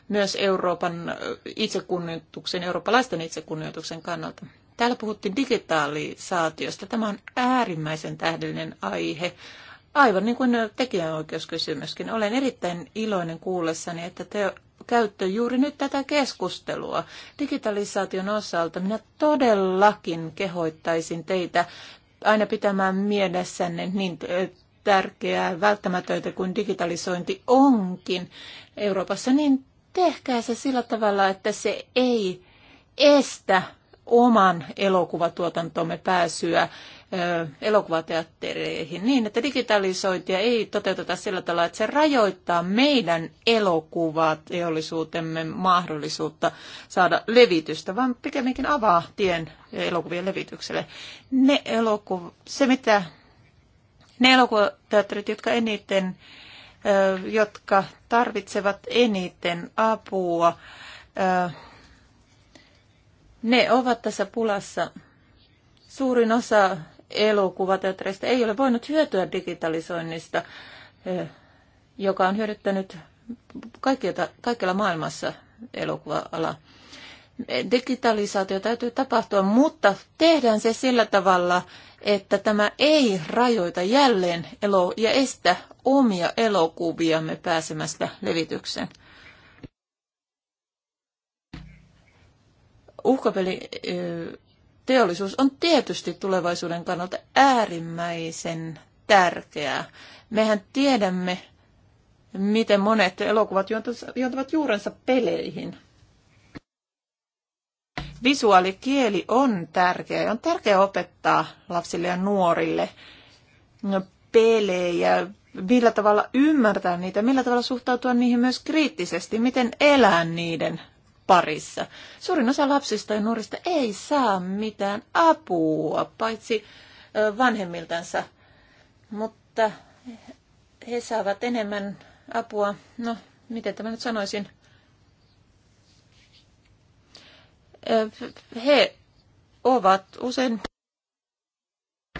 myös Euroopan itsekunnioituksen, eurooppalaisten itsekunnioituksen kannalta. Täällä puhuttiin digitaalisaatiosta. Tämä on äärimmäisen tähdellinen aihe. Aivan niin kuin tekijänoikeuskysymyskin. Olen erittäin iloinen kuullessani, että te käyttö juuri nyt tätä keskustelua digitalisaation osalta. Minä todellakin kehoittaisin teitä aina pitämään mielessänne niin tärkeää, välttämätöitä kuin digitalisointi onkin Euroopassa, niin tehkää se sillä tavalla, että se ei estä oman elokuvatuotantomme pääsyä elokuvateattereihin niin, että digitalisointia ei toteuteta sillä tavalla, että se rajoittaa meidän elokuvateollisuutemme mahdollisuutta saada levitystä, vaan pikemminkin avaa tien elokuvien levitykselle. Ne elokuva, se mitä ne elokuvateatterit, jotka eniten jotka tarvitsevat eniten apua, ne ovat tässä pulassa. Suurin osa elokuvateattereista ei ole voinut hyötyä digitalisoinnista, joka on hyödyttänyt kaikkialla maailmassa elokuva-alaa digitalisaatio täytyy tapahtua, mutta tehdään se sillä tavalla, että tämä ei rajoita jälleen elo- ja estä omia elokuviamme pääsemästä levitykseen. Uhkapeli teollisuus on tietysti tulevaisuuden kannalta äärimmäisen tärkeää. Mehän tiedämme, miten monet elokuvat juontavat juurensa peleihin visuaalikieli on tärkeä. On tärkeää opettaa lapsille ja nuorille pelejä, millä tavalla ymmärtää niitä, millä tavalla suhtautua niihin myös kriittisesti, miten elää niiden parissa. Suurin osa lapsista ja nuorista ei saa mitään apua, paitsi vanhemmiltansa, mutta he saavat enemmän apua, no miten tämä nyt sanoisin, he ovat usein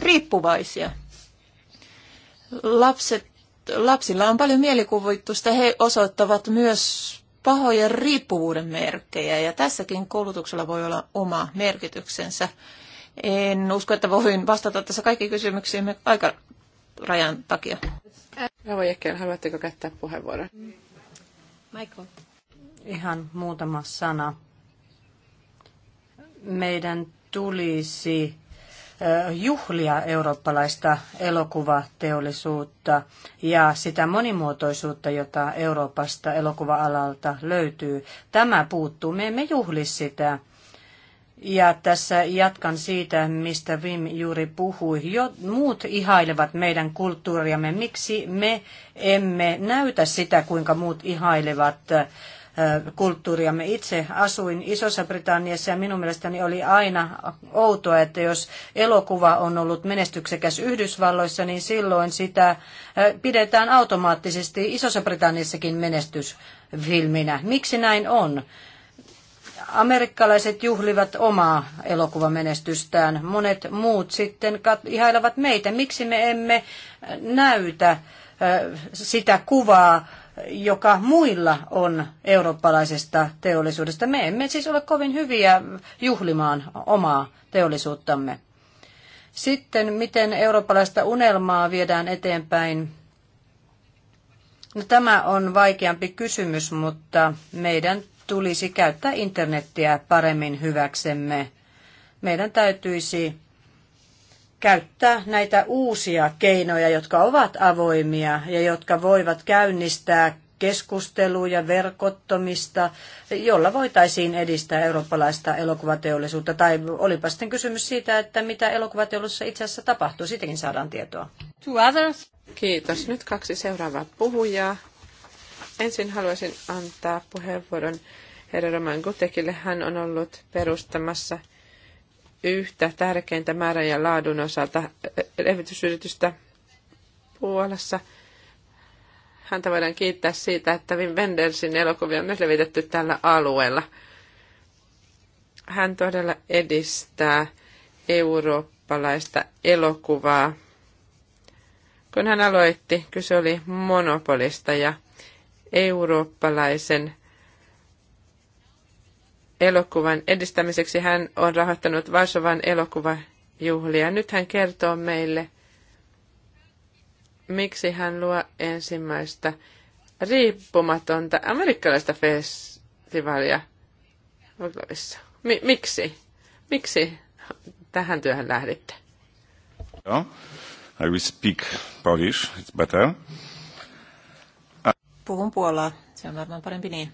riippuvaisia. Lapset, lapsilla on paljon mielikuvitusta. He osoittavat myös pahoja riippuvuuden merkkejä ja tässäkin koulutuksella voi olla oma merkityksensä. En usko, että voin vastata tässä kaikkiin kysymyksiin rajan takia. Ravo Jekkel, haluatteko käyttää puheenvuoron? Michael. Ihan muutama sana meidän tulisi juhlia eurooppalaista elokuvateollisuutta ja sitä monimuotoisuutta, jota Euroopasta elokuva-alalta löytyy. Tämä puuttuu, me emme juhli sitä. Ja tässä jatkan siitä, mistä Vim juuri puhui. Jo muut ihailevat meidän kulttuuriamme. Miksi me emme näytä sitä, kuinka muut ihailevat kulttuuriamme. Itse asuin Isossa Britanniassa ja minun mielestäni oli aina outoa, että jos elokuva on ollut menestyksekäs Yhdysvalloissa, niin silloin sitä pidetään automaattisesti Isossa Britanniassakin menestysfilminä. Miksi näin on? amerikkalaiset juhlivat omaa elokuvamenestystään, monet muut sitten ihailevat meitä. Miksi me emme näytä sitä kuvaa joka muilla on eurooppalaisesta teollisuudesta. Me emme siis ole kovin hyviä juhlimaan omaa teollisuuttamme. Sitten, miten eurooppalaista unelmaa viedään eteenpäin? No, tämä on vaikeampi kysymys, mutta meidän tulisi käyttää internettiä paremmin hyväksemme. Meidän täytyisi käyttää näitä uusia keinoja, jotka ovat avoimia ja jotka voivat käynnistää keskusteluja, verkottomista, jolla voitaisiin edistää eurooppalaista elokuvateollisuutta. Tai olipa sitten kysymys siitä, että mitä elokuvateollisuudessa itse asiassa tapahtuu. Siitäkin saadaan tietoa. Two others. Kiitos. Nyt kaksi seuraavaa puhujaa. Ensin haluaisin antaa puheenvuoron herra Roman Gutekille. Hän on ollut perustamassa – yhtä tärkeintä määrän ja laadun osalta eh, levitysyritystä Puolassa. Häntä voidaan kiittää siitä, että Wim Wendelsin elokuvia on myös levitetty tällä alueella. Hän todella edistää eurooppalaista elokuvaa. Kun hän aloitti, kyse oli monopolista ja eurooppalaisen elokuvan edistämiseksi. Hän on rahoittanut Varsovan elokuvajuhlia. Nyt hän kertoo meille, miksi hän luo ensimmäistä riippumatonta amerikkalaista festivaalia Vloglavissa. Mi- miksi? Miksi tähän työhön lähditte? Joo. I will speak Polish, it's better. Puhun puolaa, se on varmaan parempi niin.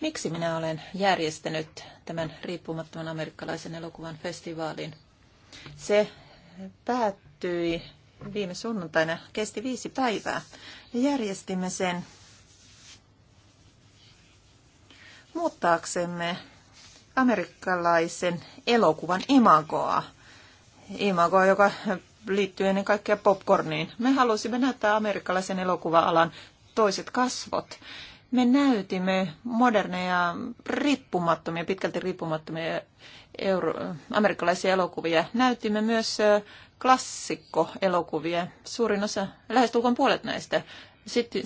Miksi minä olen järjestänyt tämän riippumattoman amerikkalaisen elokuvan festivaalin? Se päättyi viime sunnuntaina, kesti viisi päivää. Ja järjestimme sen muuttaaksemme amerikkalaisen elokuvan imagoa. Imagoa, joka liittyy ennen kaikkea popcorniin. Me halusimme näyttää amerikkalaisen elokuva-alan toiset kasvot. Me näytimme moderneja, riippumattomia, pitkälti riippumattomia euro- amerikkalaisia elokuvia. Näytimme myös klassikkoelokuvia, suurin osa, lähestulkoon puolet näistä. Sitten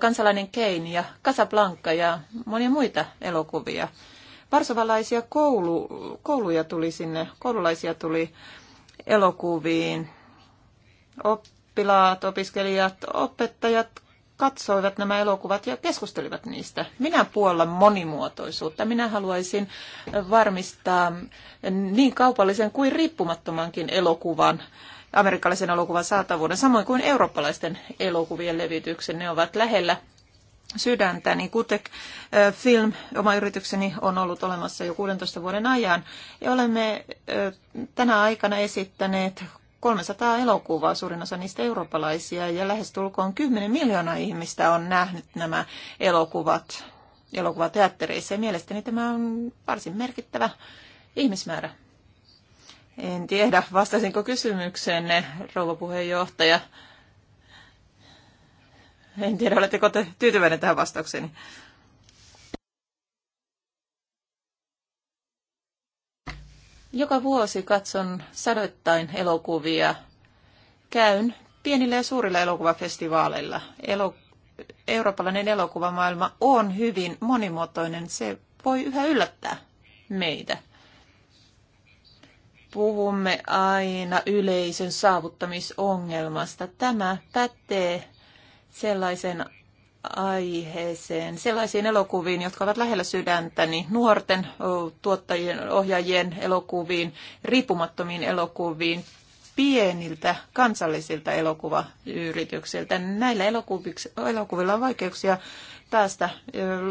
kansalainen Kane ja Casablanca ja monia muita elokuvia. Varsovalaisia koulu, kouluja tuli sinne, koululaisia tuli elokuviin. Oppilaat, opiskelijat, opettajat, katsoivat nämä elokuvat ja keskustelivat niistä. Minä puollan monimuotoisuutta. Minä haluaisin varmistaa niin kaupallisen kuin riippumattomankin elokuvan amerikkalaisen elokuvan saatavuuden, samoin kuin eurooppalaisten elokuvien levityksen. Ne ovat lähellä sydäntä, niin Kutek eh, Film, oma yritykseni, on ollut olemassa jo 16 vuoden ajan. Ja olemme eh, tänä aikana esittäneet 300 elokuvaa, suurin osa niistä eurooppalaisia, ja lähestulkoon 10 miljoonaa ihmistä on nähnyt nämä elokuvat elokuvateattereissa, ja mielestäni tämä on varsin merkittävä ihmismäärä. En tiedä, vastasinko kysymykseenne, rouva puheenjohtaja. En tiedä, oletteko te tyytyväinen tähän vastaukseeni. Joka vuosi katson sadoittain elokuvia. Käyn pienillä ja suurilla elokuvafestivaaleilla. Elo- Eurooppalainen elokuvamaailma on hyvin monimuotoinen. Se voi yhä yllättää meitä. Puhumme aina yleisön saavuttamisongelmasta. Tämä pätee sellaisen aiheeseen, sellaisiin elokuviin, jotka ovat lähellä sydäntäni, nuorten tuottajien, ohjaajien elokuviin, riippumattomiin elokuviin, pieniltä kansallisilta elokuvayrityksiltä. Näillä elokuvilla on vaikeuksia päästä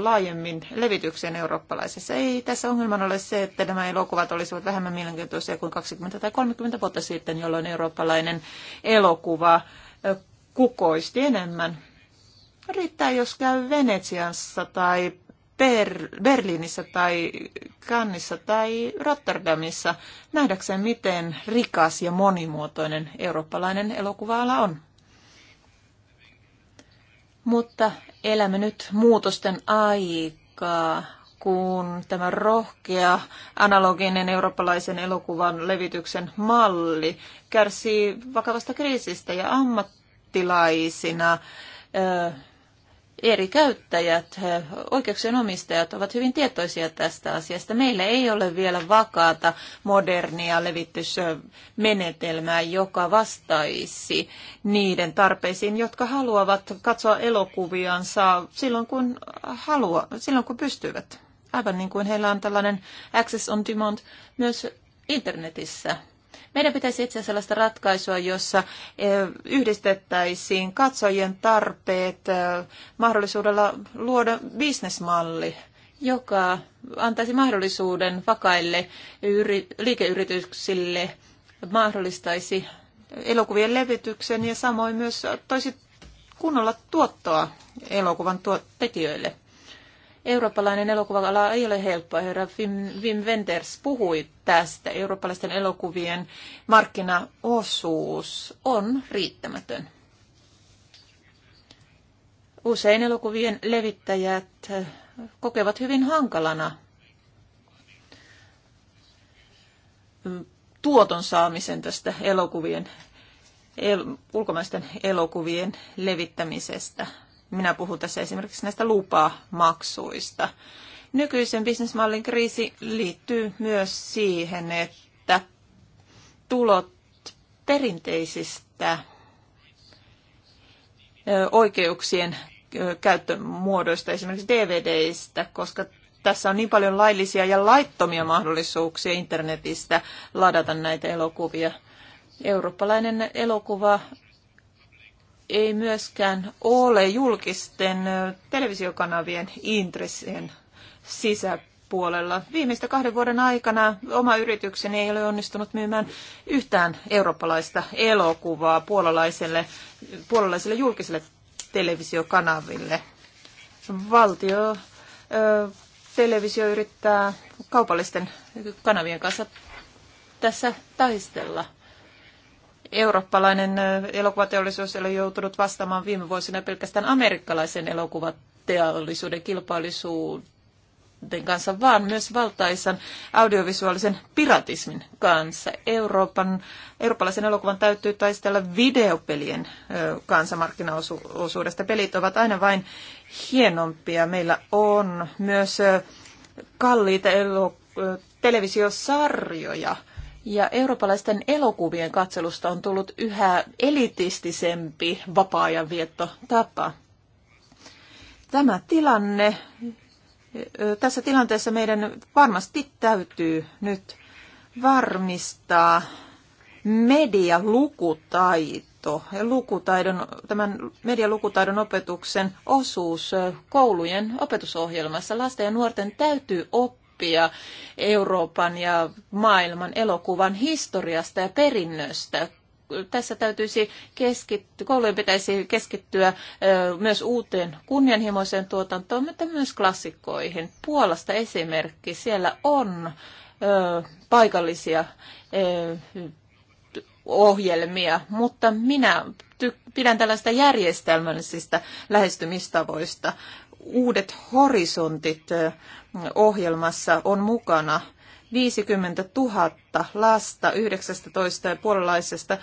laajemmin levitykseen eurooppalaisessa. Ei tässä ongelmana ole se, että nämä elokuvat olisivat vähemmän mielenkiintoisia kuin 20 tai 30 vuotta sitten, jolloin eurooppalainen elokuva kukoisti enemmän Riittää, jos käy Venetsiassa tai Ber- Berliinissä tai Kannissa tai Rotterdamissa nähdäkseen, miten rikas ja monimuotoinen eurooppalainen elokuvaala on. Mutta elämme nyt muutosten aikaa, kun tämä rohkea analoginen eurooppalaisen elokuvan levityksen malli kärsii vakavasta kriisistä ja ammattilaisina eri käyttäjät, oikeuksien omistajat ovat hyvin tietoisia tästä asiasta. Meillä ei ole vielä vakaata modernia levitysmenetelmää, joka vastaisi niiden tarpeisiin, jotka haluavat katsoa elokuviansa silloin kun, halua, silloin kun pystyvät. Aivan niin kuin heillä on tällainen Access on Demand myös internetissä. Meidän pitäisi etsiä sellaista ratkaisua, jossa eh, yhdistettäisiin katsojien tarpeet eh, mahdollisuudella luoda bisnesmalli joka antaisi mahdollisuuden vakaille liikeyrityksille, mahdollistaisi elokuvien levityksen ja samoin myös toisi kunnolla tuottoa elokuvan tekijöille. Eurooppalainen elokuva ei ole helppoa. Herra Wim, Wim Wenders puhui tästä. Eurooppalaisten elokuvien markkinaosuus on riittämätön. Usein elokuvien levittäjät eh, kokevat hyvin hankalana eh, tuoton saamisen tästä elokuvien, el, ulkomaisten elokuvien levittämisestä. Minä puhun tässä esimerkiksi näistä lupamaksuista. Nykyisen bisnesmallin kriisi liittyy myös siihen, että tulot perinteisistä oikeuksien käyttömuodoista, esimerkiksi DVDistä, koska tässä on niin paljon laillisia ja laittomia mahdollisuuksia internetistä ladata näitä elokuvia. Eurooppalainen elokuva ei myöskään ole julkisten televisiokanavien intressien sisäpuolella. Viimeistä kahden vuoden aikana oma yritykseni ei ole onnistunut myymään yhtään eurooppalaista elokuvaa puolalaiselle, puolalaiselle julkiselle televisiokanaville. Valtio ö, televisio yrittää kaupallisten kanavien kanssa tässä taistella eurooppalainen elokuvateollisuus ei ole joutunut vastaamaan viime vuosina pelkästään amerikkalaisen elokuvateollisuuden kilpailisuuden kanssa, vaan myös valtaisan audiovisuaalisen piratismin kanssa. Euroopan, eurooppalaisen elokuvan täytyy taistella videopelien kansamarkkinaosuudesta. Pelit ovat aina vain hienompia. Meillä on myös kalliita elo- televisiosarjoja – ja eurooppalaisten elokuvien katselusta on tullut yhä elitistisempi vapaa-ajan tapa. Tämä tilanne, tässä tilanteessa meidän varmasti täytyy nyt varmistaa medialukutaito ja lukutaidon, tämän medialukutaidon opetuksen osuus koulujen opetusohjelmassa. Lasten ja nuorten täytyy oppia oppia Euroopan ja maailman elokuvan historiasta ja perinnöstä. Tässä täytyisi keskittyä, koulujen pitäisi keskittyä myös uuteen kunnianhimoiseen tuotantoon, mutta myös klassikkoihin. Puolasta esimerkki, siellä on paikallisia ohjelmia, mutta minä pidän tällaista järjestelmällisistä lähestymistavoista uudet horisontit ohjelmassa on mukana 50 000 lasta 19 puolalaisesta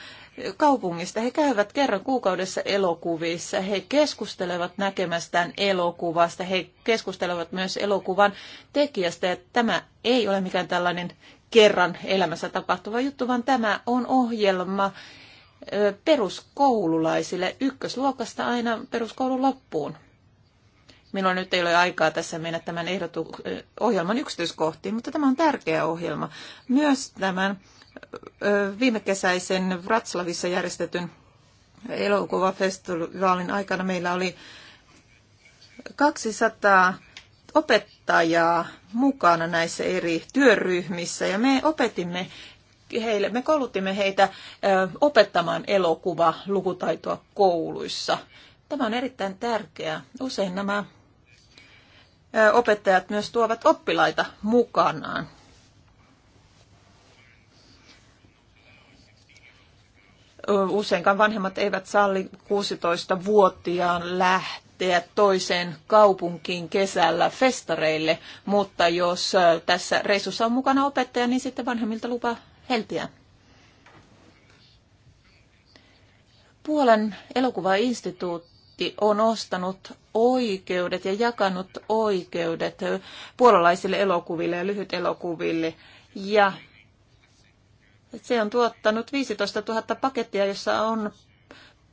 kaupungista. He käyvät kerran kuukaudessa elokuvissa. He keskustelevat näkemästään elokuvasta. He keskustelevat myös elokuvan tekijästä. Ja tämä ei ole mikään tällainen kerran elämässä tapahtuva juttu, vaan tämä on ohjelma peruskoululaisille ykkösluokasta aina peruskoulun loppuun. Minulla nyt ei ole aikaa tässä mennä tämän ehdotu- eh, ohjelman yksityiskohtiin, mutta tämä on tärkeä ohjelma. Myös tämän eh, viime kesäisen Vratslavissa järjestetyn elokuvafestivaalin aikana meillä oli 200 opettajaa mukana näissä eri työryhmissä ja me opetimme heille, me koulutimme heitä eh, opettamaan elokuva lukutaitoa kouluissa. Tämä on erittäin tärkeää. Usein nämä opettajat myös tuovat oppilaita mukanaan. Useinkaan vanhemmat eivät salli 16-vuotiaan lähteä toiseen kaupunkiin kesällä festareille, mutta jos tässä reissussa on mukana opettaja, niin sitten vanhemmilta lupa heltiä. Puolen elokuvainstituutti parlamentti on ostanut oikeudet ja jakanut oikeudet puolalaisille elokuville ja lyhytelokuville. Ja se on tuottanut 15 000 pakettia, jossa on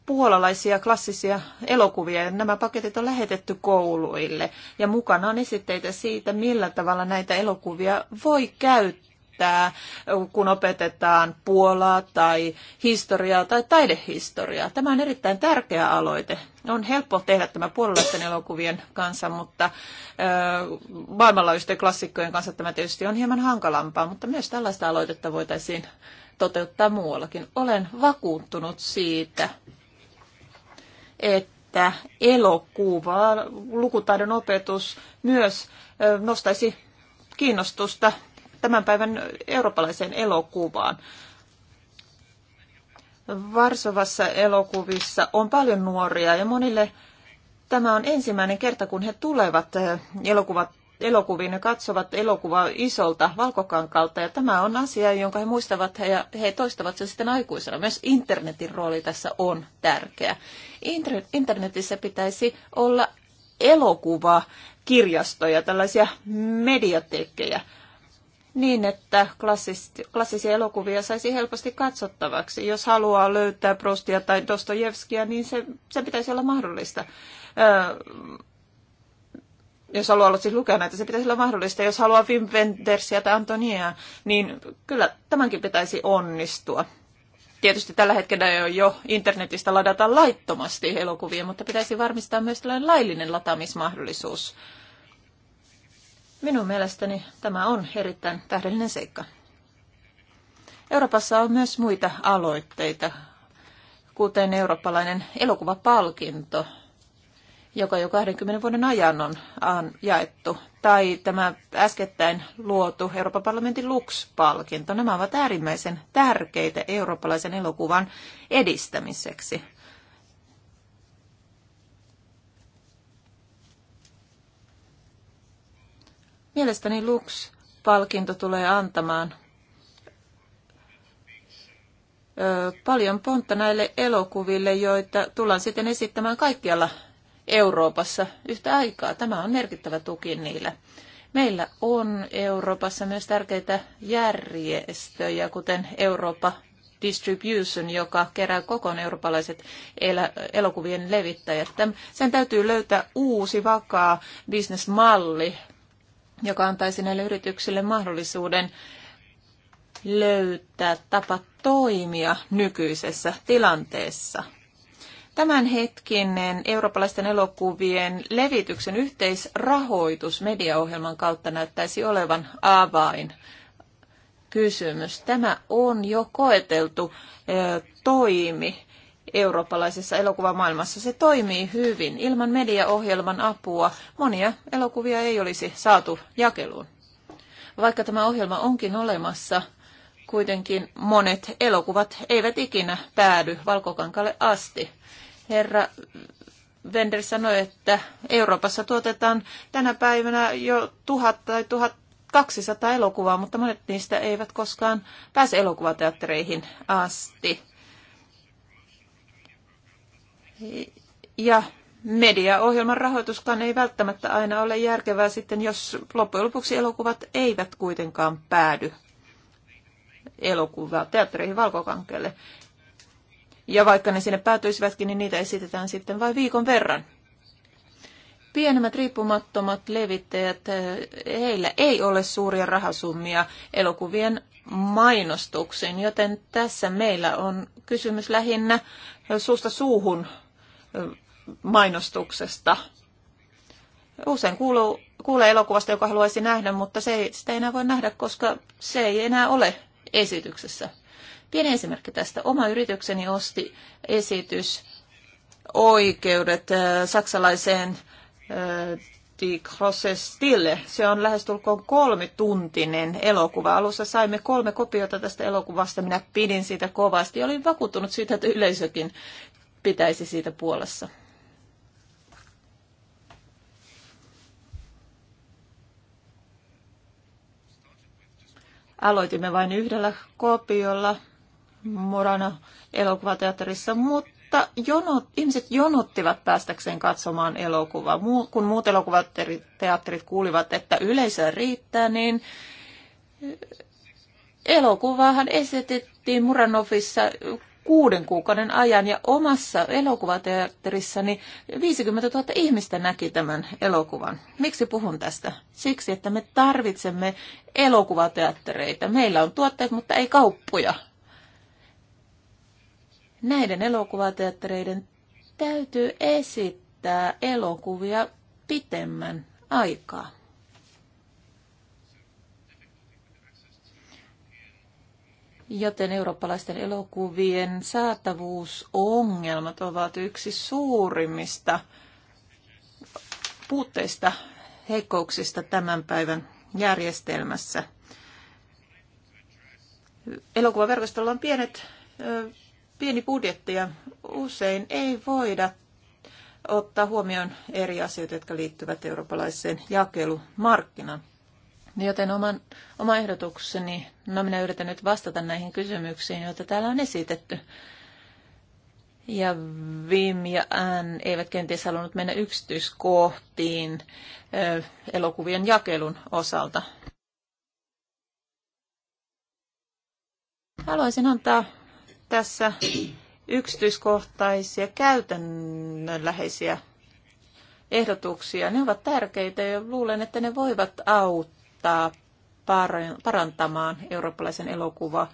puolalaisia klassisia elokuvia. Ja nämä paketit on lähetetty kouluille ja mukana on esitteitä siitä, millä tavalla näitä elokuvia voi käyttää käyttää, kun opetetaan Puolaa tai historiaa tai taidehistoriaa. Tämä on erittäin tärkeä aloite. On helppo tehdä tämä puolalaisten elokuvien kanssa, mutta maailmanlaajuisten klassikkojen kanssa tämä tietysti on hieman hankalampaa, mutta myös tällaista aloitetta voitaisiin toteuttaa muuallakin. Olen vakuuttunut siitä, että elokuva, lukutaidon opetus myös nostaisi kiinnostusta tämän päivän eurooppalaiseen elokuvaan. Varsovassa elokuvissa on paljon nuoria ja monille tämä on ensimmäinen kerta, kun he tulevat eh, elokuvat, elokuviin ja katsovat elokuvaa isolta valkokankalta. Ja tämä on asia, jonka he muistavat ja he toistavat sen sitten aikuisena. Myös internetin rooli tässä on tärkeä. Internetissä pitäisi olla kirjastoja, tällaisia mediatekkejä niin, että klassisia elokuvia saisi helposti katsottavaksi. Jos haluaa löytää Prostia tai Dostojevskia, niin se, se pitäisi olla mahdollista. jos haluaa olla siis lukea näitä, se pitäisi olla mahdollista. Jos haluaa Wim Wendersia tai Antonia, niin kyllä tämänkin pitäisi onnistua. Tietysti tällä hetkellä ei ole jo internetistä ladata laittomasti elokuvia, mutta pitäisi varmistaa myös tällainen laillinen lataamismahdollisuus. Minun mielestäni tämä on erittäin tähdellinen seikka. Euroopassa on myös muita aloitteita, kuten eurooppalainen elokuvapalkinto, joka jo 20 vuoden ajan on jaettu, tai tämä äskettäin luotu Euroopan parlamentin Lux-palkinto. Nämä ovat äärimmäisen tärkeitä eurooppalaisen elokuvan edistämiseksi. Mielestäni Lux-palkinto tulee antamaan paljon pontta näille elokuville, joita tullaan sitten esittämään kaikkialla Euroopassa yhtä aikaa. Tämä on merkittävä tuki niille. Meillä on Euroopassa myös tärkeitä järjestöjä, kuten Eurooppa Distribution, joka kerää kokoon eurooppalaiset elokuvien levittäjät. Sen täytyy löytää uusi, vakaa bisnesmalli joka antaisi näille yrityksille mahdollisuuden löytää tapa toimia nykyisessä tilanteessa. Tämänhetkinen eurooppalaisten elokuvien levityksen yhteisrahoitus mediaohjelman kautta näyttäisi olevan avain kysymys. Tämä on jo koeteltu toimi eurooppalaisessa elokuvamaailmassa. Se toimii hyvin. Ilman mediaohjelman apua monia elokuvia ei olisi saatu jakeluun. Vaikka tämä ohjelma onkin olemassa, kuitenkin monet elokuvat eivät ikinä päädy valkokankalle asti. Herra Wender sanoi, että Euroopassa tuotetaan tänä päivänä jo tuhat tai 1200 elokuvaa, mutta monet niistä eivät koskaan pääse elokuvateattereihin asti. Ja mediaohjelman rahoituskaan ei välttämättä aina ole järkevää sitten, jos loppujen lopuksi elokuvat eivät kuitenkaan päädy elokuva teattereihin valkokankkeelle. Ja vaikka ne sinne päätyisivätkin, niin niitä esitetään sitten vain viikon verran. Pienemmät riippumattomat levittäjät, eh, heillä ei ole suuria rahasummia elokuvien mainostuksiin, joten tässä meillä on kysymys lähinnä suusta suuhun mainostuksesta. Usein kuuluu, kuulee elokuvasta, joka haluaisi nähdä, mutta se ei, sitä ei enää voi nähdä, koska se ei enää ole esityksessä. Pieni esimerkki tästä. Oma yritykseni osti esitys oikeudet saksalaiseen Die Grosse Stille. Se on lähestulkoon kolmituntinen elokuva. Alussa saimme kolme kopiota tästä elokuvasta. Minä pidin siitä kovasti. Olin vakuuttunut siitä, että yleisökin pitäisi siitä puolessa. Aloitimme vain yhdellä kopiolla Murano elokuvateatterissa, mutta jonot, ihmiset jonottivat päästäkseen katsomaan elokuvaa. Kun muut elokuvateatterit kuulivat, että yleisö riittää, niin elokuvaahan esitettiin Muranoffissa kuuden kuukauden ajan ja omassa elokuvateatterissani 50 000 ihmistä näki tämän elokuvan. Miksi puhun tästä? Siksi, että me tarvitsemme elokuvateattereita. Meillä on tuotteet, mutta ei kauppuja. Näiden elokuvateattereiden täytyy esittää elokuvia pitemmän aikaa. joten eurooppalaisten elokuvien saatavuusongelmat ovat yksi suurimmista puutteista, heikkouksista tämän päivän järjestelmässä. Elokuvaverkostolla on pienet, pieni budjetti ja usein ei voida ottaa huomioon eri asioita, jotka liittyvät eurooppalaiseen jakelumarkkinaan. Niin joten oman, oma ehdotukseni, no minä yritän nyt vastata näihin kysymyksiin, joita täällä on esitetty. Ja Vim ja Ann eivät kenties halunnut mennä yksityiskohtiin ö, elokuvien jakelun osalta. Haluaisin antaa tässä yksityiskohtaisia, käytännönläheisiä ehdotuksia. Ne ovat tärkeitä ja luulen, että ne voivat auttaa auttaa parantamaan eurooppalaisen elokuva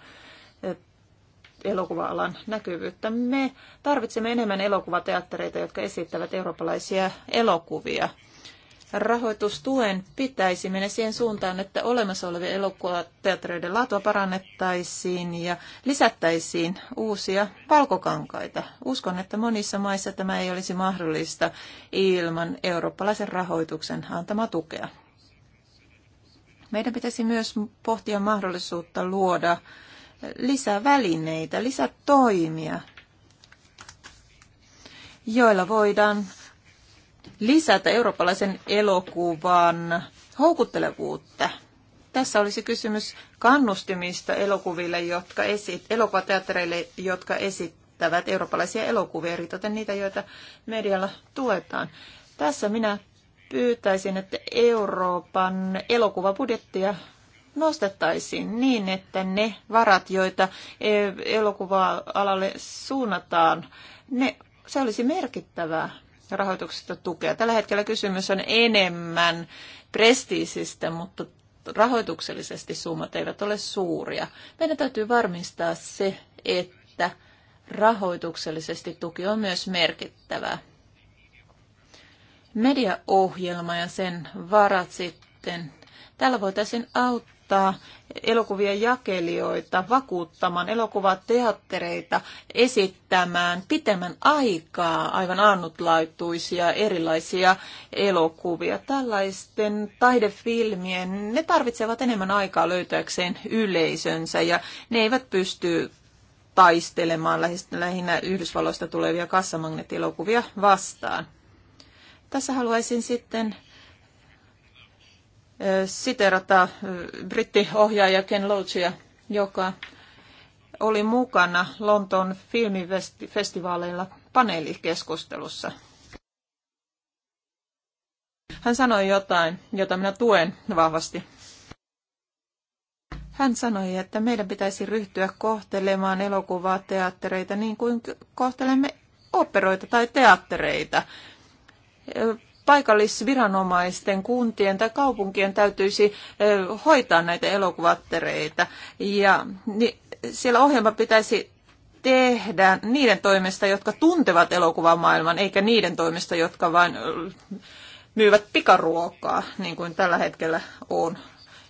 elokuva-alan näkyvyyttä. Me tarvitsemme enemmän elokuvateattereita, jotka esittävät eurooppalaisia elokuvia. Rahoitustuen pitäisi mennä siihen suuntaan, että olemassa olevien elokuvateattereiden laatua parannettaisiin ja lisättäisiin uusia valkokankaita. Uskon, että monissa maissa tämä ei olisi mahdollista ilman eurooppalaisen rahoituksen antamaa tukea. Meidän pitäisi myös pohtia mahdollisuutta luoda lisää lisää lisätoimia, joilla voidaan lisätä eurooppalaisen elokuvan houkuttelevuutta. Tässä olisi kysymys kannustimista elokuville, jotka esit, elokuvateattereille, jotka esittävät eurooppalaisia elokuvia, eritoten niitä, joita medialla tuetaan. Tässä minä pyytäisin, että Euroopan elokuvabudjettia nostettaisiin niin, että ne varat, joita e- elokuva-alalle suunnataan, ne, se olisi merkittävää rahoituksesta tukea. Tällä hetkellä kysymys on enemmän prestiisistä, mutta rahoituksellisesti summat eivät ole suuria. Meidän täytyy varmistaa se, että rahoituksellisesti tuki on myös merkittävää mediaohjelma ja sen varat sitten. Tällä voitaisiin auttaa elokuvien jakelijoita vakuuttamaan elokuvateattereita esittämään pitemmän aikaa aivan annutlaituisia erilaisia elokuvia. Tällaisten taidefilmien, ne tarvitsevat enemmän aikaa löytääkseen yleisönsä ja ne eivät pysty taistelemaan lähinnä Yhdysvalloista tulevia kassamagneettielokuvia vastaan. Tässä haluaisin sitten siterata brittiohjaaja Ken Loachia, joka oli mukana Lontoon filmifestivaaleilla paneelikeskustelussa. Hän sanoi jotain, jota minä tuen vahvasti. Hän sanoi, että meidän pitäisi ryhtyä kohtelemaan elokuvaa, teattereita niin kuin kohtelemme operoita tai teattereita paikallisviranomaisten, kuntien tai kaupunkien täytyisi hoitaa näitä elokuvattereita. Ja niin siellä ohjelma pitäisi tehdä niiden toimesta, jotka tuntevat elokuvamaailman, eikä niiden toimesta, jotka vain myyvät pikaruokaa, niin kuin tällä hetkellä on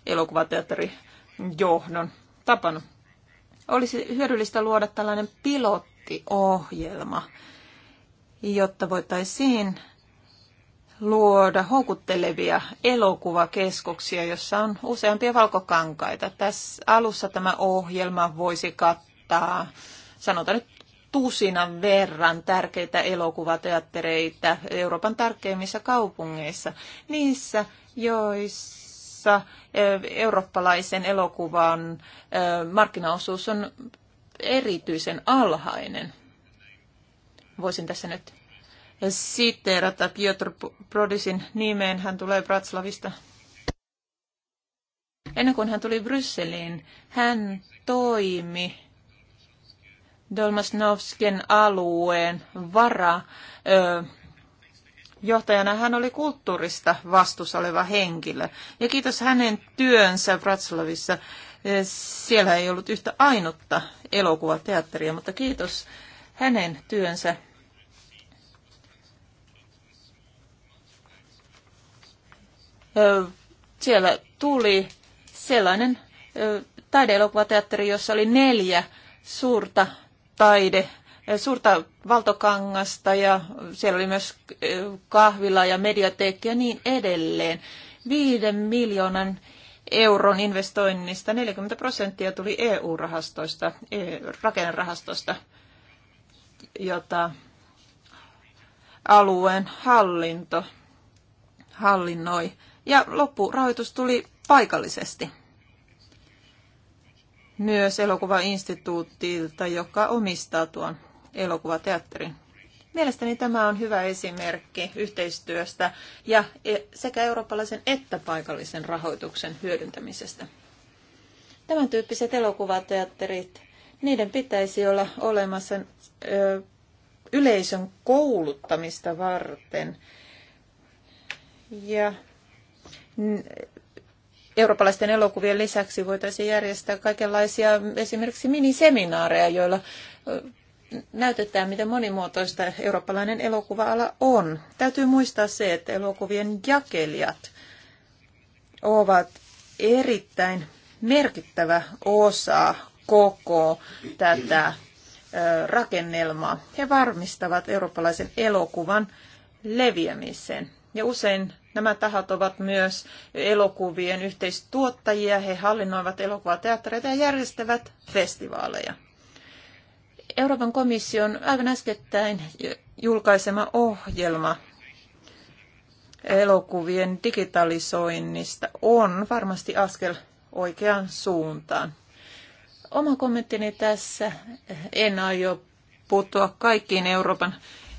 elokuvateatterijohdon tapana. Olisi hyödyllistä luoda tällainen pilottiohjelma, jotta voitaisiin luoda houkuttelevia elokuvakeskuksia, jossa on useampia valkokankaita. Tässä alussa tämä ohjelma voisi kattaa, sanotaan nyt tusinan verran tärkeitä elokuvateattereita Euroopan tärkeimmissä kaupungeissa, niissä joissa eurooppalaisen elokuvan markkinaosuus on erityisen alhainen. Voisin tässä nyt siteerata Piotr Prodisin nimeen. Hän tulee Bratslavista. Ennen kuin hän tuli Brysseliin, hän toimi Dolmasnovsken alueen vara johtajana. Hän oli kulttuurista vastuussa oleva henkilö. Ja kiitos hänen työnsä Vratslavissa. Siellä ei ollut yhtä ainutta elokuvateatteria, mutta kiitos hänen työnsä siellä tuli sellainen taideelokuvateatteri, jossa oli neljä suurta taide, suurta valtokangasta ja siellä oli myös kahvila ja mediateekki ja niin edelleen. Viiden miljoonan euron investoinnista 40 prosenttia tuli EU-rahastoista, e rakennerahastosta, jota alueen hallinto hallinnoi ja loppurahoitus tuli paikallisesti. Myös elokuvainstituutilta, joka omistaa tuon elokuvateatterin. Mielestäni tämä on hyvä esimerkki yhteistyöstä ja e, sekä eurooppalaisen että paikallisen rahoituksen hyödyntämisestä. Tämän tyyppiset elokuvateatterit, niiden pitäisi olla olemassa ö, yleisön kouluttamista varten. Ja eurooppalaisten elokuvien lisäksi voitaisiin järjestää kaikenlaisia esimerkiksi miniseminaareja, joilla näytetään, miten monimuotoista eurooppalainen elokuva-ala on. Täytyy muistaa se, että elokuvien jakelijat ovat erittäin merkittävä osa koko tätä rakennelmaa. He varmistavat eurooppalaisen elokuvan leviämisen. Ja usein nämä tahot ovat myös elokuvien yhteistuottajia. He hallinnoivat elokuvateattereita ja järjestävät festivaaleja. Euroopan komission aivan äskettäin julkaisema ohjelma elokuvien digitalisoinnista on varmasti askel oikeaan suuntaan. Oma kommenttini tässä. En aio puuttua kaikkiin Euroopan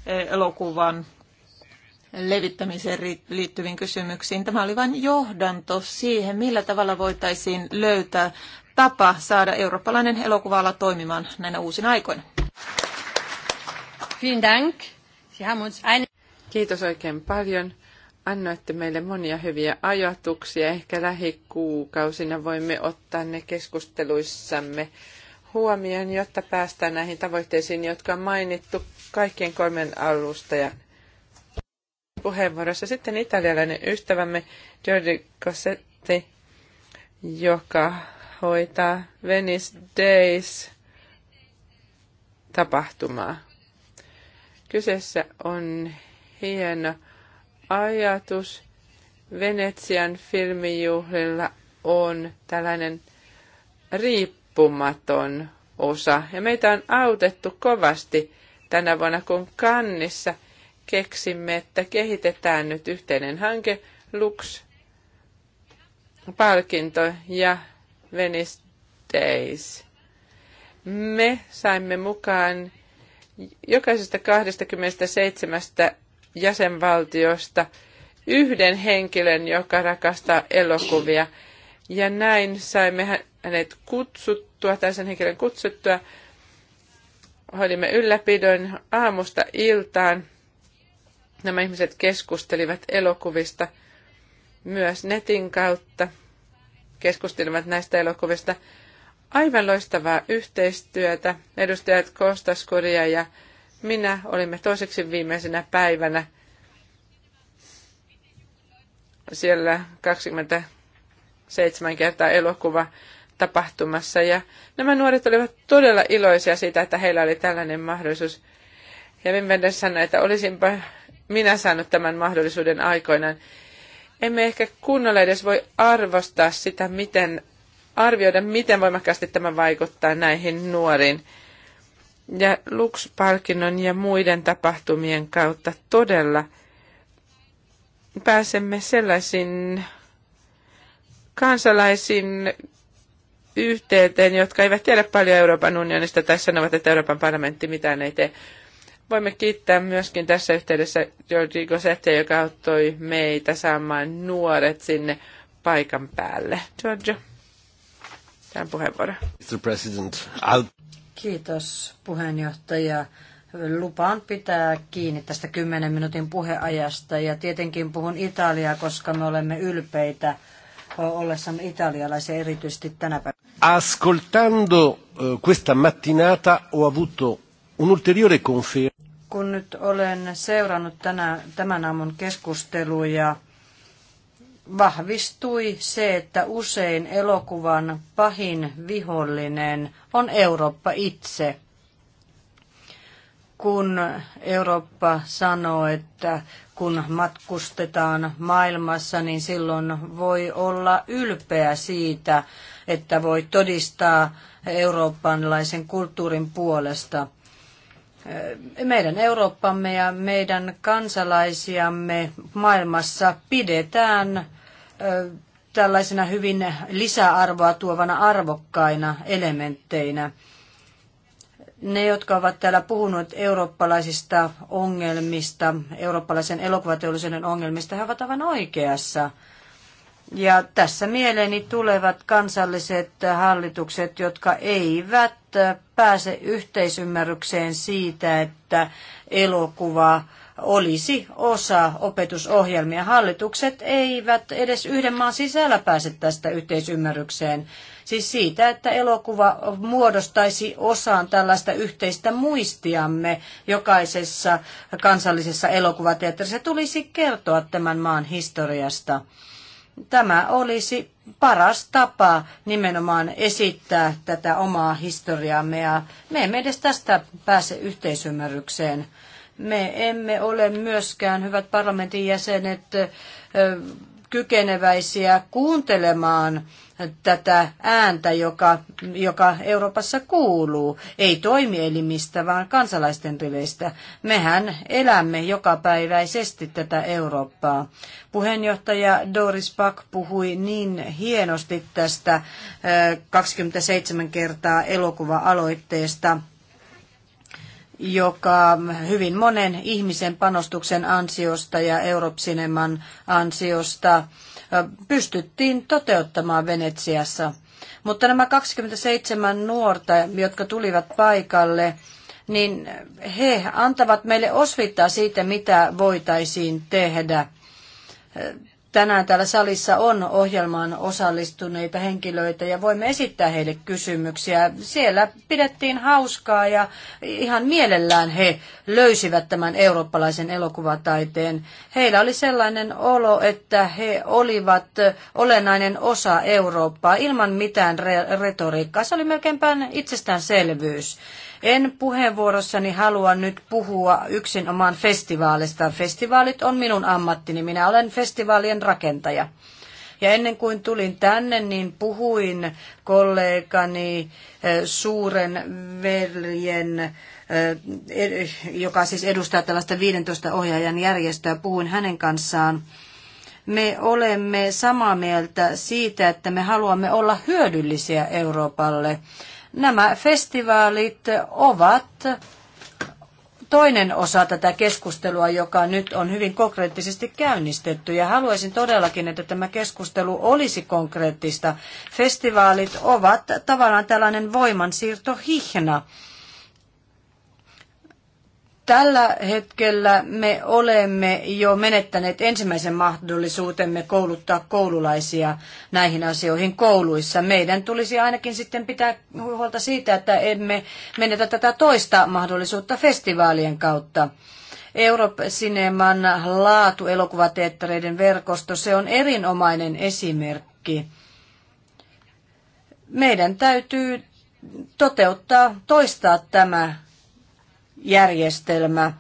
elokuvan levittämiseen liittyviin kysymyksiin. Tämä oli vain johdanto siihen, millä tavalla voitaisiin löytää tapa saada eurooppalainen elokuvaala toimimaan näinä uusina aikoina. Kiitos oikein paljon. Annoitte meille monia hyviä ajatuksia. Ehkä lähikuukausina voimme ottaa ne keskusteluissamme huomioon, jotta päästään näihin tavoitteisiin, jotka on mainittu kaikkien kolmen alustajan puheenvuorossa. Sitten italialainen ystävämme Giorgi Cossetti, joka hoitaa Venice Days tapahtumaa. Kyseessä on hieno ajatus. Venetsian filmijuhlilla on tällainen riippumaton osa. Ja meitä on autettu kovasti tänä vuonna, kun kannissa – keksimme, että kehitetään nyt yhteinen hanke Lux palkinto ja Venice Days. Me saimme mukaan jokaisesta 27 jäsenvaltiosta yhden henkilön, joka rakastaa elokuvia. Ja näin saimme hänet kutsuttua, tai sen henkilön kutsuttua. Hoidimme ylläpidon aamusta iltaan Nämä ihmiset keskustelivat elokuvista myös netin kautta, keskustelivat näistä elokuvista. Aivan loistavaa yhteistyötä. Edustajat Kostas Kuria ja minä olimme toiseksi viimeisenä päivänä siellä 27 kertaa elokuva tapahtumassa. Ja nämä nuoret olivat todella iloisia siitä, että heillä oli tällainen mahdollisuus. Ja Wim sanoi, että olisinpa minä saanut tämän mahdollisuuden aikoinaan. Emme ehkä kunnolla edes voi arvostaa sitä, miten arvioida, miten voimakkaasti tämä vaikuttaa näihin nuoriin. Ja Lux-palkinnon ja muiden tapahtumien kautta todella pääsemme sellaisiin kansalaisiin yhteyteen, jotka eivät tiedä paljon Euroopan unionista tai sanovat, että Euroopan parlamentti mitään ei tee. Voimme kiittää myöskin tässä yhteydessä Georgi Gosettia, joka auttoi meitä saamaan nuoret sinne paikan päälle. Giorgio, tämän puheenvuoro. Mr. President, I'll... Kiitos puheenjohtaja. Lupaan pitää kiinni tästä 10 minuutin puheajasta ja tietenkin puhun Italiaa, koska me olemme ylpeitä ollessamme italialaisia erityisesti tänä päivänä. Ascoltando eh, questa mattinata ho avuto ulteriore conferma. Kun nyt olen seurannut tänä, tämän aamun keskusteluja, vahvistui se, että usein elokuvan pahin vihollinen on Eurooppa itse. Kun Eurooppa sanoo, että kun matkustetaan maailmassa, niin silloin voi olla ylpeä siitä, että voi todistaa eurooppalaisen kulttuurin puolesta – meidän Eurooppamme ja meidän kansalaisiamme maailmassa pidetään tällaisena hyvin lisäarvoa tuovana arvokkaina elementteinä. Ne, jotka ovat täällä puhuneet eurooppalaisista ongelmista, eurooppalaisen elokuvateollisuuden ongelmista, he ovat aivan oikeassa – ja tässä mieleeni tulevat kansalliset hallitukset, jotka eivät pääse yhteisymmärrykseen siitä, että elokuva olisi osa opetusohjelmia. Hallitukset eivät edes yhden maan sisällä pääse tästä yhteisymmärrykseen. Siis siitä, että elokuva muodostaisi osaan tällaista yhteistä muistiamme jokaisessa kansallisessa elokuvateatterissa tulisi kertoa tämän maan historiasta. Tämä olisi paras tapa nimenomaan esittää tätä omaa historiaamme ja me emme edes tästä pääse yhteisymmärrykseen. Me emme ole myöskään, hyvät parlamentin jäsenet, kykeneväisiä kuuntelemaan tätä ääntä, joka, joka Euroopassa kuuluu, ei toimielimistä, vaan kansalaisten riveistä. Mehän elämme jokapäiväisesti tätä Eurooppaa. Puheenjohtaja Doris Pak puhui niin hienosti tästä 27 kertaa elokuva-aloitteesta joka hyvin monen ihmisen panostuksen ansiosta ja Europsineman ansiosta pystyttiin toteuttamaan Venetsiassa. Mutta nämä 27 nuorta, jotka tulivat paikalle, niin he antavat meille osvittaa siitä, mitä voitaisiin tehdä tänään täällä salissa on ohjelmaan osallistuneita henkilöitä ja voimme esittää heille kysymyksiä. Siellä pidettiin hauskaa ja ihan mielellään he löysivät tämän eurooppalaisen elokuvataiteen. Heillä oli sellainen olo, että he olivat olennainen osa Eurooppaa ilman mitään re- retoriikkaa. Se oli melkeinpä itsestäänselvyys. En puheenvuorossani halua nyt puhua yksin omaan festivaalista. Festivaalit on minun ammattini. Minä olen festivaalien rakentaja. Ja ennen kuin tulin tänne, niin puhuin kollegani eh, suuren veljen, eh, joka siis edustaa tällaista 15 ohjaajan järjestöä, puhuin hänen kanssaan. Me olemme samaa mieltä siitä, että me haluamme olla hyödyllisiä Euroopalle. Nämä festivaalit ovat toinen osa tätä keskustelua, joka nyt on hyvin konkreettisesti käynnistetty. Ja haluaisin todellakin, että tämä keskustelu olisi konkreettista. Festivaalit ovat tavallaan tällainen voimansiirtohihna. Tällä hetkellä me olemme jo menettäneet ensimmäisen mahdollisuutemme kouluttaa koululaisia näihin asioihin kouluissa. Meidän tulisi ainakin sitten pitää huolta siitä, että emme menetä tätä toista mahdollisuutta festivaalien kautta. Europe Cineman laatu elokuvateattereiden verkosto, se on erinomainen esimerkki. Meidän täytyy toteuttaa, toistaa tämä järjestelmä.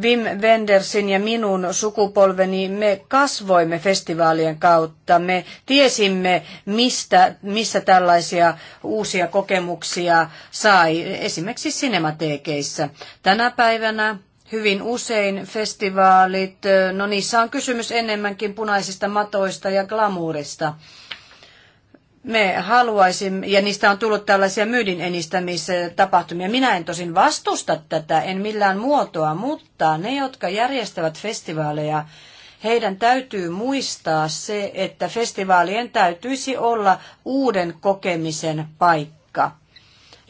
Wim Wendersin ja minun sukupolveni, me kasvoimme festivaalien kautta. Me tiesimme, mistä, missä tällaisia uusia kokemuksia sai, esimerkiksi sinemateekeissä. Tänä päivänä hyvin usein festivaalit, no niissä on kysymys enemmänkin punaisista matoista ja glamuurista me haluaisimme, ja niistä on tullut tällaisia myydin tapahtumia. Minä en tosin vastusta tätä, en millään muotoa, mutta ne, jotka järjestävät festivaaleja, heidän täytyy muistaa se, että festivaalien täytyisi olla uuden kokemisen paikka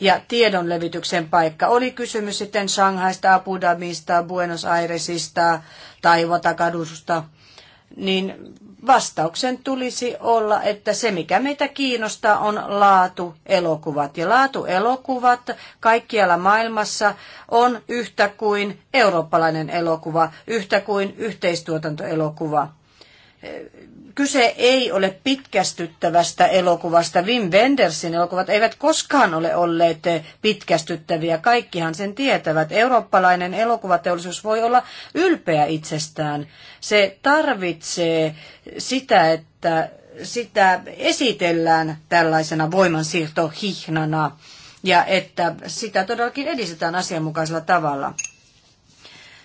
ja tiedonlevityksen paikka. Oli kysymys sitten Shanghaista, Abu Dhabista, Buenos Airesista tai Vatakadusta, niin Vastauksen tulisi olla, että se mikä meitä kiinnostaa on laatuelokuvat. Ja laatuelokuvat kaikkialla maailmassa on yhtä kuin eurooppalainen elokuva, yhtä kuin yhteistuotantoelokuva kyse ei ole pitkästyttävästä elokuvasta. Wim Wendersin elokuvat eivät koskaan ole olleet pitkästyttäviä. Kaikkihan sen tietävät. Eurooppalainen elokuvateollisuus voi olla ylpeä itsestään. Se tarvitsee sitä, että sitä esitellään tällaisena voimansiirtohihnana ja että sitä todellakin edistetään asianmukaisella tavalla.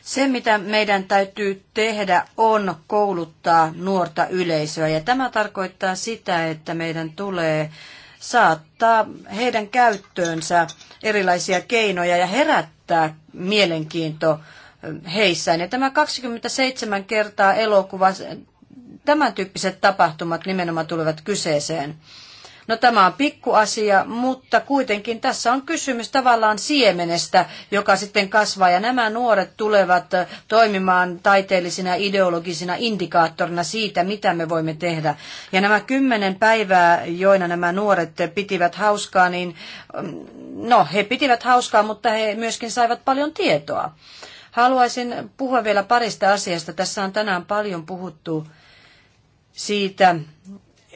Se, mitä meidän täytyy tehdä, on kouluttaa nuorta yleisöä. Ja tämä tarkoittaa sitä, että meidän tulee saattaa heidän käyttöönsä erilaisia keinoja ja herättää mielenkiinto heissään. Ja tämä 27 kertaa elokuva, tämän tyyppiset tapahtumat nimenomaan tulevat kyseeseen. No tämä on pikkuasia, mutta kuitenkin tässä on kysymys tavallaan siemenestä, joka sitten kasvaa ja nämä nuoret tulevat toimimaan taiteellisina ideologisina indikaattorina siitä, mitä me voimme tehdä. Ja nämä kymmenen päivää, joina nämä nuoret pitivät hauskaa, niin mm, no he pitivät hauskaa, mutta he myöskin saivat paljon tietoa. Haluaisin puhua vielä parista asiasta. Tässä on tänään paljon puhuttu siitä,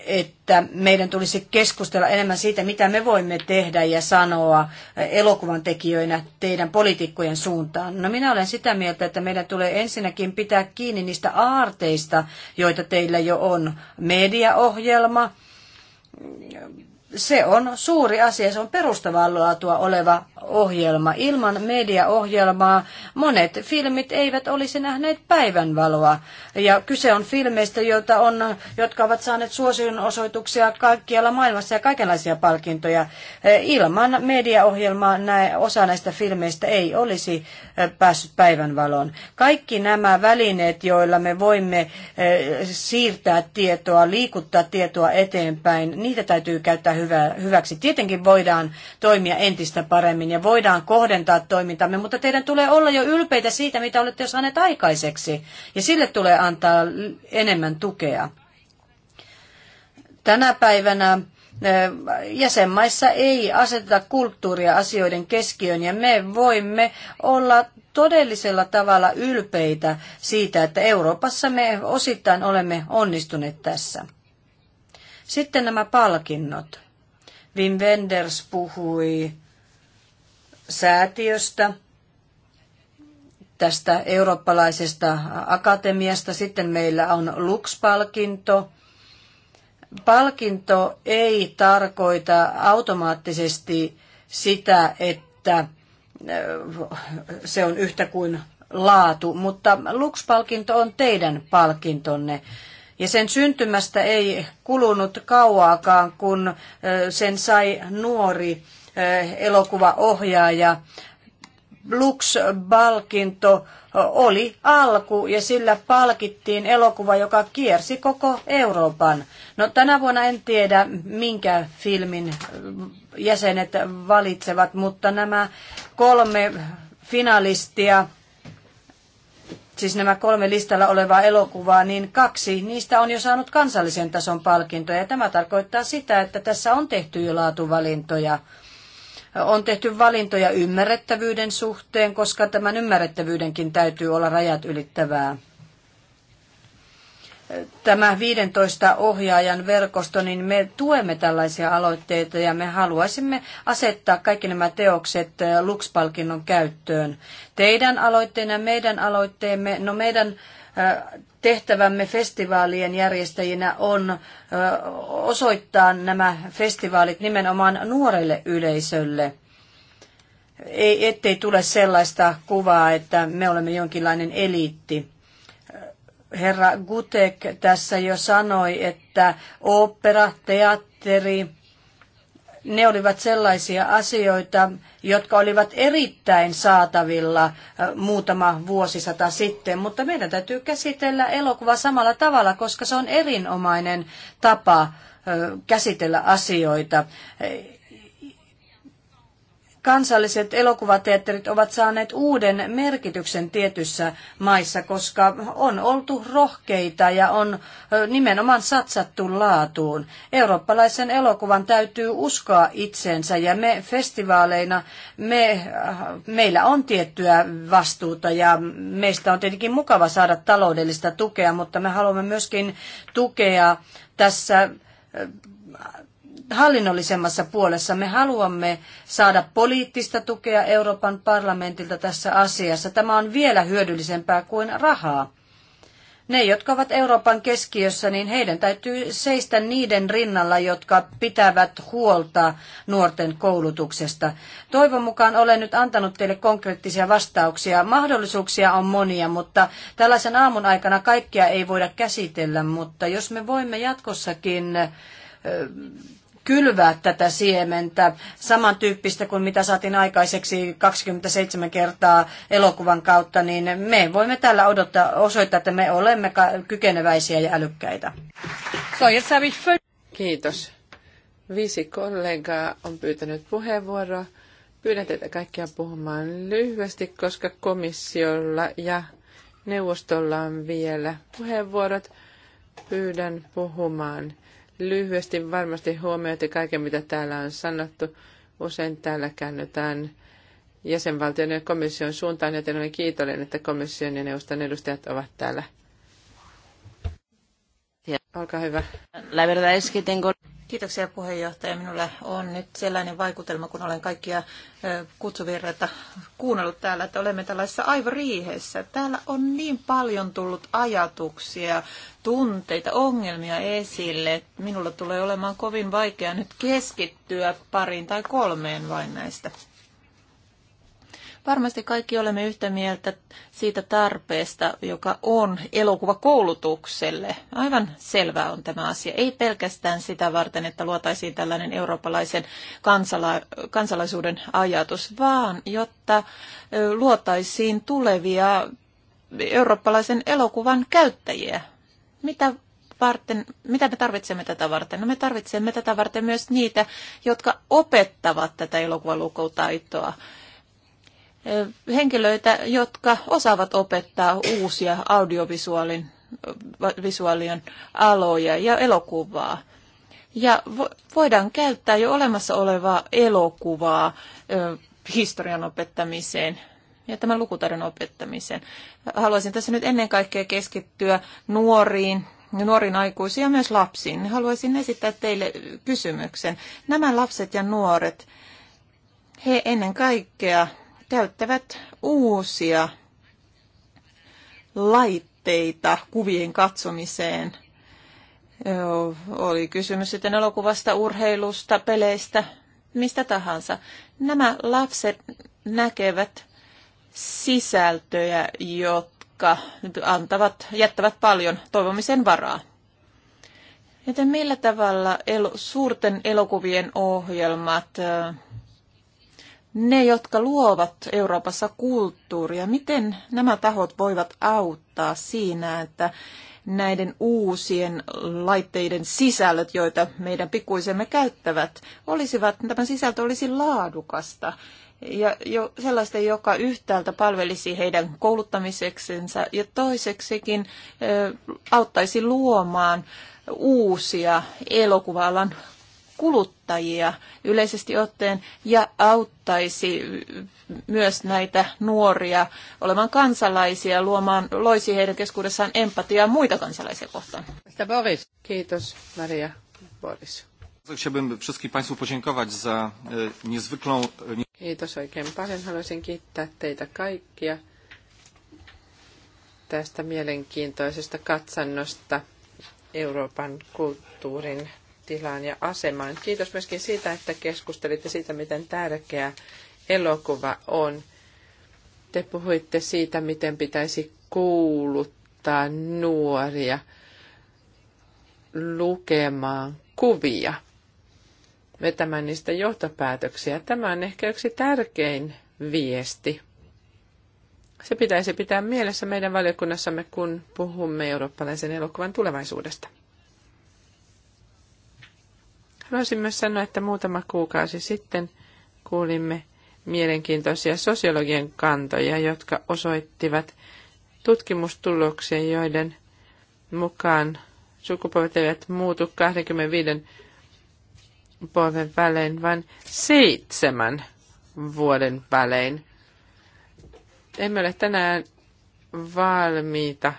että meidän tulisi keskustella enemmän siitä, mitä me voimme tehdä ja sanoa elokuvan tekijöinä teidän poliitikkojen suuntaan. No minä olen sitä mieltä, että meidän tulee ensinnäkin pitää kiinni niistä aarteista, joita teillä jo on. Mediaohjelma, se on suuri asia, se on perustavaa laatua oleva ohjelma. Ilman mediaohjelmaa monet filmit eivät olisi nähneet päivänvaloa. Ja kyse on filmeistä, joita on, jotka ovat saaneet suosion osoituksia kaikkialla maailmassa ja kaikenlaisia palkintoja. E, ilman mediaohjelmaa nä, osa näistä filmeistä ei olisi e, päässyt päivänvaloon. Kaikki nämä välineet, joilla me voimme e, siirtää tietoa, liikuttaa tietoa eteenpäin, niitä täytyy käyttää hyvä, hyväksi. Tietenkin voidaan toimia entistä paremmin ja voidaan kohdentaa toimintamme, mutta teidän tulee olla jo ylpeitä siitä, mitä olette jo saaneet aikaiseksi. Ja sille tulee antaa enemmän tukea. Tänä päivänä eh, jäsenmaissa ei aseteta kulttuuria asioiden keskiöön ja me voimme olla todellisella tavalla ylpeitä siitä, että Euroopassa me osittain olemme onnistuneet tässä. Sitten nämä palkinnot. Wim Wenders puhui säätiöstä, tästä eurooppalaisesta akatemiasta. Sitten meillä on Lux-palkinto. Palkinto ei tarkoita automaattisesti sitä, että äh, se on yhtä kuin laatu, mutta Lux-palkinto on teidän palkintonne. Ja sen syntymästä ei kulunut kauaakaan, kun sen sai nuori elokuvaohjaaja. lux Balkinto oli alku ja sillä palkittiin elokuva, joka kiersi koko Euroopan. No tänä vuonna en tiedä, minkä filmin jäsenet valitsevat, mutta nämä kolme finalistia – siis nämä kolme listalla olevaa elokuvaa, niin kaksi niistä on jo saanut kansallisen tason palkintoja. Ja tämä tarkoittaa sitä, että tässä on tehty jo laatuvalintoja. On tehty valintoja ymmärrettävyyden suhteen, koska tämän ymmärrettävyydenkin täytyy olla rajat ylittävää tämä 15 ohjaajan verkosto, niin me tuemme tällaisia aloitteita ja me haluaisimme asettaa kaikki nämä teokset eh, Lux-palkinnon käyttöön. Teidän aloitteena, meidän aloitteemme, no meidän eh, tehtävämme festivaalien järjestäjinä on eh, osoittaa nämä festivaalit nimenomaan nuorelle yleisölle. Ei, ettei tule sellaista kuvaa, että me olemme jonkinlainen eliitti herra Gutek tässä jo sanoi, että opera, teatteri, ne olivat sellaisia asioita, jotka olivat erittäin saatavilla äh, muutama vuosisata sitten, mutta meidän täytyy käsitellä elokuva samalla tavalla, koska se on erinomainen tapa äh, käsitellä asioita kansalliset elokuvateatterit ovat saaneet uuden merkityksen tietyssä maissa, koska on oltu rohkeita ja on nimenomaan satsattu laatuun. Eurooppalaisen elokuvan täytyy uskoa itsensä ja me festivaaleina, me, äh, meillä on tiettyä vastuuta ja meistä on tietenkin mukava saada taloudellista tukea, mutta me haluamme myöskin tukea tässä hallinnollisemmassa puolessa. Me haluamme saada poliittista tukea Euroopan parlamentilta tässä asiassa. Tämä on vielä hyödyllisempää kuin rahaa. Ne, jotka ovat Euroopan keskiössä, niin heidän täytyy seistä niiden rinnalla, jotka pitävät huolta nuorten koulutuksesta. Toivon mukaan olen nyt antanut teille konkreettisia vastauksia. Mahdollisuuksia on monia, mutta tällaisen aamun aikana kaikkia ei voida käsitellä, mutta jos me voimme jatkossakin kylvää tätä siementä, samantyyppistä kuin mitä saatiin aikaiseksi 27 kertaa elokuvan kautta, niin me voimme tällä odottaa, osoittaa, että me olemme kykeneväisiä ja älykkäitä. Kiitos. Viisi kollegaa on pyytänyt puheenvuoroa. Pyydän teitä kaikkia puhumaan lyhyesti, koska komissiolla ja neuvostolla on vielä puheenvuorot. Pyydän puhumaan Lyhyesti varmasti huomioitte kaiken, mitä täällä on sanottu. Usein täällä käännetään jäsenvaltion ja komission suuntaan, joten olen kiitollinen, että komission ja neuvoston edustajat ovat täällä. Olkaa hyvä. La verdad es que tengo... Kiitoksia puheenjohtaja. Minulla on nyt sellainen vaikutelma, kun olen kaikkia kutsuvirreitä kuunnellut täällä, että olemme tällaisessa aivoriihessä. Täällä on niin paljon tullut ajatuksia, tunteita, ongelmia esille. Minulla tulee olemaan kovin vaikea nyt keskittyä pariin tai kolmeen vain näistä Varmasti kaikki olemme yhtä mieltä siitä tarpeesta, joka on elokuvakoulutukselle. Aivan selvää on tämä asia. Ei pelkästään sitä varten, että luotaisiin tällainen eurooppalaisen kansala- kansalaisuuden ajatus, vaan jotta luotaisiin tulevia eurooppalaisen elokuvan käyttäjiä. Mitä varten, mitä me tarvitsemme tätä varten? No me tarvitsemme tätä varten myös niitä, jotka opettavat tätä elokuvalukoutaitoa henkilöitä, jotka osaavat opettaa uusia audiovisuaalien visuaalien aloja ja elokuvaa. Ja voidaan käyttää jo olemassa olevaa elokuvaa historian opettamiseen ja tämän lukutaidon opettamiseen. Haluaisin tässä nyt ennen kaikkea keskittyä nuoriin, nuoriin aikuisiin ja myös lapsiin. Haluaisin esittää teille kysymyksen. Nämä lapset ja nuoret, he ennen kaikkea käyttävät uusia laitteita kuvien katsomiseen. Oli kysymys sitten elokuvasta, urheilusta, peleistä, mistä tahansa. Nämä lapset näkevät sisältöjä, jotka antavat, jättävät paljon toivomisen varaa. Joten millä tavalla el- suurten elokuvien ohjelmat ne, jotka luovat Euroopassa kulttuuria, miten nämä tahot voivat auttaa siinä, että näiden uusien laitteiden sisällöt, joita meidän pikkuisemme käyttävät, olisivat, tämä sisältö olisi laadukasta ja jo sellaista, joka yhtäältä palvelisi heidän kouluttamiseksensa ja toiseksikin auttaisi luomaan uusia elokuvaalan kuluttajia yleisesti ottaen ja auttaisi myös näitä nuoria olemaan kansalaisia, luomaan, loisi heidän keskuudessaan empatiaa muita kansalaisia kohtaan. Boris. Kiitos Maria Boris. Chciałbym wszystkim Państwu podziękować za e, niezwykłą... E, Kiitos oikein paljon. Haluaisin kiittää teitä kaikkia tästä mielenkiintoisesta katsannosta Euroopan kulttuurin tilaan ja asemaan. Kiitos myöskin siitä, että keskustelitte siitä, miten tärkeä elokuva on. Te puhuitte siitä, miten pitäisi kuuluttaa nuoria lukemaan kuvia, vetämään niistä johtopäätöksiä. Tämä on ehkä yksi tärkein viesti. Se pitäisi pitää mielessä meidän valiokunnassamme, kun puhumme eurooppalaisen elokuvan tulevaisuudesta. Haluaisin myös sanoa, että muutama kuukausi sitten kuulimme mielenkiintoisia sosiologian kantoja, jotka osoittivat tutkimustuloksia, joiden mukaan sukupolvet eivät muutu 25 polven välein, vaan seitsemän vuoden välein. Emme ole tänään valmiita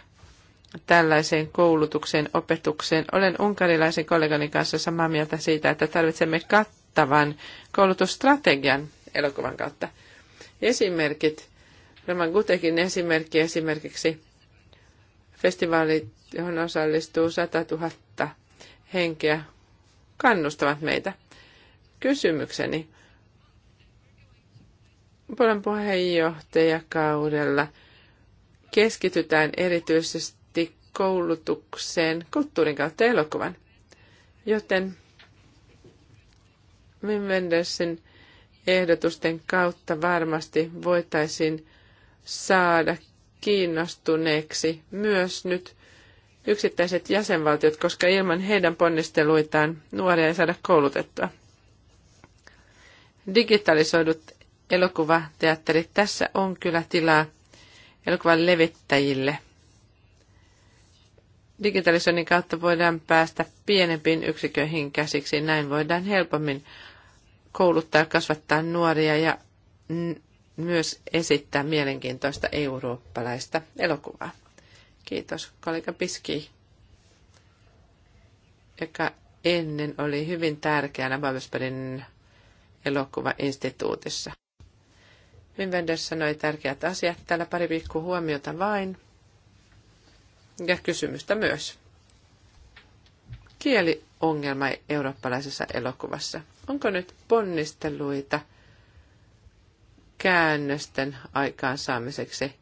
tällaiseen koulutukseen, opetukseen. Olen unkarilaisen kollegani kanssa samaa mieltä siitä, että tarvitsemme kattavan koulutusstrategian elokuvan kautta. Esimerkit, Roman Gutekin esimerkki esimerkiksi, festivaali, johon osallistuu 100 000 henkeä, kannustavat meitä. Kysymykseni. Puolen puheenjohtajakaudella keskitytään erityisesti koulutukseen kulttuurin kautta elokuvan. Joten Wim Wendersin ehdotusten kautta varmasti voitaisiin saada kiinnostuneeksi myös nyt yksittäiset jäsenvaltiot, koska ilman heidän ponnisteluitaan nuoria ei saada koulutettua. Digitalisoidut elokuvateatterit, tässä on kyllä tilaa elokuvan levittäjille – Digitalisoinnin kautta voidaan päästä pienempiin yksiköihin käsiksi. Näin voidaan helpommin kouluttaa ja kasvattaa nuoria ja myös esittää mielenkiintoista eurooppalaista elokuvaa. Kiitos, kollega Piski, joka ennen oli hyvin tärkeänä Babelsbergin elokuvainstituutissa. Wim Wenders sanoi tärkeät asiat. Täällä pari viikkoa huomiota vain ja kysymystä myös. Kieliongelma eurooppalaisessa elokuvassa. Onko nyt ponnisteluita käännösten aikaansaamiseksi?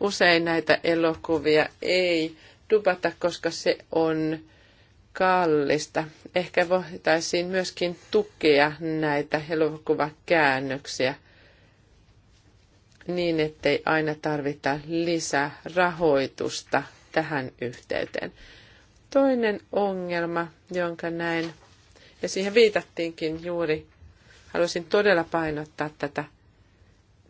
Usein näitä elokuvia ei dubata, koska se on kallista. Ehkä voitaisiin myöskin tukea näitä elokuvakäännöksiä – niin, ettei aina tarvita lisää rahoitusta tähän yhteyteen. Toinen ongelma, jonka näin, ja siihen viitattiinkin juuri, haluaisin todella painottaa tätä.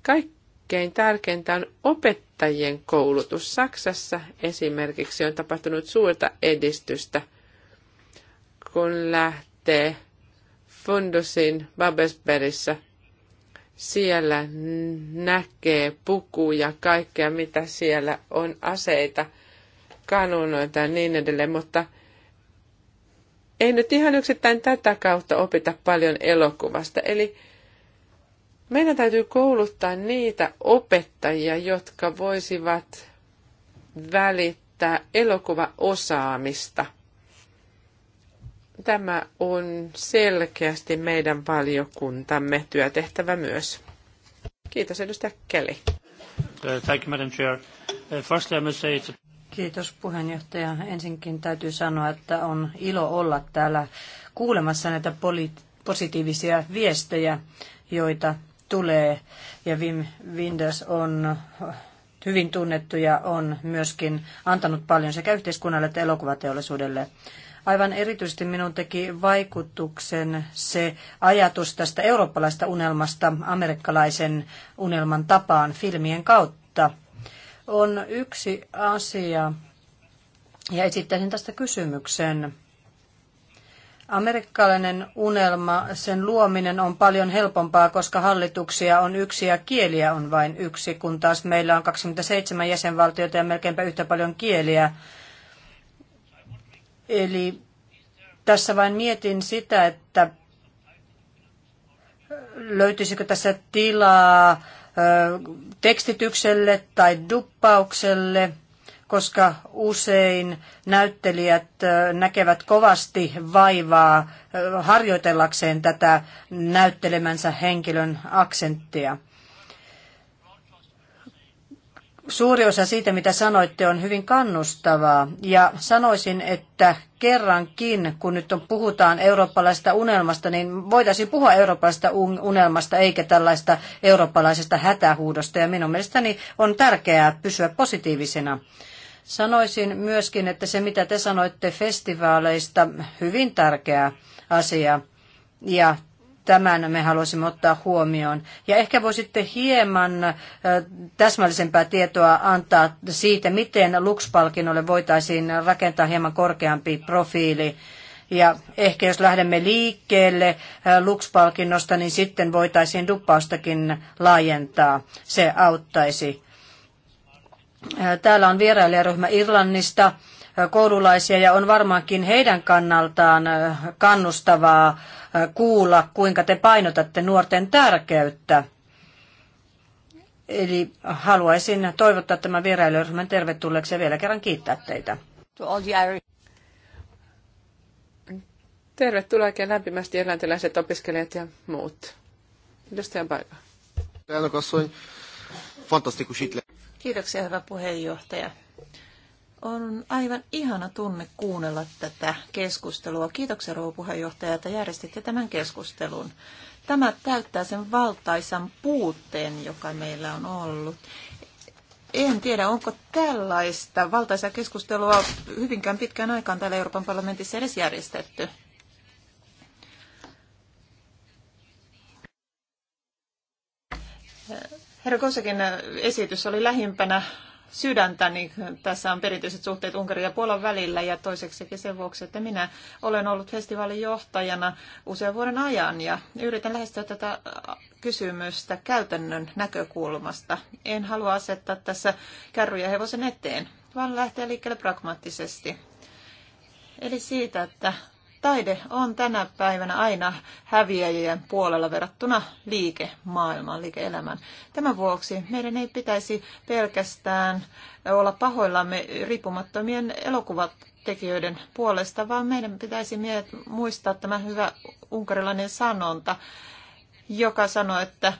Kaikkein tärkeintä on opettajien koulutus. Saksassa esimerkiksi on tapahtunut suurta edistystä, kun lähtee Fundusin Babelsbergissä – siellä näkee pukuja, kaikkea mitä siellä on, aseita, kanunoita ja niin edelleen, mutta ei nyt ihan yksittäin tätä kautta opita paljon elokuvasta. Eli meidän täytyy kouluttaa niitä opettajia, jotka voisivat välittää elokuvaosaamista – Tämä on selkeästi meidän valiokuntamme työtehtävä myös. Kiitos edustaja Kelly. Uh, thank you, Madam Chair. Uh, firstly, I must say it's a... Kiitos puheenjohtaja. Ensinkin täytyy sanoa, että on ilo olla täällä kuulemassa näitä positiivisia viestejä, joita tulee. Ja Wim Winders on hyvin tunnettu ja on myöskin antanut paljon sekä yhteiskunnalle että elokuvateollisuudelle. Aivan erityisesti minun teki vaikutuksen se ajatus tästä eurooppalaista unelmasta amerikkalaisen unelman tapaan filmien kautta. On yksi asia, ja esittäisin tästä kysymyksen. Amerikkalainen unelma, sen luominen on paljon helpompaa, koska hallituksia on yksi ja kieliä on vain yksi, kun taas meillä on 27 jäsenvaltiota ja melkeinpä yhtä paljon kieliä Eli tässä vain mietin sitä, että löytyisikö tässä tilaa tekstitykselle tai duppaukselle, koska usein näyttelijät näkevät kovasti vaivaa harjoitellakseen tätä näyttelemänsä henkilön aksenttia. Suuri osa siitä, mitä sanoitte, on hyvin kannustavaa ja sanoisin, että kerrankin, kun nyt on, puhutaan eurooppalaisesta unelmasta, niin voitaisiin puhua eurooppalaisesta unelmasta eikä tällaista eurooppalaisesta hätähuudosta ja minun mielestäni on tärkeää pysyä positiivisena. Sanoisin myöskin, että se mitä te sanoitte festivaaleista, hyvin tärkeä asia. Ja Tämän me haluaisimme ottaa huomioon. Ja ehkä voisitte hieman täsmällisempää tietoa antaa siitä, miten Lux-palkinnolle voitaisiin rakentaa hieman korkeampi profiili. Ja ehkä jos lähdemme liikkeelle Lux-palkinnosta, niin sitten voitaisiin duppaustakin laajentaa. Se auttaisi. Täällä on vierailijaryhmä Irlannista koululaisia ja on varmaankin heidän kannaltaan kannustavaa kuulla, kuinka te painotatte nuorten tärkeyttä. Eli haluaisin toivottaa tämän vierailuryhmän tervetulleeksi ja vielä kerran kiittää teitä. Tervetuloa oikein lämpimästi irlantilaiset opiskelijat ja muut. Edustaja Paika. Kiitoksia, hyvä puheenjohtaja. On aivan ihana tunne kuunnella tätä keskustelua. Kiitoksia rouva puheenjohtaja, että järjestitte tämän keskustelun. Tämä täyttää sen valtaisan puutteen, joka meillä on ollut. En tiedä, onko tällaista valtaisaa keskustelua hyvinkään pitkään aikaan täällä Euroopan parlamentissa edes järjestetty. Herra Kosekin esitys oli lähimpänä sydäntäni. Tässä on perinteiset suhteet Unkarin ja Puolan välillä ja toiseksi sen vuoksi, että minä olen ollut festivaalin johtajana usean vuoden ajan ja yritän lähestyä tätä kysymystä käytännön näkökulmasta. En halua asettaa tässä kärryjä hevosen eteen, vaan lähteä liikkeelle pragmaattisesti. Eli siitä, että taide on tänä päivänä aina häviäjien puolella verrattuna liikemaailmaan, liike-elämään. Tämän vuoksi meidän ei pitäisi pelkästään olla pahoillamme riippumattomien elokuvatekijöiden puolesta, vaan meidän pitäisi muistaa tämä hyvä unkarilainen sanonta, joka sanoo, että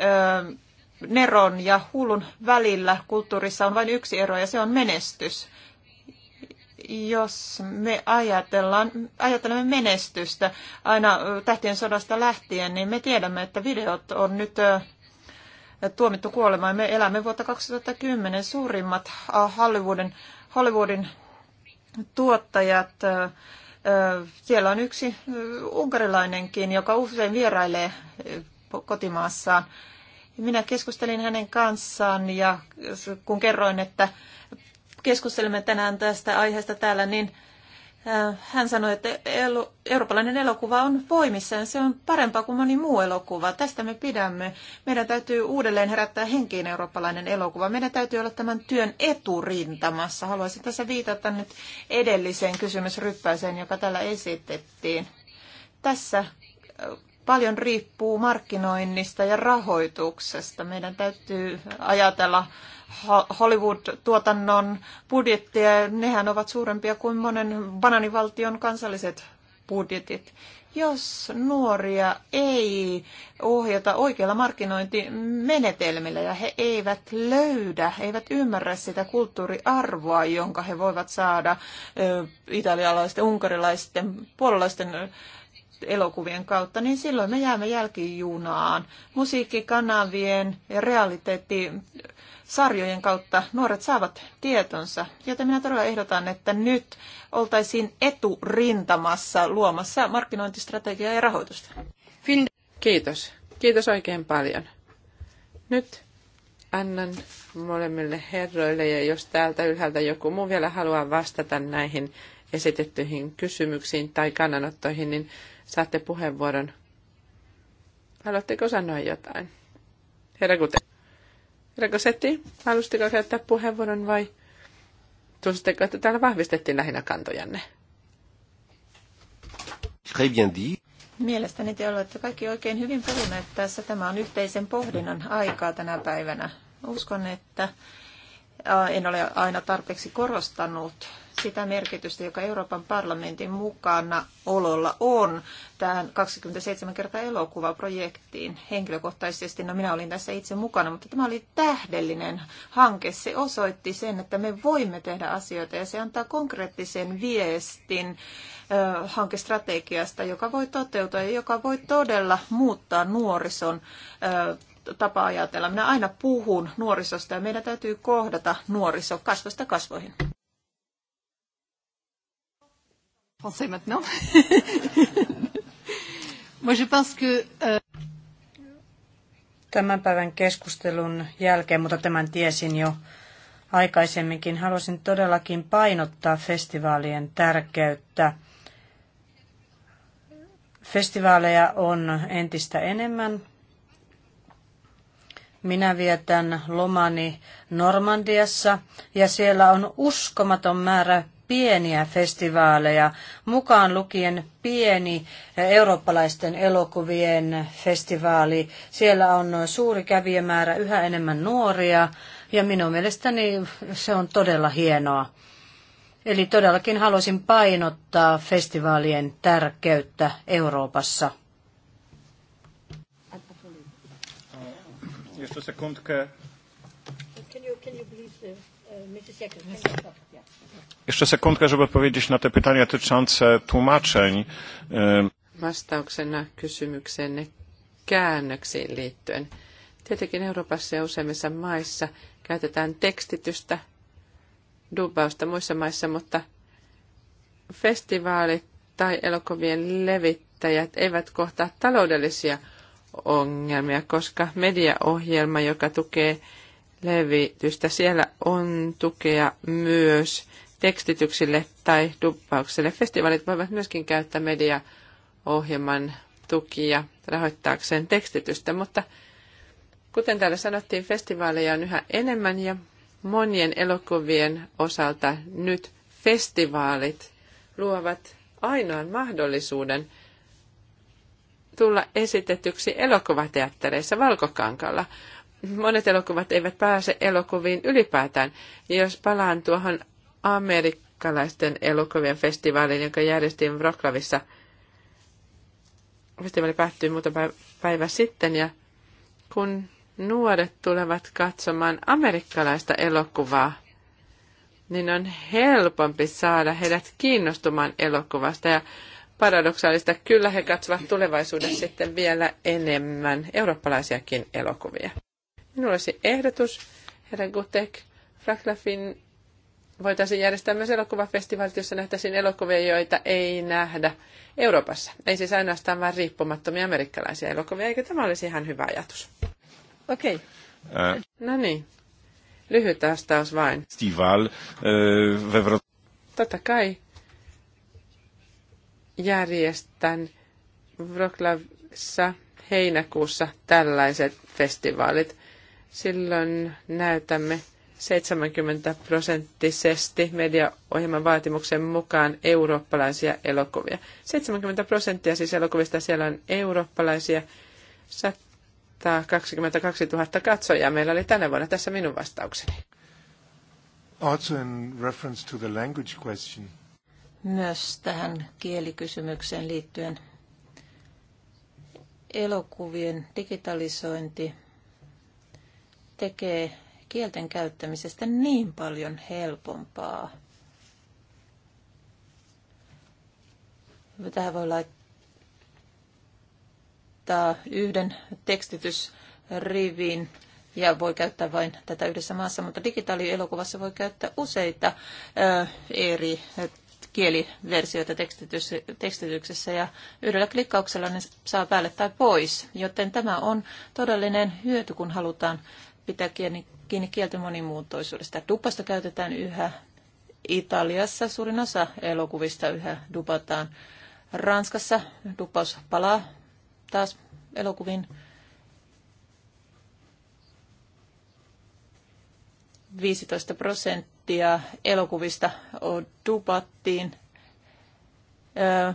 ö, Neron ja hullun välillä kulttuurissa on vain yksi ero ja se on menestys jos me ajatellaan, ajattelemme menestystä aina tähtien sodasta lähtien, niin me tiedämme, että videot on nyt tuomittu kuolemaan. Me elämme vuotta 2010 suurimmat Hollywoodin, Hollywoodin tuottajat. Siellä on yksi unkarilainenkin, joka usein vierailee kotimaassaan. Minä keskustelin hänen kanssaan ja kun kerroin, että keskustelemme tänään tästä aiheesta täällä, niin äh, hän sanoi, että elo, eurooppalainen elokuva on voimissaan. Se on parempaa kuin moni muu elokuva. Tästä me pidämme. Meidän täytyy uudelleen herättää henkiin eurooppalainen elokuva. Meidän täytyy olla tämän työn eturintamassa. Haluaisin tässä viitata nyt edelliseen kysymysryppäiseen, joka täällä esitettiin. Tässä äh, Paljon riippuu markkinoinnista ja rahoituksesta. Meidän täytyy ajatella Hollywood-tuotannon budjettia. Nehän ovat suurempia kuin monen bananivaltion kansalliset budjetit. Jos nuoria ei ohjata oikeilla markkinointimenetelmillä ja he eivät löydä, eivät ymmärrä sitä kulttuuriarvoa, jonka he voivat saada italialaisten, unkarilaisten, puolalaisten elokuvien kautta, niin silloin me jäämme jälkijunaan. Musiikkikanavien ja realiteetti sarjojen kautta nuoret saavat tietonsa, joten minä todella ehdotan, että nyt oltaisiin eturintamassa luomassa markkinointistrategiaa ja rahoitusta. Kiitos. Kiitos oikein paljon. Nyt annan molemmille herroille, ja jos täältä ylhäältä joku muu vielä haluaa vastata näihin esitettyihin kysymyksiin tai kannanottoihin, niin saatte puheenvuoron. Haluatteko sanoa jotain? Herra Kute. Herra Kosetti, halusitteko käyttää puheenvuoron vai tunsitteko, että täällä vahvistettiin lähinnä kantojanne? Très bien dit. Mielestäni te olette kaikki oikein hyvin puhuneet tässä. Tämä on yhteisen pohdinnan aikaa tänä päivänä. Uskon, että en ole aina tarpeeksi korostanut sitä merkitystä, joka Euroopan parlamentin mukana ololla on tähän 27 kertaa elokuvaprojektiin henkilökohtaisesti. No minä olin tässä itse mukana, mutta tämä oli tähdellinen hanke. Se osoitti sen, että me voimme tehdä asioita ja se antaa konkreettisen viestin ö, hankestrategiasta, joka voi toteutua ja joka voi todella muuttaa nuorison ö, tapa ajatella. Minä aina puhun nuorisosta ja meidän täytyy kohdata nuoriso kasvosta kasvoihin. français maintenant. Moi je pense que... Euh, tämän päivän keskustelun jälkeen, mutta tämän tiesin jo aikaisemminkin, haluaisin todellakin painottaa festivaalien tärkeyttä. Festivaaleja on entistä enemmän. Minä vietän lomani Normandiassa ja siellä on uskomaton määrä pieniä festivaaleja, mukaan lukien pieni eurooppalaisten elokuvien festivaali. Siellä on suuri kävijämäärä, yhä enemmän nuoria ja minun mielestäni se on todella hienoa. Eli todellakin haluaisin painottaa festivaalien tärkeyttä Euroopassa. Jeszcze sekundkę. Can you, can you please, uh, uh Mrs. Jackson, Jeszcze sekundkę, żeby odpowiedzieć na te pytania dotyczące tłumaczeń. Vastauksena kysymyksenne käännöksiin liittyen. Tietenkin Euroopassa ja useimmissa maissa käytetään tekstitystä, dubbausta muissa maissa, mutta festivaalit tai elokuvien levittäjät eivät kohtaa taloudellisia ongelmia, koska mediaohjelma, joka tukee levitystä, siellä on tukea myös – tekstityksille tai duppaukselle. Festivaalit voivat myöskin käyttää mediaohjelman tukia rahoittaakseen tekstitystä, mutta kuten täällä sanottiin, festivaaleja on yhä enemmän ja monien elokuvien osalta nyt festivaalit luovat ainoan mahdollisuuden tulla esitetyksi elokuvateattereissa Valkokankalla. Monet elokuvat eivät pääse elokuviin ylipäätään. Ja jos palaan tuohon amerikkalaisten elokuvien festivaalin, jonka järjestin Vroklavissa. Festivaali päättyi muutama päivä sitten ja kun nuoret tulevat katsomaan amerikkalaista elokuvaa, niin on helpompi saada heidät kiinnostumaan elokuvasta. Ja paradoksaalista, kyllä he katsovat tulevaisuudessa sitten vielä enemmän eurooppalaisiakin elokuvia. Minulla olisi ehdotus, herra Gutek, Fraklafin voitaisiin järjestää myös elokuvafestivaalit, jossa nähtäisiin elokuvia, joita ei nähdä Euroopassa. Ei siis ainoastaan vain riippumattomia amerikkalaisia elokuvia, eikö tämä olisi ihan hyvä ajatus? Okei. Okay. Äh. No niin. Lyhyt vastaus vain. Festival, äh, Totta kai järjestän Wroclawissa heinäkuussa tällaiset festivaalit. Silloin näytämme 70 prosenttisesti mediaohjelman vaatimuksen mukaan eurooppalaisia elokuvia. 70 prosenttia siis elokuvista siellä on eurooppalaisia. 122 000 katsojaa meillä oli tänä vuonna. Tässä minun vastaukseni. Also in reference to the language question. Myös tähän kielikysymykseen liittyen elokuvien digitalisointi tekee kielten käyttämisestä niin paljon helpompaa. Tähän voi laittaa yhden tekstitysrivin ja voi käyttää vain tätä yhdessä maassa, mutta digitaalielokuvassa voi käyttää useita ö, eri kieliversioita tekstityksessä ja yhdellä klikkauksella ne saa päälle tai pois. Joten tämä on todellinen hyöty, kun halutaan pitää kiinni, kiinni kielten monimuotoisuudesta. Dupasta käytetään yhä. Italiassa suurin osa elokuvista yhä dupataan. Ranskassa dupaus palaa taas elokuviin. Viisitoista prosenttia elokuvista dupattiin, öö,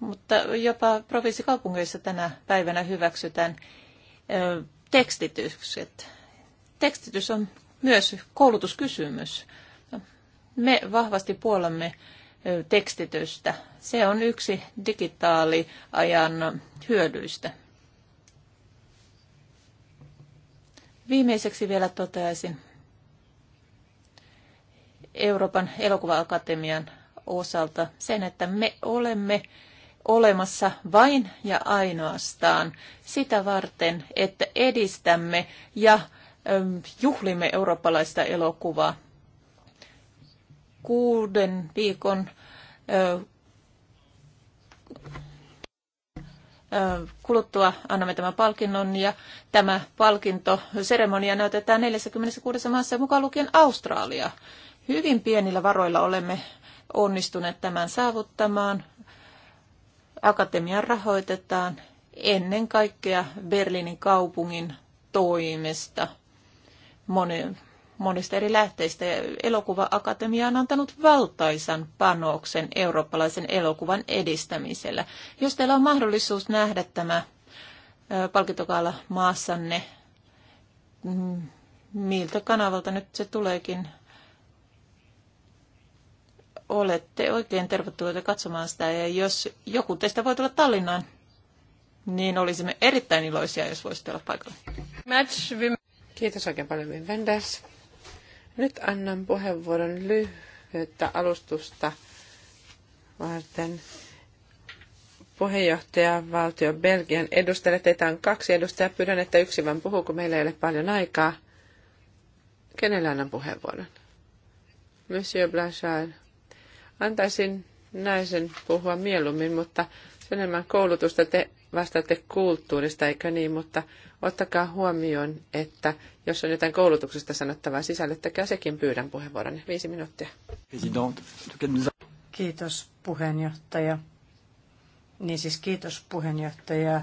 mutta jopa provinssikaupungeissa tänä päivänä hyväksytään öö, tekstitykset tekstitys on myös koulutuskysymys. Me vahvasti puolamme tekstitystä. Se on yksi digitaaliajan hyödyistä. Viimeiseksi vielä toteaisin Euroopan elokuvaakatemian osalta sen, että me olemme olemassa vain ja ainoastaan sitä varten, että edistämme ja juhlimme eurooppalaista elokuvaa. Kuuden viikon kuluttua annamme tämän palkinnon ja tämä palkintoseremonia näytetään 46 maassa mukaan lukien Australia. Hyvin pienillä varoilla olemme onnistuneet tämän saavuttamaan. Akatemian rahoitetaan ennen kaikkea Berliinin kaupungin toimesta – Moni monista eri lähteistä. Elokuva-akatemia on antanut valtaisan panoksen eurooppalaisen elokuvan edistämisellä. Jos teillä on mahdollisuus nähdä tämä palkintokaala maassanne, mm, miltä kanavalta nyt se tuleekin, olette oikein tervetulleita katsomaan sitä. Ja jos joku teistä voi tulla Tallinnaan, niin olisimme erittäin iloisia, jos voisitte olla paikalla. Kiitos oikein paljon, Venders. Nyt annan puheenvuoron lyhyttä alustusta varten puheenjohtaja valtio Belgian edustajalle. Teitä on kaksi edustajaa. Pyydän, että yksi vain puhuu, kun meillä ei ole paljon aikaa. Kenellä annan puheenvuoron? Monsieur Blanchard. Antaisin naisen puhua mieluummin, mutta sen enemmän koulutusta te vastaatte kulttuurista, eikö niin, mutta ottakaa huomioon, että jos on jotain koulutuksesta sanottavaa sisällyttäkää sekin pyydän puheenvuoron. Viisi minuuttia. Kiitos puheenjohtaja. Niin siis kiitos puheenjohtaja.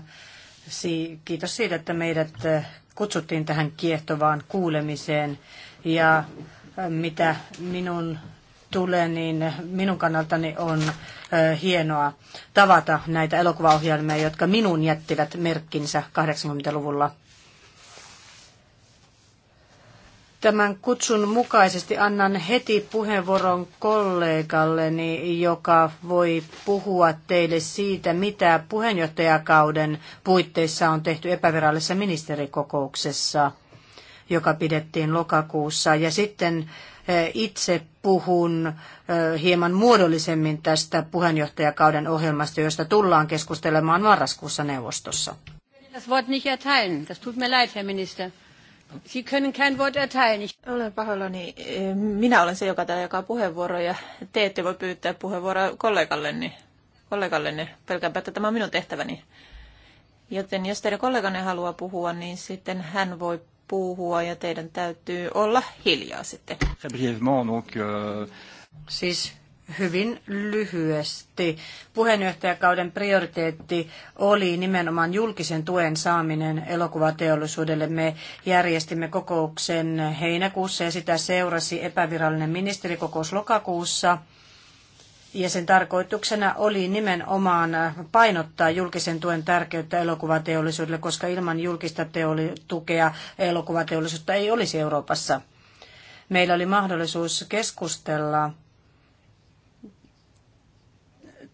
Kiitos siitä, että meidät eh, kutsuttiin tähän kiehtovaan kuulemiseen. Ja eh, mitä minun tulee, niin minun kannaltani on hienoa tavata näitä elokuvaohjelmia, jotka minun jättivät merkkinsä 80-luvulla. Tämän kutsun mukaisesti annan heti puheenvuoron kollegalleni, joka voi puhua teille siitä, mitä puheenjohtajakauden puitteissa on tehty epävirallisessa ministerikokouksessa, joka pidettiin lokakuussa. Ja sitten itse puhun hieman muodollisemmin tästä puheenjohtajakauden ohjelmasta, josta tullaan keskustelemaan marraskuussa neuvostossa. Das Wort nicht erteilen. Das tut mir leid, Herr Minister. Sie können kein Wort erteilen. Olen pahoillani. Minä olen se, joka täällä jakaa puheenvuoroja. Te ette voi pyytää puheenvuoroa kollegallenne. kollegallenne. Pelkäänpä, että tämä on minun tehtäväni. Joten jos teidän kolleganne haluaa puhua, niin sitten hän voi puhua ja teidän täytyy olla hiljaa sitten. Euh, siis hyvin lyhyesti. Puheenjohtajakauden prioriteetti oli nimenomaan julkisen tuen saaminen elokuvateollisuudelle. Me järjestimme kokouksen heinäkuussa ja sitä seurasi epävirallinen ministerikokous lokakuussa – ja sen tarkoituksena oli nimenomaan painottaa julkisen tuen tärkeyttä elokuvateollisuudelle, koska ilman julkista teoli- tukea elokuvateollisuutta ei olisi Euroopassa. Meillä oli mahdollisuus keskustella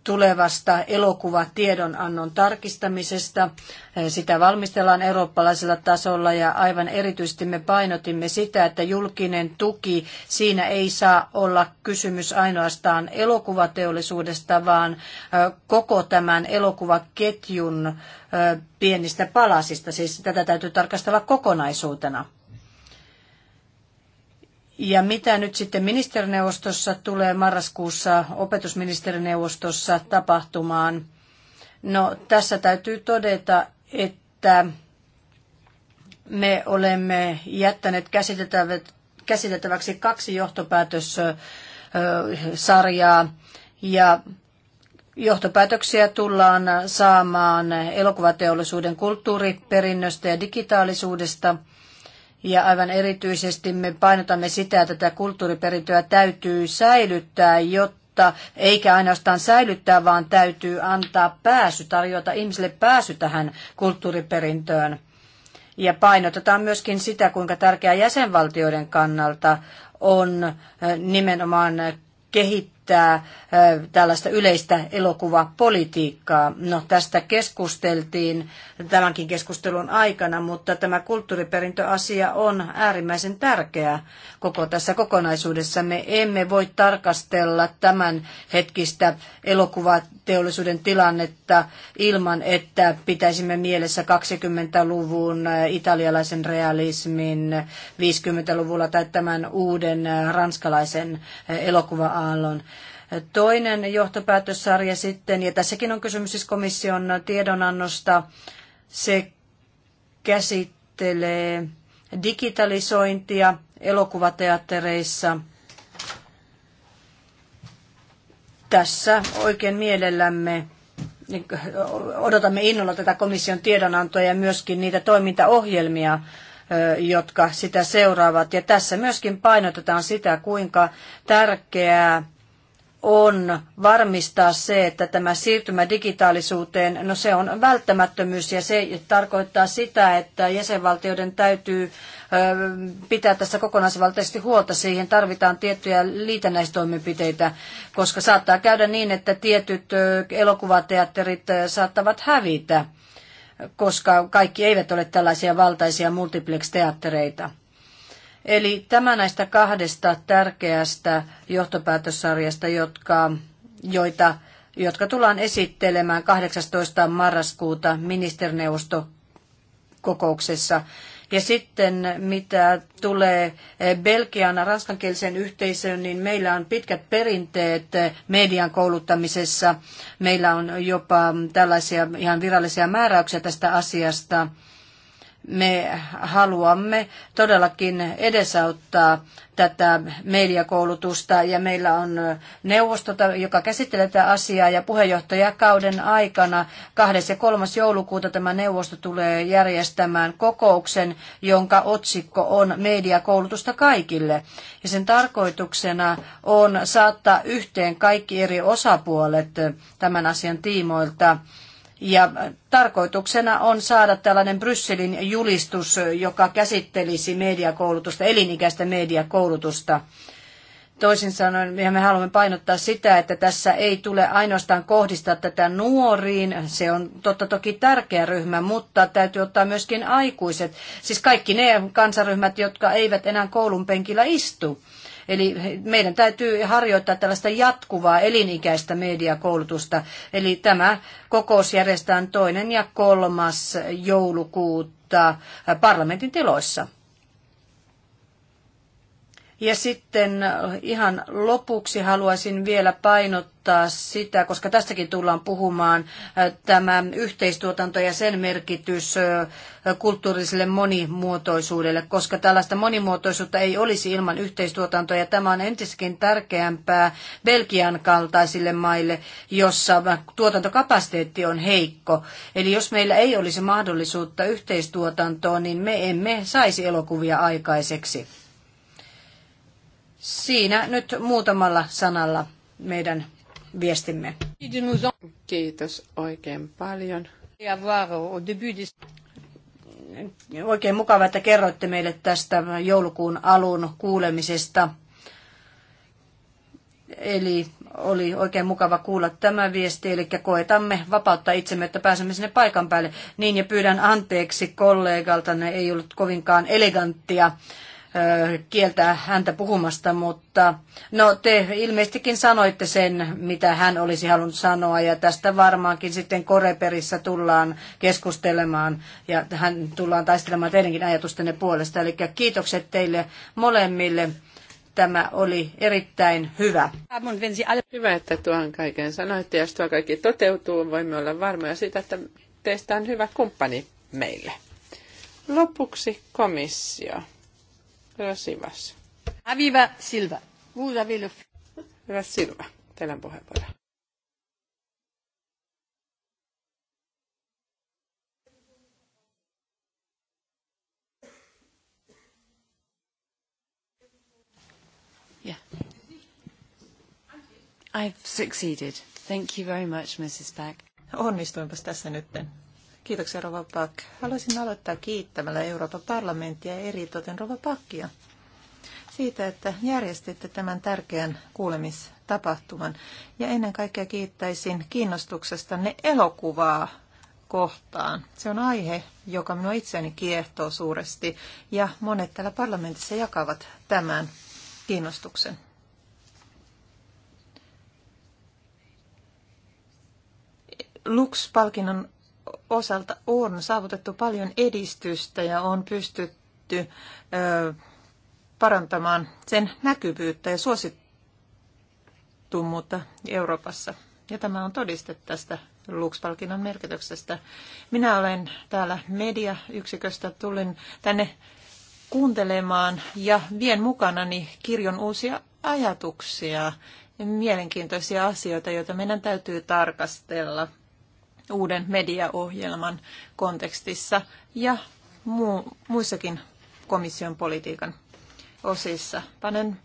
tulevasta elokuvatiedonannon tarkistamisesta. Sitä valmistellaan eurooppalaisella tasolla ja aivan erityisesti me painotimme sitä, että julkinen tuki siinä ei saa olla kysymys ainoastaan elokuvateollisuudesta, vaan koko tämän elokuvaketjun pienistä palasista. Siis tätä täytyy tarkastella kokonaisuutena. Ja mitä nyt sitten ministerineuvostossa tulee marraskuussa opetusministerineuvostossa tapahtumaan? No tässä täytyy todeta, että me olemme jättäneet käsiteltäväksi kaksi johtopäätössarjaa ja johtopäätöksiä tullaan saamaan elokuvateollisuuden kulttuuriperinnöstä ja digitaalisuudesta – ja aivan erityisesti me painotamme sitä, että tätä kulttuuriperintöä täytyy säilyttää, jotta eikä ainoastaan säilyttää, vaan täytyy antaa pääsy, tarjota ihmisille pääsy tähän kulttuuriperintöön. Ja painotetaan myöskin sitä, kuinka tärkeää jäsenvaltioiden kannalta on eh, nimenomaan kehittää käyttää tällaista yleistä elokuvapolitiikkaa. No tästä keskusteltiin tämänkin keskustelun aikana, mutta tämä kulttuuriperintöasia on äärimmäisen tärkeä koko tässä kokonaisuudessa. Me emme voi tarkastella tämän hetkistä elokuvateollisuuden tilannetta ilman, että pitäisimme mielessä 20-luvun italialaisen realismin 50-luvulla tai tämän uuden ranskalaisen elokuva-aallon Toinen johtopäätössarja sitten, ja tässäkin on kysymys siis komission tiedonannosta, se käsittelee digitalisointia elokuvateattereissa. Tässä oikein mielellämme niin odotamme innolla tätä komission tiedonantoa ja myöskin niitä toimintaohjelmia, jotka sitä seuraavat. Ja tässä myöskin painotetaan sitä, kuinka tärkeää on varmistaa se, että tämä siirtymä digitaalisuuteen, no se on välttämättömyys ja se tarkoittaa sitä, että jäsenvaltioiden täytyy pitää tässä kokonaisvaltaisesti huolta. Siihen tarvitaan tiettyjä liitännäistoimenpiteitä, koska saattaa käydä niin, että tietyt elokuvateatterit saattavat hävitä, koska kaikki eivät ole tällaisia valtaisia multiplex-teattereita. Eli tämä näistä kahdesta tärkeästä johtopäätössarjasta, jotka, joita, jotka tullaan esittelemään 18. marraskuuta ministerineuvostokokouksessa. Ja sitten mitä tulee eh, Belgian ranskankielisen yhteisöön, niin meillä on pitkät perinteet eh, median kouluttamisessa. Meillä on jopa mm, tällaisia ihan virallisia määräyksiä tästä asiasta me haluamme todellakin edesauttaa tätä mediakoulutusta ja meillä on neuvosto, joka käsittelee tätä asiaa ja puheenjohtajakauden aikana 2. ja 3. joulukuuta tämä neuvosto tulee järjestämään kokouksen, jonka otsikko on mediakoulutusta kaikille. Ja sen tarkoituksena on saattaa yhteen kaikki eri osapuolet tämän asian tiimoilta ja tarkoituksena on saada tällainen Brysselin julistus, joka käsittelisi mediakoulutusta, elinikäistä mediakoulutusta. Toisin sanoen, ja me haluamme painottaa sitä, että tässä ei tule ainoastaan kohdistaa tätä nuoriin, se on totta toki tärkeä ryhmä, mutta täytyy ottaa myöskin aikuiset, siis kaikki ne kansaryhmät, jotka eivät enää koulun penkillä istu. Eli meidän täytyy harjoittaa tällaista jatkuvaa elinikäistä mediakoulutusta. Eli tämä kokous järjestetään toinen ja kolmas joulukuuta parlamentin tiloissa. Ja sitten äh, ihan lopuksi haluaisin vielä painottaa sitä, koska tästäkin tullaan puhumaan, äh, tämä yhteistuotanto ja sen merkitys äh, kulttuuriselle monimuotoisuudelle, koska tällaista monimuotoisuutta ei olisi ilman yhteistuotantoa, ja tämä on entiskin tärkeämpää Belgian kaltaisille maille, jossa tuotantokapasiteetti on heikko. Eli jos meillä ei olisi mahdollisuutta yhteistuotantoon, niin me emme saisi elokuvia aikaiseksi. Siinä nyt muutamalla sanalla meidän viestimme. Kiitos oikein paljon. Oikein mukava, että kerroitte meille tästä joulukuun alun kuulemisesta. Eli oli oikein mukava kuulla tämä viesti, eli koetamme vapauttaa itsemme, että pääsemme sinne paikan päälle. Niin, ja pyydän anteeksi kollegalta, ne ei ollut kovinkaan eleganttia kieltää häntä puhumasta, mutta no te ilmeisestikin sanoitte sen, mitä hän olisi halunnut sanoa ja tästä varmaankin sitten Koreperissä tullaan keskustelemaan ja hän tullaan taistelemaan teidänkin ajatustenne puolesta. Eli kiitokset teille molemmille. Tämä oli erittäin hyvä. Hyvä, että tuohon kaiken sanoitte ja jos tuo kaikki toteutuu, voimme olla varmoja siitä, että teistä on hyvä kumppani meille. Lopuksi komissio. Rasivas. Aviva Silva. Muuta Viluf. Rasilva, teillä on puheenvuoro. Yeah. I've succeeded. Thank you very much, Mrs. Back. Onnistuinpas tässä nytten. Kiitoksia Rova Pak. Haluaisin aloittaa kiittämällä Euroopan parlamenttia ja eritoten Rova Pakkia siitä, että järjestitte tämän tärkeän kuulemistapahtuman. Ja ennen kaikkea kiittäisin kiinnostuksestanne elokuvaa kohtaan. Se on aihe, joka minua itseäni kiehtoo suuresti ja monet täällä parlamentissa jakavat tämän kiinnostuksen. Lux-palkinnon osalta on saavutettu paljon edistystä ja on pystytty parantamaan sen näkyvyyttä ja suosittumuutta Euroopassa. Ja tämä on todiste tästä Lux-palkinnon merkityksestä. Minä olen täällä mediayksiköstä, tulin tänne kuuntelemaan ja vien mukanani kirjon uusia ajatuksia, mielenkiintoisia asioita, joita meidän täytyy tarkastella – uuden mediaohjelman kontekstissa ja muu, muissakin komission politiikan osissa. Panen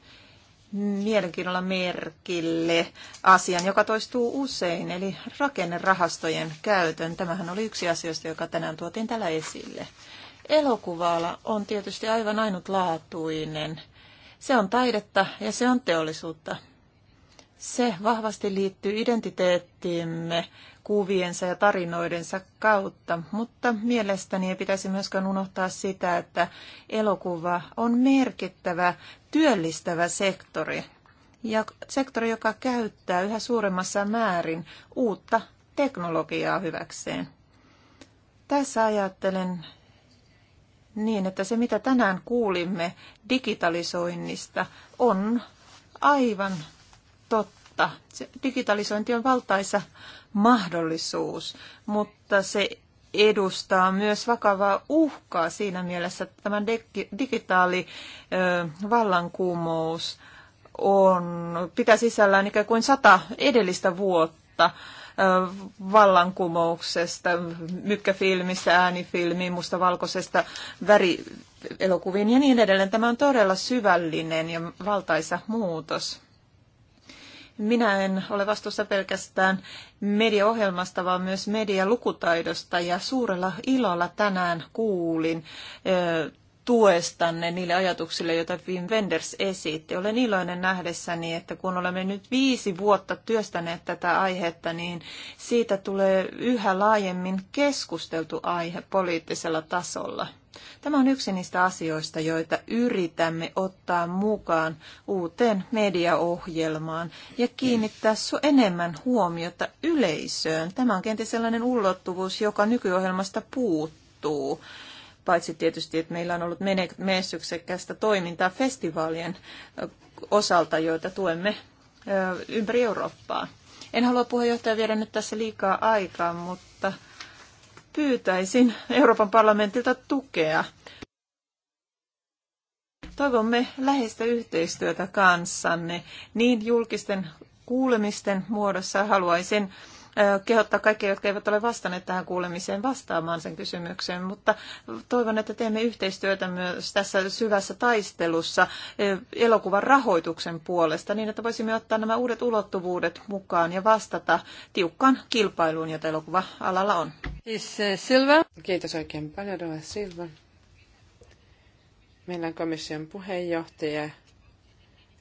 mielenkiinnolla merkille asian, joka toistuu usein, eli rakennerahastojen käytön. Tämähän oli yksi asioista, joka tänään tuotiin täällä esille. Elokuvaala on tietysti aivan ainutlaatuinen. Se on taidetta ja se on teollisuutta se vahvasti liittyy identiteettiimme kuviensa ja tarinoidensa kautta, mutta mielestäni ei pitäisi myöskään unohtaa sitä, että elokuva on merkittävä työllistävä sektori ja sektori, joka käyttää yhä suuremmassa määrin uutta teknologiaa hyväkseen. Tässä ajattelen niin, että se mitä tänään kuulimme digitalisoinnista on aivan totta. Se digitalisointi on valtaisa mahdollisuus, mutta se edustaa myös vakavaa uhkaa siinä mielessä, että tämä digitaali vallankumous on, pitää sisällään ikään kuin sata edellistä vuotta vallankumouksesta, mykkäfilmistä, äänifilmiin, mustavalkoisesta, värielokuviin ja niin edelleen. Tämä on todella syvällinen ja valtaisa muutos. Minä en ole vastuussa pelkästään mediaohjelmasta, vaan myös medialukutaidosta ja suurella ilolla tänään kuulin tuestanne niille ajatuksille, joita Wim Wenders esitti. Olen iloinen nähdessäni, että kun olemme nyt viisi vuotta työstäneet tätä aihetta, niin siitä tulee yhä laajemmin keskusteltu aihe poliittisella tasolla. Tämä on yksi niistä asioista, joita yritämme ottaa mukaan uuteen mediaohjelmaan ja kiinnittää su enemmän huomiota yleisöön. Tämä on kenties sellainen ulottuvuus, joka nykyohjelmasta puuttuu. Paitsi tietysti, että meillä on ollut menestyksekästä toimintaa festivaalien osalta, joita tuemme ympäri Eurooppaa. En halua puheenjohtaja viedä nyt tässä liikaa aikaa, mutta pyytäisin Euroopan parlamentilta tukea. Toivomme läheistä yhteistyötä kanssanne niin julkisten kuulemisten muodossa haluaisin kehottaa kaikkia, jotka eivät ole vastanneet tähän kuulemiseen, vastaamaan sen kysymykseen, mutta toivon, että teemme yhteistyötä myös tässä syvässä taistelussa elokuvan rahoituksen puolesta niin, että voisimme ottaa nämä uudet ulottuvuudet mukaan ja vastata tiukkaan kilpailuun, jota elokuva-alalla on. Silva. Kiitos oikein paljon, Rova Silva. Meillä on komission puheenjohtaja,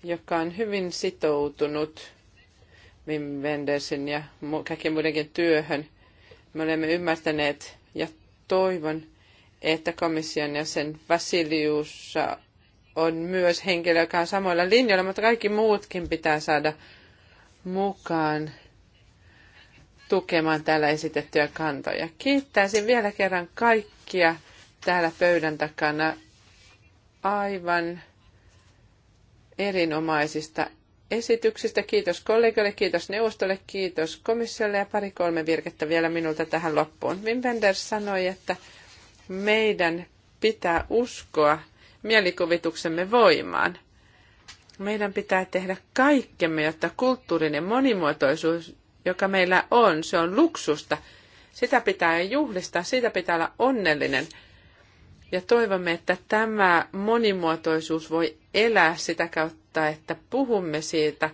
joka on hyvin sitoutunut Wim Wendersin ja kaikkien muidenkin työhön. Me olemme ymmärtäneet ja toivon, että komission ja sen Vasiliussa on myös henkilö, joka on samoilla linjoilla, mutta kaikki muutkin pitää saada mukaan tukemaan täällä esitettyjä kantoja. Kiittäisin vielä kerran kaikkia täällä pöydän takana aivan erinomaisista esityksistä. Kiitos kollegoille, kiitos neuvostolle, kiitos komissiolle ja pari-kolme virkettä vielä minulta tähän loppuun. Wim Wenders sanoi, että meidän pitää uskoa mielikuvituksemme voimaan. Meidän pitää tehdä kaikkemme, jotta kulttuurinen monimuotoisuus, joka meillä on, se on luksusta. Sitä pitää juhlistaa, siitä pitää olla onnellinen – ja toivomme, että tämä monimuotoisuus voi elää sitä kautta, että puhumme siitä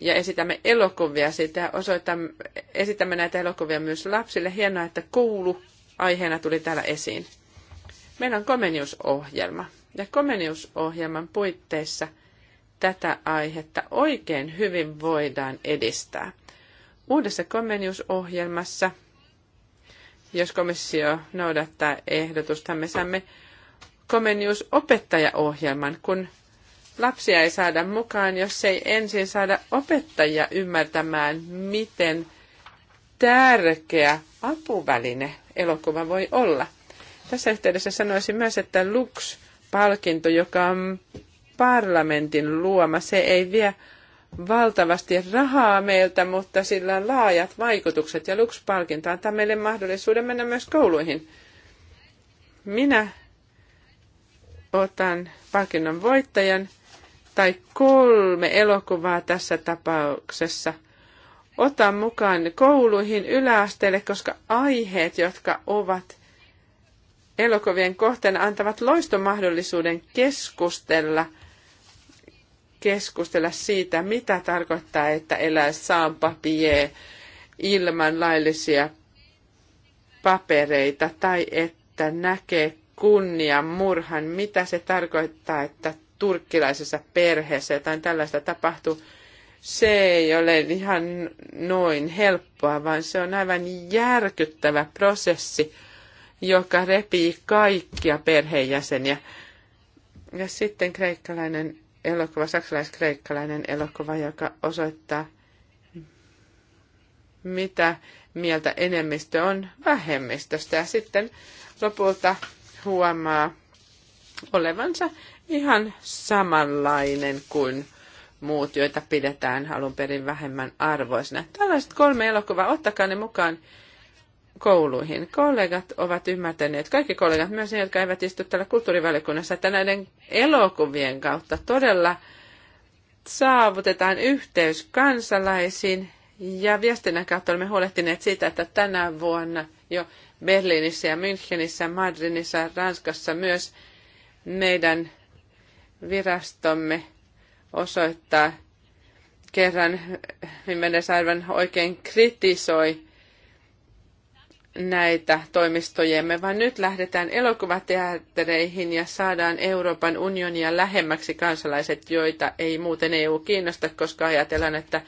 ja esitämme elokuvia siitä ja osoitamme, esitämme näitä elokuvia myös lapsille. Hienoa, että koulu aiheena tuli täällä esiin. Meillä on komeniusohjelma ja komeniusohjelman puitteissa tätä aihetta oikein hyvin voidaan edistää. Uudessa komeniusohjelmassa – jos komissio noudattaa ehdotusta, me saamme opettajaohjelman, kun lapsia ei saada mukaan, jos ei ensin saada opettajia ymmärtämään, miten tärkeä apuväline elokuva voi olla. Tässä yhteydessä sanoisin myös, että Lux-palkinto, joka on parlamentin luoma, se ei vie valtavasti rahaa meiltä, mutta sillä on laajat vaikutukset ja Lux-palkinto antaa meille mahdollisuuden mennä myös kouluihin. Minä otan palkinnon voittajan tai kolme elokuvaa tässä tapauksessa. Otan mukaan kouluihin yläasteelle, koska aiheet, jotka ovat elokuvien kohteena, antavat loistomahdollisuuden keskustella – keskustella siitä, mitä tarkoittaa, että elää sans papier ilman laillisia papereita tai että näkee kunnia murhan, mitä se tarkoittaa, että turkkilaisessa perheessä jotain tällaista tapahtuu. Se ei ole ihan noin helppoa, vaan se on aivan järkyttävä prosessi, joka repii kaikkia perheenjäseniä. Ja sitten kreikkalainen elokuva, saksalais-kreikkalainen elokuva, joka osoittaa, mitä mieltä enemmistö on vähemmistöstä. Ja sitten lopulta huomaa olevansa ihan samanlainen kuin muut, joita pidetään alun perin vähemmän arvoisina. Tällaiset kolme elokuvaa, ottakaa ne mukaan kouluihin. Kollegat ovat ymmärtäneet, kaikki kollegat, myös ne, jotka eivät istu täällä kulttuurivälikunnassa, että näiden elokuvien kautta todella saavutetaan yhteys kansalaisiin ja viestinnän kautta olemme huolehtineet siitä, että tänä vuonna jo Berliinissä ja Münchenissä, Madridissa, Ranskassa myös meidän virastomme osoittaa kerran, minne aivan oikein kritisoi näitä toimistojemme, vaan nyt lähdetään elokuvateattereihin ja saadaan Euroopan unionia lähemmäksi kansalaiset, joita ei muuten EU kiinnosta, koska ajatellaan, että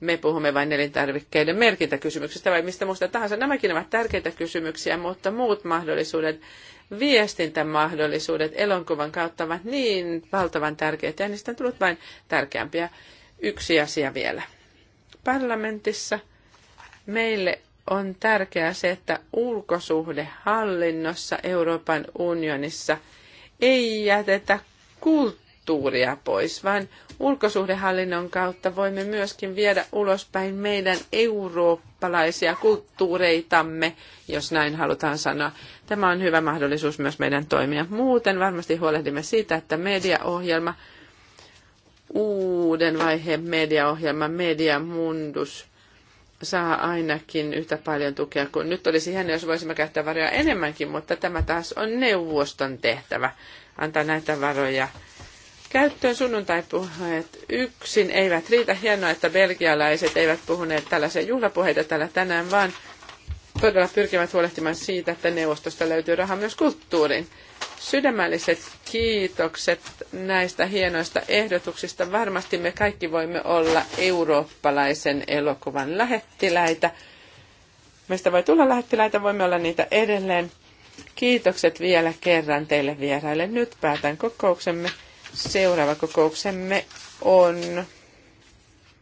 me puhumme vain elintarvikkeiden merkintäkysymyksistä vai mistä muusta tahansa. Nämäkin ovat tärkeitä kysymyksiä, mutta muut mahdollisuudet, viestintämahdollisuudet elokuvan kautta ovat niin valtavan tärkeitä ja niistä on tullut vain tärkeämpiä. Yksi asia vielä. Parlamentissa meille on tärkeää se, että ulkosuhdehallinnossa Euroopan unionissa ei jätetä kulttuuria pois, vaan ulkosuhdehallinnon kautta voimme myöskin viedä ulospäin meidän eurooppalaisia kulttuureitamme, jos näin halutaan sanoa. Tämä on hyvä mahdollisuus myös meidän toimia. Muuten varmasti huolehdimme siitä, että mediaohjelma, uuden vaiheen mediaohjelma, Media Mundus – saa ainakin yhtä paljon tukea kuin nyt olisi hän jos voisimme käyttää varoja enemmänkin, mutta tämä taas on neuvoston tehtävä antaa näitä varoja käyttöön sunnuntaipuheet yksin eivät riitä. Hienoa, että belgialaiset eivät puhuneet tällaisia juhlapuheita täällä tänään, vaan todella pyrkivät huolehtimaan siitä, että neuvostosta löytyy rahaa myös kulttuurin. Sydämelliset kiitokset näistä hienoista ehdotuksista. Varmasti me kaikki voimme olla eurooppalaisen elokuvan lähettiläitä. Meistä voi tulla lähettiläitä, voimme olla niitä edelleen. Kiitokset vielä kerran teille vieraille. Nyt päätän kokouksemme. Seuraava kokouksemme on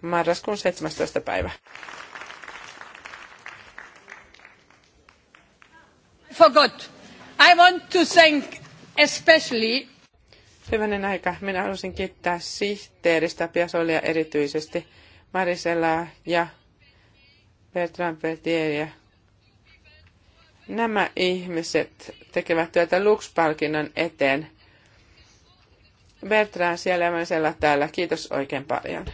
marraskuun 17. päivä. Forgot. I want to thank especially Hyvänen aika. Minä haluaisin kiittää sihteeristä Piasolia erityisesti Marisella ja Bertrand Bertieria. Nämä ihmiset tekevät työtä Lux-palkinnon eteen. Bertrand siellä ja Marisella täällä. Kiitos oikein paljon.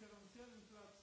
diferencial entre la